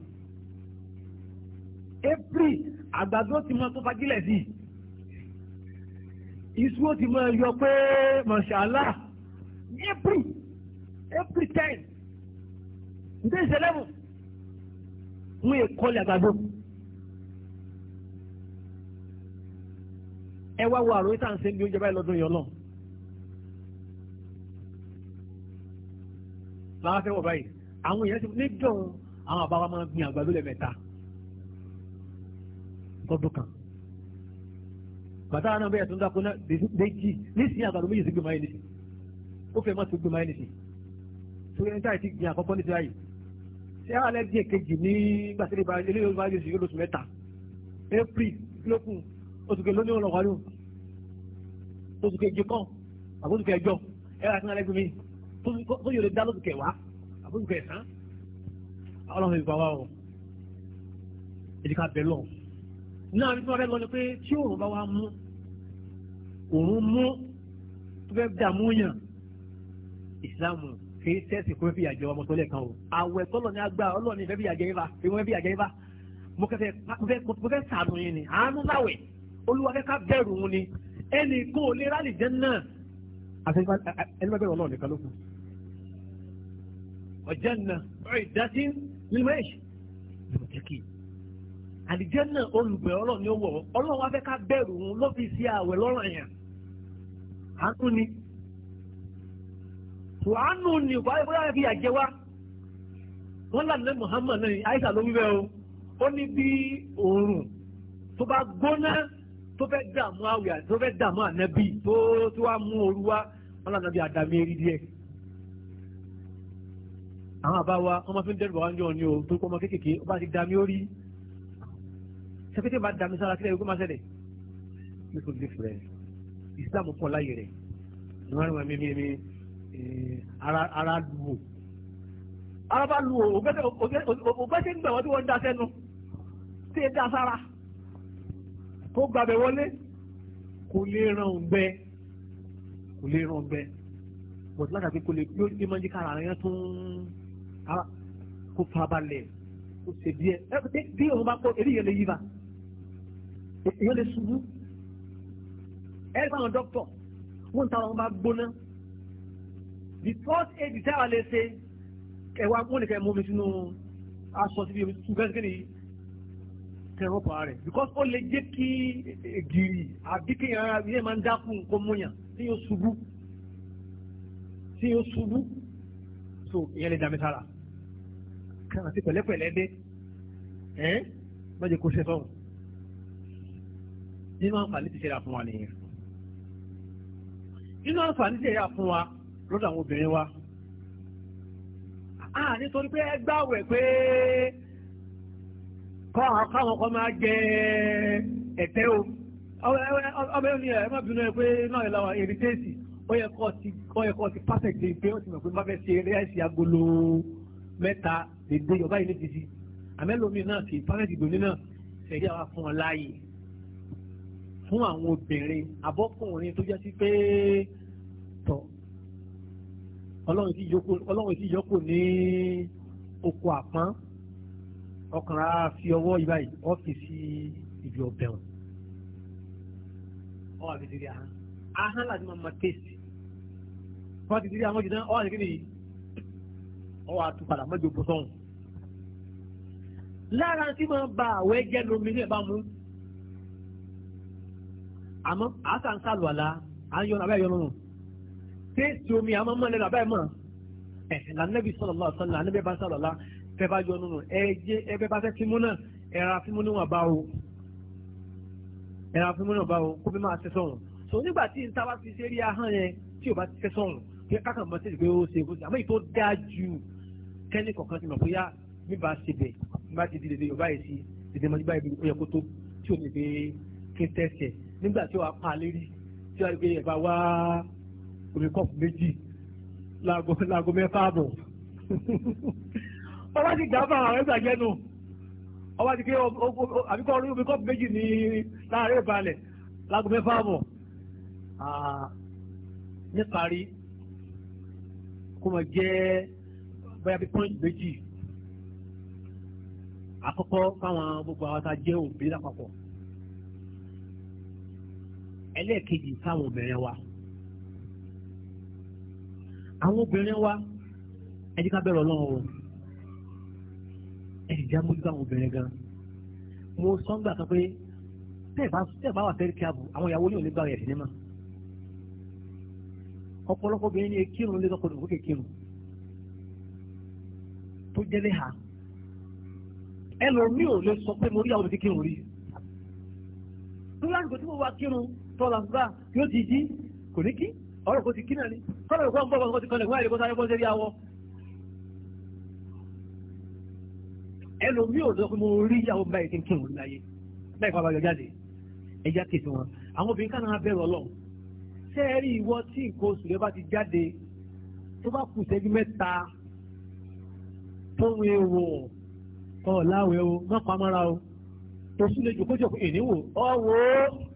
april àgbàdo ti máa tó fagilẹ̀ sí iṣu ó ti máa yọ pé mọ̀ṣálá april april ten ntẹ ìṣẹlẹmù wọn yẹ kọlẹ àgbàdo ẹ wá wo àròyìn tá à ń sẹ́ńbi oúnjẹ báyìí lọ́dún yọlọ làwọn fẹ́ wọ̀ báyìí àwọn èèyàn ti ní dọ̀hún àwọn àbáwá máa ń gbin àgbàdo lẹ́mẹ̀ta tọdún kan bàtà náà bẹ́ẹ̀ tó ń dáko náà déjì nísìnyí àgbàdo méjì sí gbèmáyé nìsí ó fẹ́ má tó gbèmáyé nìsí torí ẹni táyì ti gbin àkọ́kọ́ nítorí ayé ṣé alẹ́jì èkejì ní gbàtẹ́lẹ́bà eléyìí bá yóò sì yóò lóṣù mẹ́ta april lókun oṣù kejì lónìí ọlọ́wọ́ lóhùn oṣù kejì kan àbóṣù kẹjọ ẹ̀rọ àti alẹ́gbẹ̀ẹ́ mi tó yóò lè dá lóṣù kẹwàá àbóṣù kẹsàn-án ọlọ́run ìgbà wa o èdè ká bẹ̀ lọ. náà nípa ọ̀rẹ́ lọ ni pé tí òòrùn bá wa mú òòrùn mú tó fẹ́ dààmú yàn ìsìlámù kì í tẹ́sí kó fi àjẹ ọmọ sọlẹ̀ kan o àwẹ̀ tọ́lọ̀ ní agbá ọlọ́ọ̀ ní ìfẹ́ fi àjẹ ibà ìwọ̀n fi àjẹ ibà mo fẹ́ sàánú yín ni àánú láwẹ̀ olúwa fẹ́ ká bẹ̀rù òun ni ẹnì kó o lè rálì jẹ́ náà àti ẹni bá bẹ̀rù ọlọ́ọ̀ nìkan ló kù. ọ̀jẹ̀ náà ọ̀rẹ́ ìdásí nílùú ẹ̀ṣ àlìjẹ́nà olùgbẹ̀ ọlọ́ọ̀ ni ó wọ̀ ọlọ́ọ̀ wa fẹ́ ká bẹ̀rù òun ló fi ṣe àwẹ̀ lọ́rọ̀ yẹn àánú ni tùránù ni báyìí bóyá fi àjẹ wá wọ́n lànà Muhammad náà Aisha ló wí bẹ́ẹ̀ o ó ní bí òórùn tó bá gbóná tó fẹ́ dààmú àwẹ̀ tó fẹ́ dààmú ànábì tó tó wá mú ooru wá wọ́n lànà bí àdàmì eré díẹ̀ àwọn àbá wa wọ́n máa fi ń dẹ́rù bàwá ní ọ̀ni o tó kọ́ ọmọ kéékèèké ó bá ti dààmú orí sẹ́kẹ́tì bá dààmú sára sílẹ̀ ìgbó máa ṣẹlẹ̀ nípa ìdí fúrẹ́ Islam kọ́ láyé rẹ̀ ìwọ́n rẹ̀ wọ́n mímí mímí. Eh, ara lu o ara bá lu o ògbẹ́sẹ̀ ń gbà wọ́n tí wọ́n ń daṣẹ́ nu tí e da sára kó gbàbẹ̀ wọlé kò lè ràn ọ́n bẹ́ẹ̀ kò lè ràn ọ́n bẹ́ẹ̀ bọ̀dé látàgbé kò lè yóò ní mọ́jú kára rẹ̀ tún kó fa balẹ̀ kó ṣe díẹ̀ bí òun bá kó èyí yẹn lè yí ba èyí yẹn lè ṣubú ẹ̀ ẹ́ fáwọn dókítọ̀ wọ́n ń ta àwọn bá gbóná the first aid tí a lè ṣe ẹwà wọn nìkan mú mi sínú aṣọ síbi omi tuntun gẹ́gẹ́ ni tẹ̀rọ̀pà rẹ̀ because ó lè jẹ́ kí gírì àbí kí ara ilé máa ń dákun kó múyàn tí yóò ṣubú tí yóò ṣubú so ìyẹn lè dàmí sára kàn àti pẹ̀lẹ́pẹ̀lẹ́ dé ẹ́ má jẹ́ kó ṣe fọ́ọ̀mù nínú àǹfààní ti ṣe ra fún wa nìyẹn nínú àǹfààní ti ṣe ra fún wa lọ́dọ̀ àwọn obìnrin wa a ah, nítorí pé ẹ gbàwẹ̀ pé kọ́ àwọn kan máa jẹ ẹ̀tẹ́ o ọbẹ̀ mi ẹ̀ má bínú ẹ pé náà ìlànà èrìtẹ́sì ó kọ́ ti pàṣẹjì pé ó ti mọ̀ pé má fẹ́ ṣe eré àìsí agolo mẹ́ta lè yọba yìí ní ti si náà kì pàṣẹjì gbòmí náà ṣẹ̀rí àwa fún ọ láàyè fún àwọn obìnrin abọ́kùnrin tó jẹ́ sí pé tọ̀ ọlọ́run sì yọkù ọlọ́run sì yọkù ní oko àpọ́n ọkùnrin á fi ọwọ́ yìí báyìí ọ́fíìsì ibi ọ̀bẹ̀ wọn. ọ wà bìtìrì ahán ahán láti máa ma tèsì wọn ti dìrì àwọn jìnnà ọ wà nìkan nìyí ọ wà tún padà mọ́jọ bọ́ sọ́hún. lára tí máa ba àwọ̀ ẹ̀jẹ̀ lomi ní ẹ̀ bá mú àmọ́ àá sàn sálùwàlà à ń yọ àbẹ́ yọ lọ́rùn téèsì omi àmọ́ mọ́ lẹ́nu àbáyé mọ́ ẹ̀ lànàbí sọ̀rọ̀lá ọ̀sánlá ànàbí bá sọ̀rọ̀lá fẹ́ bá jọ nínú ẹ̀jẹ̀ ẹ̀bẹ́ bá fẹ́ símú náà ẹ̀ra símú níwọ̀n bá o ẹ̀ra símú níwọ̀n bá o kó fi máa ṣe sọ̀rùn so nígbà tí n tábà ti ṣe rí ahọ́n yẹn tí o bá ti fẹ́ sọ̀rùn kí kákan mọ́ síbi pé ó ṣe kó ṣe àmọ́ ìtò dáa ju kẹ́ni kọ̀ọ̀kan ti mọ̀ pé yá mi bá ṣe bẹ̀ mi bá ti di dèdè yorùbá yìí sí dèdè mọ́ nígbà yìí ó yẹ kó tó tí o ní pé kí n tẹ̀sẹ̀ nígbà tí o wà pa lérí tí o wà pé ẹ̀ bá wá omi kọ́ọ̀pù méjì láago láago mẹ́fà àbọ̀ ọba ti dábà àwọn ẹgbà jẹnu ọba ti ké àbíkọ́ orí omi kọ́ọ̀pù méjì ní láàárín ìbalẹ̀ láago mẹ́fà àbọ̀ níparí kó máa jẹ́ bóyá bí pọ́ǹtì méjì àkọ́kọ́ fáwọn gbogbo àwọn tá a jẹ́ òbí lápapọ̀ ẹlẹ́ẹ̀kejì fáwọn obìnrin wa àwọn obìnrin wa ẹ jẹ́ ká bẹ̀rù ọlọ́run o ẹ jẹ́ mójútó àwọn obìnrin gan mo sọ ń gbà kan pé tẹ́ẹ̀ bá wà fẹ́ẹ́ kí abù àwọn ìyàwó yóò lè gbà ẹ̀sìn nímọ̀ ọ̀pọ̀lọpọ̀ obìnrin ni kírun lé lọ́kọ̀ọ́ lòókè kírun tó jẹ́ lé ha ẹlòmíì ò lè sọ pé mo rí àwọn òbí kírun rí lórí àgbẹ̀ tí mo wá kírun tọ́lá gbà yóò ti jí kò ní kí ọ̀rọ̀ kò ti kí náà ni kọ́lọ̀ ìkọ́ ń bọ̀ kọ́kọ́ ti kọ́lẹ̀ fún àìríkọ́ sáré bọ́sẹ̀ rí awọ. ẹlòmíì ò sọ pé mo rí ìyàwó báyìí tí ń kírun ní ayé báyìí pàápàá yọ jáde ẹja kìí fún wọn àwọn obìnrin kan náà bẹ̀rù ọlọ́run ṣé ẹ rí ìwọ tí nǹkan oṣù rẹ bá ti jáde tó bá kù ṣẹ́jú mẹ́ta tó ń wọ o má pamọ́ra o oṣù lè jòkó jòkó ìníwò ọ̀wọ́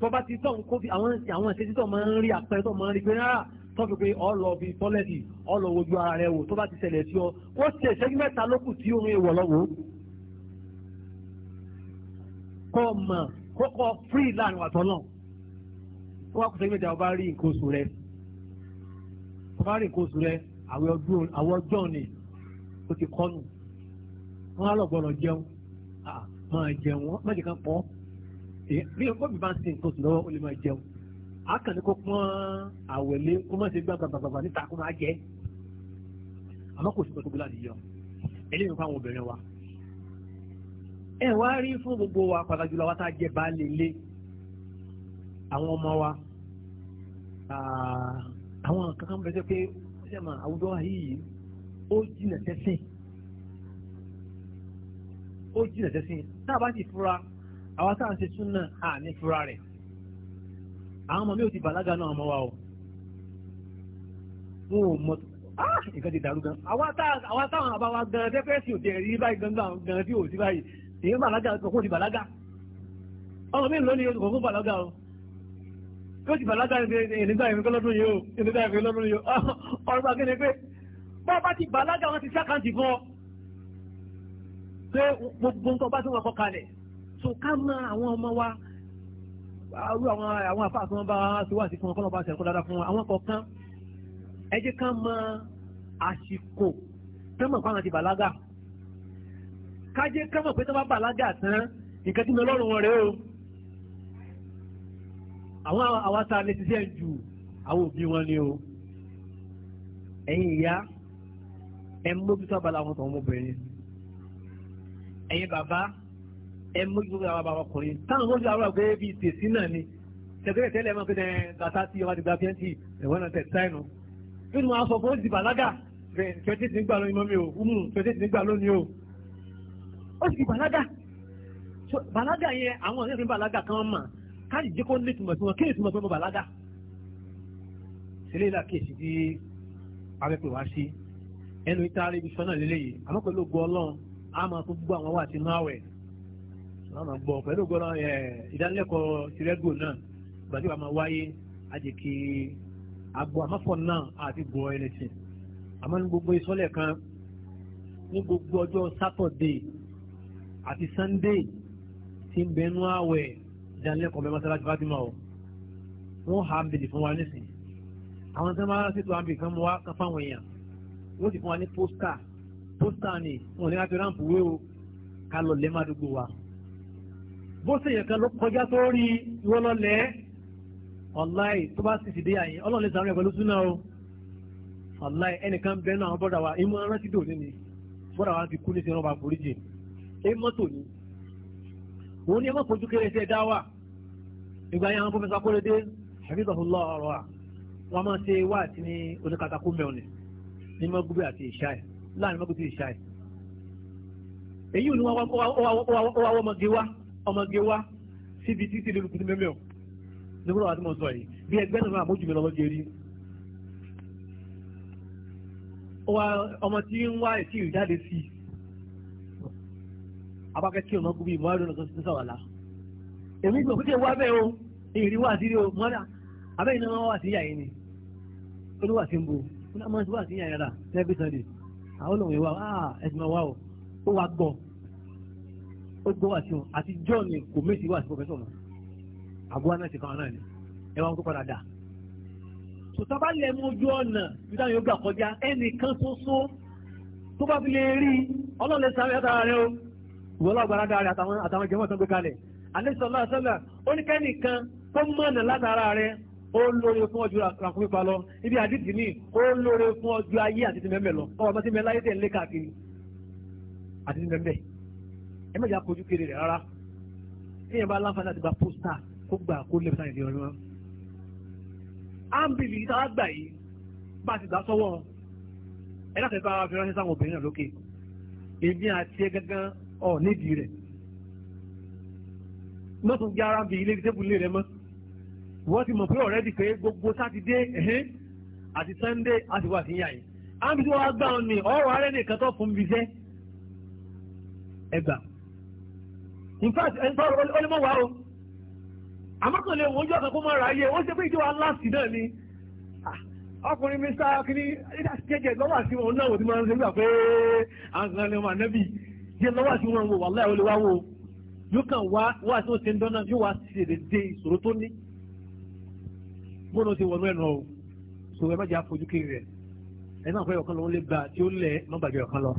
tó bá ti tọ̀ kó fi àwọn àwọn ìṣesí tó máa ń rí àpẹẹrẹ tó máa ń rí pé rárá tó fi pé ọ lọ bí tọ́lẹ́tì ọ lọ wojú ara rẹ wò tó bá ti ṣẹlẹ̀ sí ọ ó ṣe ìṣẹ́jú mẹ́ta ló kù tí orin èèwọ̀ lọ́wọ́ kọ́ mọ̀ kókó free láàrin àtọ́ náà ó wá kó ṣẹ́jú mẹ́ta ọba rí nǹkan oṣù rẹ ọba rí nǹkan oṣù rẹ àwọn ọjọ́ ni ó ti kọ́nù wọ́n á lọ gbọ́dọ̀ jẹun máa jẹun má jẹ́ ká pọ́ bí bóbi bá ń sin nǹkan oṣù lọ́wọ́ ó lè máa jẹun akànnì kó pọ́n àwẹ̀lé kó má ṣe gbàgbà bàbà níta kó máa jẹ àmọ́ kò sí pẹ̀lú gbọ́dọ̀ àdìyọ eléyìí fún àwọn obìnrin wa. ẹ wá rí fún gbogbo wa pàtàkì jùlọ wa tá a jẹ baálé ilé àwọn ọmọ wa àwọn kankan bẹ̀rẹ̀ pé ṣe mà àwùjọ yìí ó jìnà sẹ́sìn ó jìnà sẹ́sìn tá a bá ti fura àwa tá à ń ṣe súnà à ní fura rẹ̀ àwọn ọmọ mi ò ti bàlágà náà ọmọ wa o wọn ò mọ ah! nǹkan ti dàrú gan àwa táwọn àbá wa gan dẹ́pẹ́sì òde ẹ̀rí báyìí gangan gan tí ò sí báyìí èyí bàlágà kò ti bàlágà ọmọ mi lónìí o kò fún bàlágà o yóò ti bàlágà nígbà ìfikọ́ lọ́dún yìí o nígbà ìfikọ́ lọ́dún yìí o <laughs> ọ̀rọ̀ bá kéde pé bá bá ti bàlágà wọn ti sákàǹtì fún ọ pé gbogbo nǹkan bá tún wọn kọ kalẹ̀ so ká mọ àwọn ọmọ wa àwọn àwọn àfáà tí wọ́n bá ti wá sí fún wọn kọ́ lọ́ba àṣẹ̀kọ́ dáadáa fún wọn àwọn kọ̀ọ̀kan ẹ jẹ́ ká mọ àsìkò tó mọ̀ fáwọn ti bàlágà ká jẹ́ ká mọ̀ pé tó bá bàlágà tán nǹkan tí mo lọ́rùn wọn rèé o àwọn àwa tá lè ṣiṣẹ́ ju àwọn òbí wọn ni o ẹ̀yin ìyá ẹ̀ ń mójútó àwọn tọ̀wọ́n ọmọbìnrin ẹ̀yin bàbá ẹ mójú gbogbo àwọn àbàwọn ọkùnrin táwọn mójú àwọn àgbẹ̀ bí tèsí náà ni tẹ̀gbẹ́rẹ̀ tẹ́lẹ̀ máa ń pẹ́tẹ́ gàtá sí ọba dìgbà twenty ẹ̀wọ́n náà tẹ̀ sáìnù nínú aṣọ fún òsì bàlágà bẹ́ẹ̀ twenty ti ń gbà lónìí mọ́mí o umu twenty ti ń gbà lónìí o ó sì bàlágà bàlágà yẹn àwọn ọ̀rẹ́ mi bàlágà kan mà káyì jẹ́ kó ní tùmọ̀ sí wọn kéè tùmọ̀ pé mo bàlágà sílẹ̀ ìlà kéèsì tí abẹ́pẹ̀ wá sí ẹnu ìta rẹ̀ ibi sọ́nà lélẹ́yìí àmọ́ pẹ̀lú ògbó ọlọ́run á máa tó gbogbo àwọn wà sínú wọ́n máa gbọ́ pẹ̀lú gbọ́dọ̀ ìdánilẹ́kọ̀ọ́ tirẹ́gò náà gbàdí wa máa wáyé àjèké àgbò àmọ́fọ̀ náà àti gbọ́ ẹlẹ́sìn àmọ́ ní gbogbo ìsọ́lẹ̀ kan ní gbogbo ọjọ́ sátọ̀dé àti sànńdé ti ń bẹnu àwẹ̀ ìdánilẹ́kọ̀ọ́ bẹ́ẹ̀ mọ́sálásí Fatima o wọ́n hà bèlè fún wa nísìn àwọn tó máa ṣètò àbí kan mọ́ wa kan fáwọn èèyàn wọ́n ti fún wa ní pósítà pósítà ni wọn ò ní ká fi ráǹpù wé o ká lọ lẹ́ẹ̀ má dúgbò wa bó ṣe yẹ kan ló kọjá tó rí ìwọ lọlẹ́ ọ̀láì tó bá sì ti dé àyìn ọlọ́run lè sàárẹ̀ pẹ̀lú súnà o ọ̀láì ẹnìkan bẹ́ẹ̀ náà àwọn bọ́dà wa ìmọ̀ rántí dò ní ni bọ́dà wa ti kú ní sinimá foríjì ẹ mọ́tò ni òun ni ẹ má fojú kéré sí ẹ dá wà ìgbà yẹn àwọn pọfẹsọ akóredé àbíkọ̀fọ́lọ́ ọ̀rọ̀ à wọ́n máa ṣe wá àti ní oníkatakú mẹ́rin ní mọ́gúbẹ́ àti ìṣáì láàrin mọ́gúbẹ́ ìṣáì èyí ò ní wọ́n wá wọ́n wá wọ́n mọ́gé wá ọmọge wá síbi títí lórí kùtù mẹ́mẹ́ ọ̀ nígbà wà tí mo sọ yìí bí ẹgbẹ́ náà máa mójú mi lọ́mọge rí. ọmọ tí ń wá ètí ìjáde sí i abákẹ́ tí ọmọ gbogbo ìmọ̀ àdúrà tó sàwàlà. èmi gbọ́ pé kí ẹ wá bẹ́ẹ̀ o ìrì wà sí o mọ́dà abẹ́yìn náà wà sí ìyá yìí ni ó ní wà sí ń bo ó ní wà sí ìyá yàrá every Sunday àwọn olùwìn wa ẹ̀sìn wa o ó ó gbọ́ wá wọn àti john kò méjì wá sí pọfẹsọ mọ àgọ́ náà ti kàn án náà ni ẹ wá ń kó padà dà sòtọ́ bá lẹ̀ mú ojú ọ̀nà bí táwọn yóò gbà kọjá ẹnìkan ṣoṣo tó bá fi lè rí ọlọ́ọ̀lẹ́ sáré látara rẹ o ìwọ lágbára dára rẹ àtàwọn àtàwọn jẹmọ́ tó gbé kalẹ̀ àlẹ́sọ̀ lọ́sọ̀lá ó ní kẹ́nìkan tó mọ̀nà látara rẹ ó lóore fún ọjọ́ ràkúnmí pa lọ ibi àdìdì ní ó lóore fún ọjọ́ ayé àti ti mẹ́mẹ́ lọ ọmọ tí mẹ́láyé tẹ̀ lé káàkiri àti ti mẹ́mẹ́ ẹ mẹ́jọ akojú kiri rẹ̀ rárá kéèyàn bá láǹfààní láti gba pósítà kó gbà kó lè sáyẹn ní ọdún wọn. áńbìlì yìí táwa gbà yìí bá a ti gbà sọ́wọ́ ẹ láti bá a fi ránṣẹ́ sáwọn obìnrin náà lókè èmi àti ẹ gángan ọ̀ nídìí rẹ̀ mọ́tò ń gbé arábìnrin ilé tébùlé rẹ̀ mọ́ wọ́n ti mọ̀ pé ọ̀rẹ́dì pé gbogbo sátidé ẹ̀hẹ́n àti sànńdé àti wà sí yàyìn. àmì tí wọ́n gbà wọn ni ọ̀rọ̀ arẹ́ nìkan tó fún mi jẹ́ ẹgbàá in fact ẹni tó ọ lè mọ̀ wá o àmọ́kànlẹ̀ wọ́n jọ́ kan kó mọ́ra ayé wọ́n ṣe pé ìjọba láti náà ni ah, ọkùnrin mr kiri jẹjẹ lọ́wọ́ àti wọn náà wò ti máa ń ṣe gbà pé àǹkan ni wọn ànẹ́bì jẹ lọ́wọ́ àti wọn wò wà láì olè wá wò yóò kàn wá wá àti wọn ṣe ń dáná yóò wá ṣe lè dé ìṣòro tó ní bọ́ọ̀nù ti wọnú ẹ̀nà o so ẹ má jẹ́ àfojú kiri rẹ̀ ẹ náà fẹ́ ọ̀kan lọ́wọ́ lè gbà tí ó lẹ̀ má bàjẹ́ ọ̀kan lọ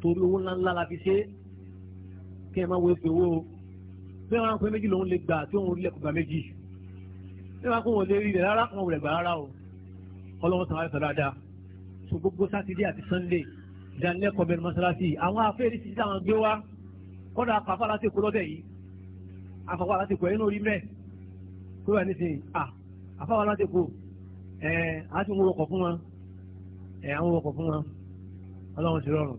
torí owó ńláńlá la fi ṣe kí ẹ má wo efe owó bí wọn pe méjì lòun lè gbà tí òun rí lẹkùn gbà méjì bí wọn kó wọn lè rí rẹ rárá wọn rẹ gbà rárá o ọlọ́wọ́n tàn án sọ dáadáa so gbogbo sátidé àti sunday ìdánilẹ́kọ̀ọ́ bẹ̀rẹ̀ mọ́sálásí àwọn afẹ́rí ti dáhùn gbé wá kọ́dà àfàfàlà ti kó lọ́dẹ̀ yìí àfàfàlà ti kó ẹ̀ lórí mẹ́ẹ̀ tó wà nísìnyí à àfàfàlà ti kó ẹ̀ á ti ń wọ́kọ̀ fún wọn ẹ̀ á ń fún wọn ọlọ́run ti rọrùn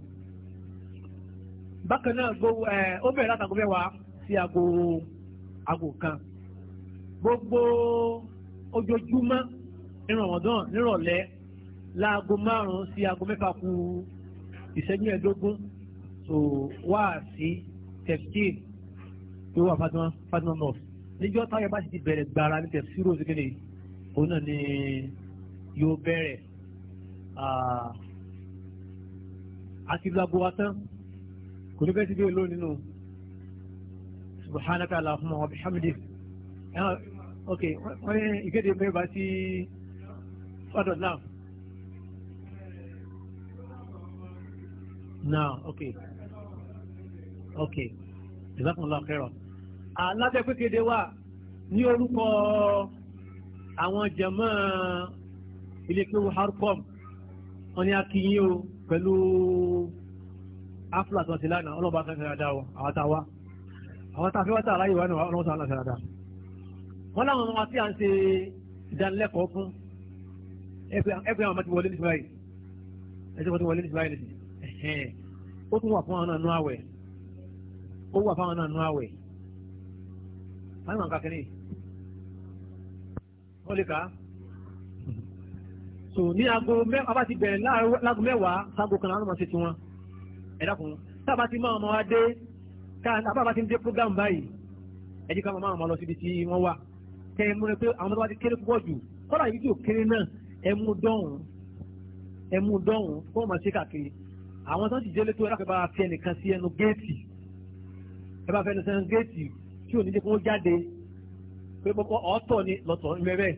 bákan náà gbogbo ẹ ó bẹ̀rẹ̀ látago mẹ́wàá sí aago aago kan gbogbo ojoojúmọ́ ìrànwọ́dán nírọ̀lẹ́ láago márùn-ún sí aago mẹ́fà kù ìṣẹ́jú ẹ̀ẹ́dógún tó wá sí tẹ̀síkì tó wà Fatima Fatima north níjọ́ táyọ̀ bá sì ti bẹ̀rẹ̀ gbàrà ní tẹ̀síkì rose kéde òun náà ni yóò bẹ̀rẹ̀ àti gbàgbọ́ wa tán kò ní bẹ́ẹ̀ ti bí olóò nínú subhanaka allahumma wa bihamdik ok wọ́n ní ìkéde mẹ́ba sí fọ́dọ̀ náà. now okay okay jazakumullahu khairan alábẹ́ pékede wà ní orúkọ àwọn jẹ̀mọ́ ilé kéwu harcom wọ́n ní akínyìn o pẹ̀lú áfúlà tó ti lánàá ọlọ́ba fẹ́fẹ́ dáadáa o àwọn tá a wá àwọn tá a fẹ́ wá tà láyé wá ní ọlọ́wọ́ sàn láti dáadáa. wọ́n láwọn ọmọ wa tí à ń ṣe ìdánilẹ́kọ̀ọ́ fún ẹgbẹ́ àwọn ọmọ ti wọlé ní ìsúláyì ẹgbẹ́ àwọn ti wọlé ní ìsúláyì so ní aago mẹ́wàá bá ti bẹ̀rẹ̀ láago mẹ́wàá sago kan láwọn ọmọ ẹ̀dá kun tábà ti máa ọmọ wa dé tábà ti ń dé program báyìí ẹ̀dí ká máa ọmọ lọ síbi tí wọ́n wà kẹ́ ẹ múra pé àwọn tó bá ti kéré púpọ̀ jù kọ́lá yìí tí ò kéré náà ẹ mú dọ́hùn ẹ mú dọ́hùn kó o máa ṣe káàkiri àwọn tó ń ṣìjẹ́ létò ẹ̀dá bá fi ẹnìkan sí ẹnu géètì ẹ bá fẹ́ ẹnu sẹ́nu géètì tí ò ní jẹ́ kó jáde pé kókó ọ̀ọ́tọ̀ ni lọ́tọ̀ mẹ́rẹ́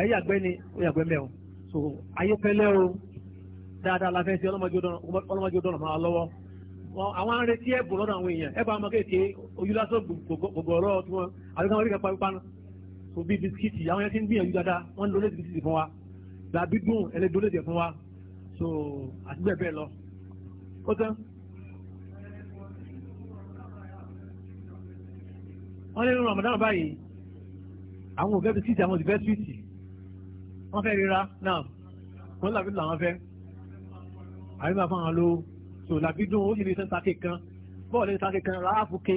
ẹ yàgbẹ́ ni ó yàgbẹ́ so ayé pẹ́lẹ́ o dáadáa la fẹ́ ṣe ọlọ́mọdé ó dọ̀nà máa lọ́wọ́ àwọn arìnrìn tí ẹ̀bùn lọ́dọ̀ àwọn èèyàn ẹ̀bùn àwọn akéèké ojú lásán gbogbo ọ̀rọ̀ tí wọ́n àríkà wọn rí kápá pípa náà so bí bisikíìtì àwọn yẹn ti ń gbìyànjú dáadáa wọ́n ń donate bisikíìtì fún wa làbí dùn ẹlẹ́ donate fún wa so àti bẹ́ẹ̀ bẹ́ẹ̀ lọ. ó tán wọ́n ní Ramadan báyìí àwọn ò fẹ́ bisikíìtì àwọn ò sì fẹ́ swiiti wọ́n fẹ́ rira náà wọ́n làbí làwọn fẹ́ àríkà so làbí dùn ó sì ní sẹ́ńtà kékan bọ́ọ̀lù sẹ́ńtà kékan ráàfù ké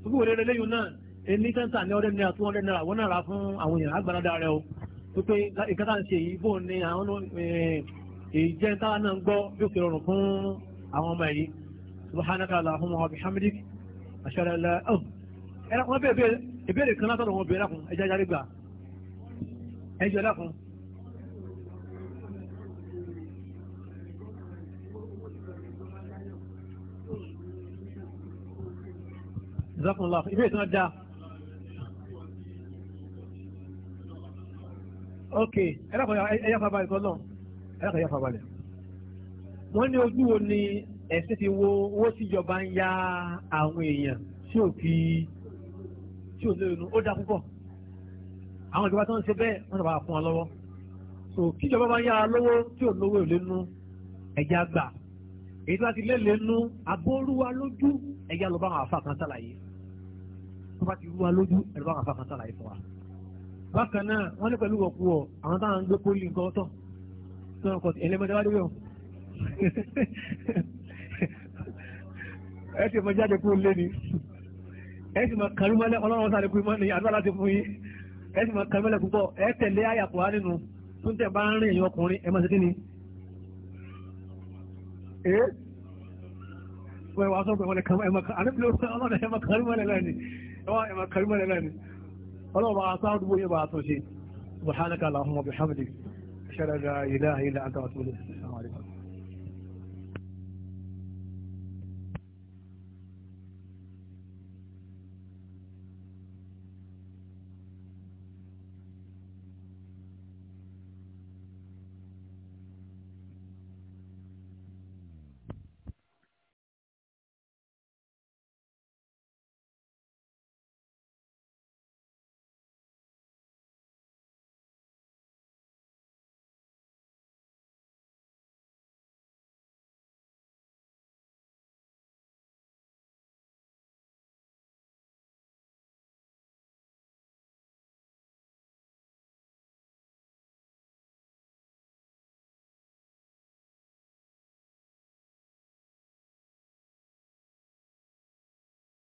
gbogbo òde rẹ lẹ́yìn náà ẹni sẹ́ńtà ní ọ̀rẹ́ náírà two hundred naira wọ́n náà rà fún àwọn èèyàn agbáradá rẹ o tó pé ìkan tá à ń ṣe yìí bóun ni àwọn ìjẹ́ táwa náà ń gbọ́ yóò fi rọrùn fún àwọn ọmọ yìí subhanaka allahumma wa bihamdik ashhadu an la ilaha illa anta astaghfiruka wa atubu ilayk ìzákùnlá ìbéèrè tí wọ́n dá. ok ẹ̀yàfà balẹ̀ kọ́ náà ẹ̀yàfà ẹ̀yàfà balẹ̀. wọ́n ní ojú wo ni ẹ̀sìn ti wo owó tíjọba ń ya àwọn èèyàn tí ò fi tí ò lóyún ó dá púpọ̀ àwọn ìjọba tó ń ṣe bẹ́ẹ̀ wọ́n sábà fún wọn lọ́wọ́ so kíjọba bá ń yára lówó tí ò lówó ìlénú ẹ̀já gbà èyí tó bá ti lé lénú abóruwa lójú ẹ̀já lọ bá àwọn àfa kan sàlàyé tó bá ti rú wa lójú ẹ̀rọ bá kà fà kàtà láì fún wa. bákan náà wọ́n ní pẹ̀lú ọ̀pọ̀ ọ̀ àwọn táwọn ń gbé pólì nǹkan ọ̀tọ̀ tó ń kọ̀ ẹlẹ́mọ̀dé wá dé wọ̀. <laughs> ẹ ti mọ jáde kúrò lé ni ẹ ti mọ kàlú mọ́lẹ́ ọlọ́run sáré kú mọ́ ni àdúrà láti fún yín ẹ ti mọ kàlú mọ́lẹ́ púpọ̀ ẹ tẹ̀lé àyàpọ̀ wá nínú tó ń tẹ̀ bá ń rìn èèyàn ọkùnrin ẹ máa ṣe kí ni. wọ́n wá sọ pé wọ́n lè kàlú mọ́lẹ́ lẹ́ni وائما كلمنا سبحانك اللهم بحمدك أشهد أن لا إله إلا أنت وأتوب إليك السلام عليكم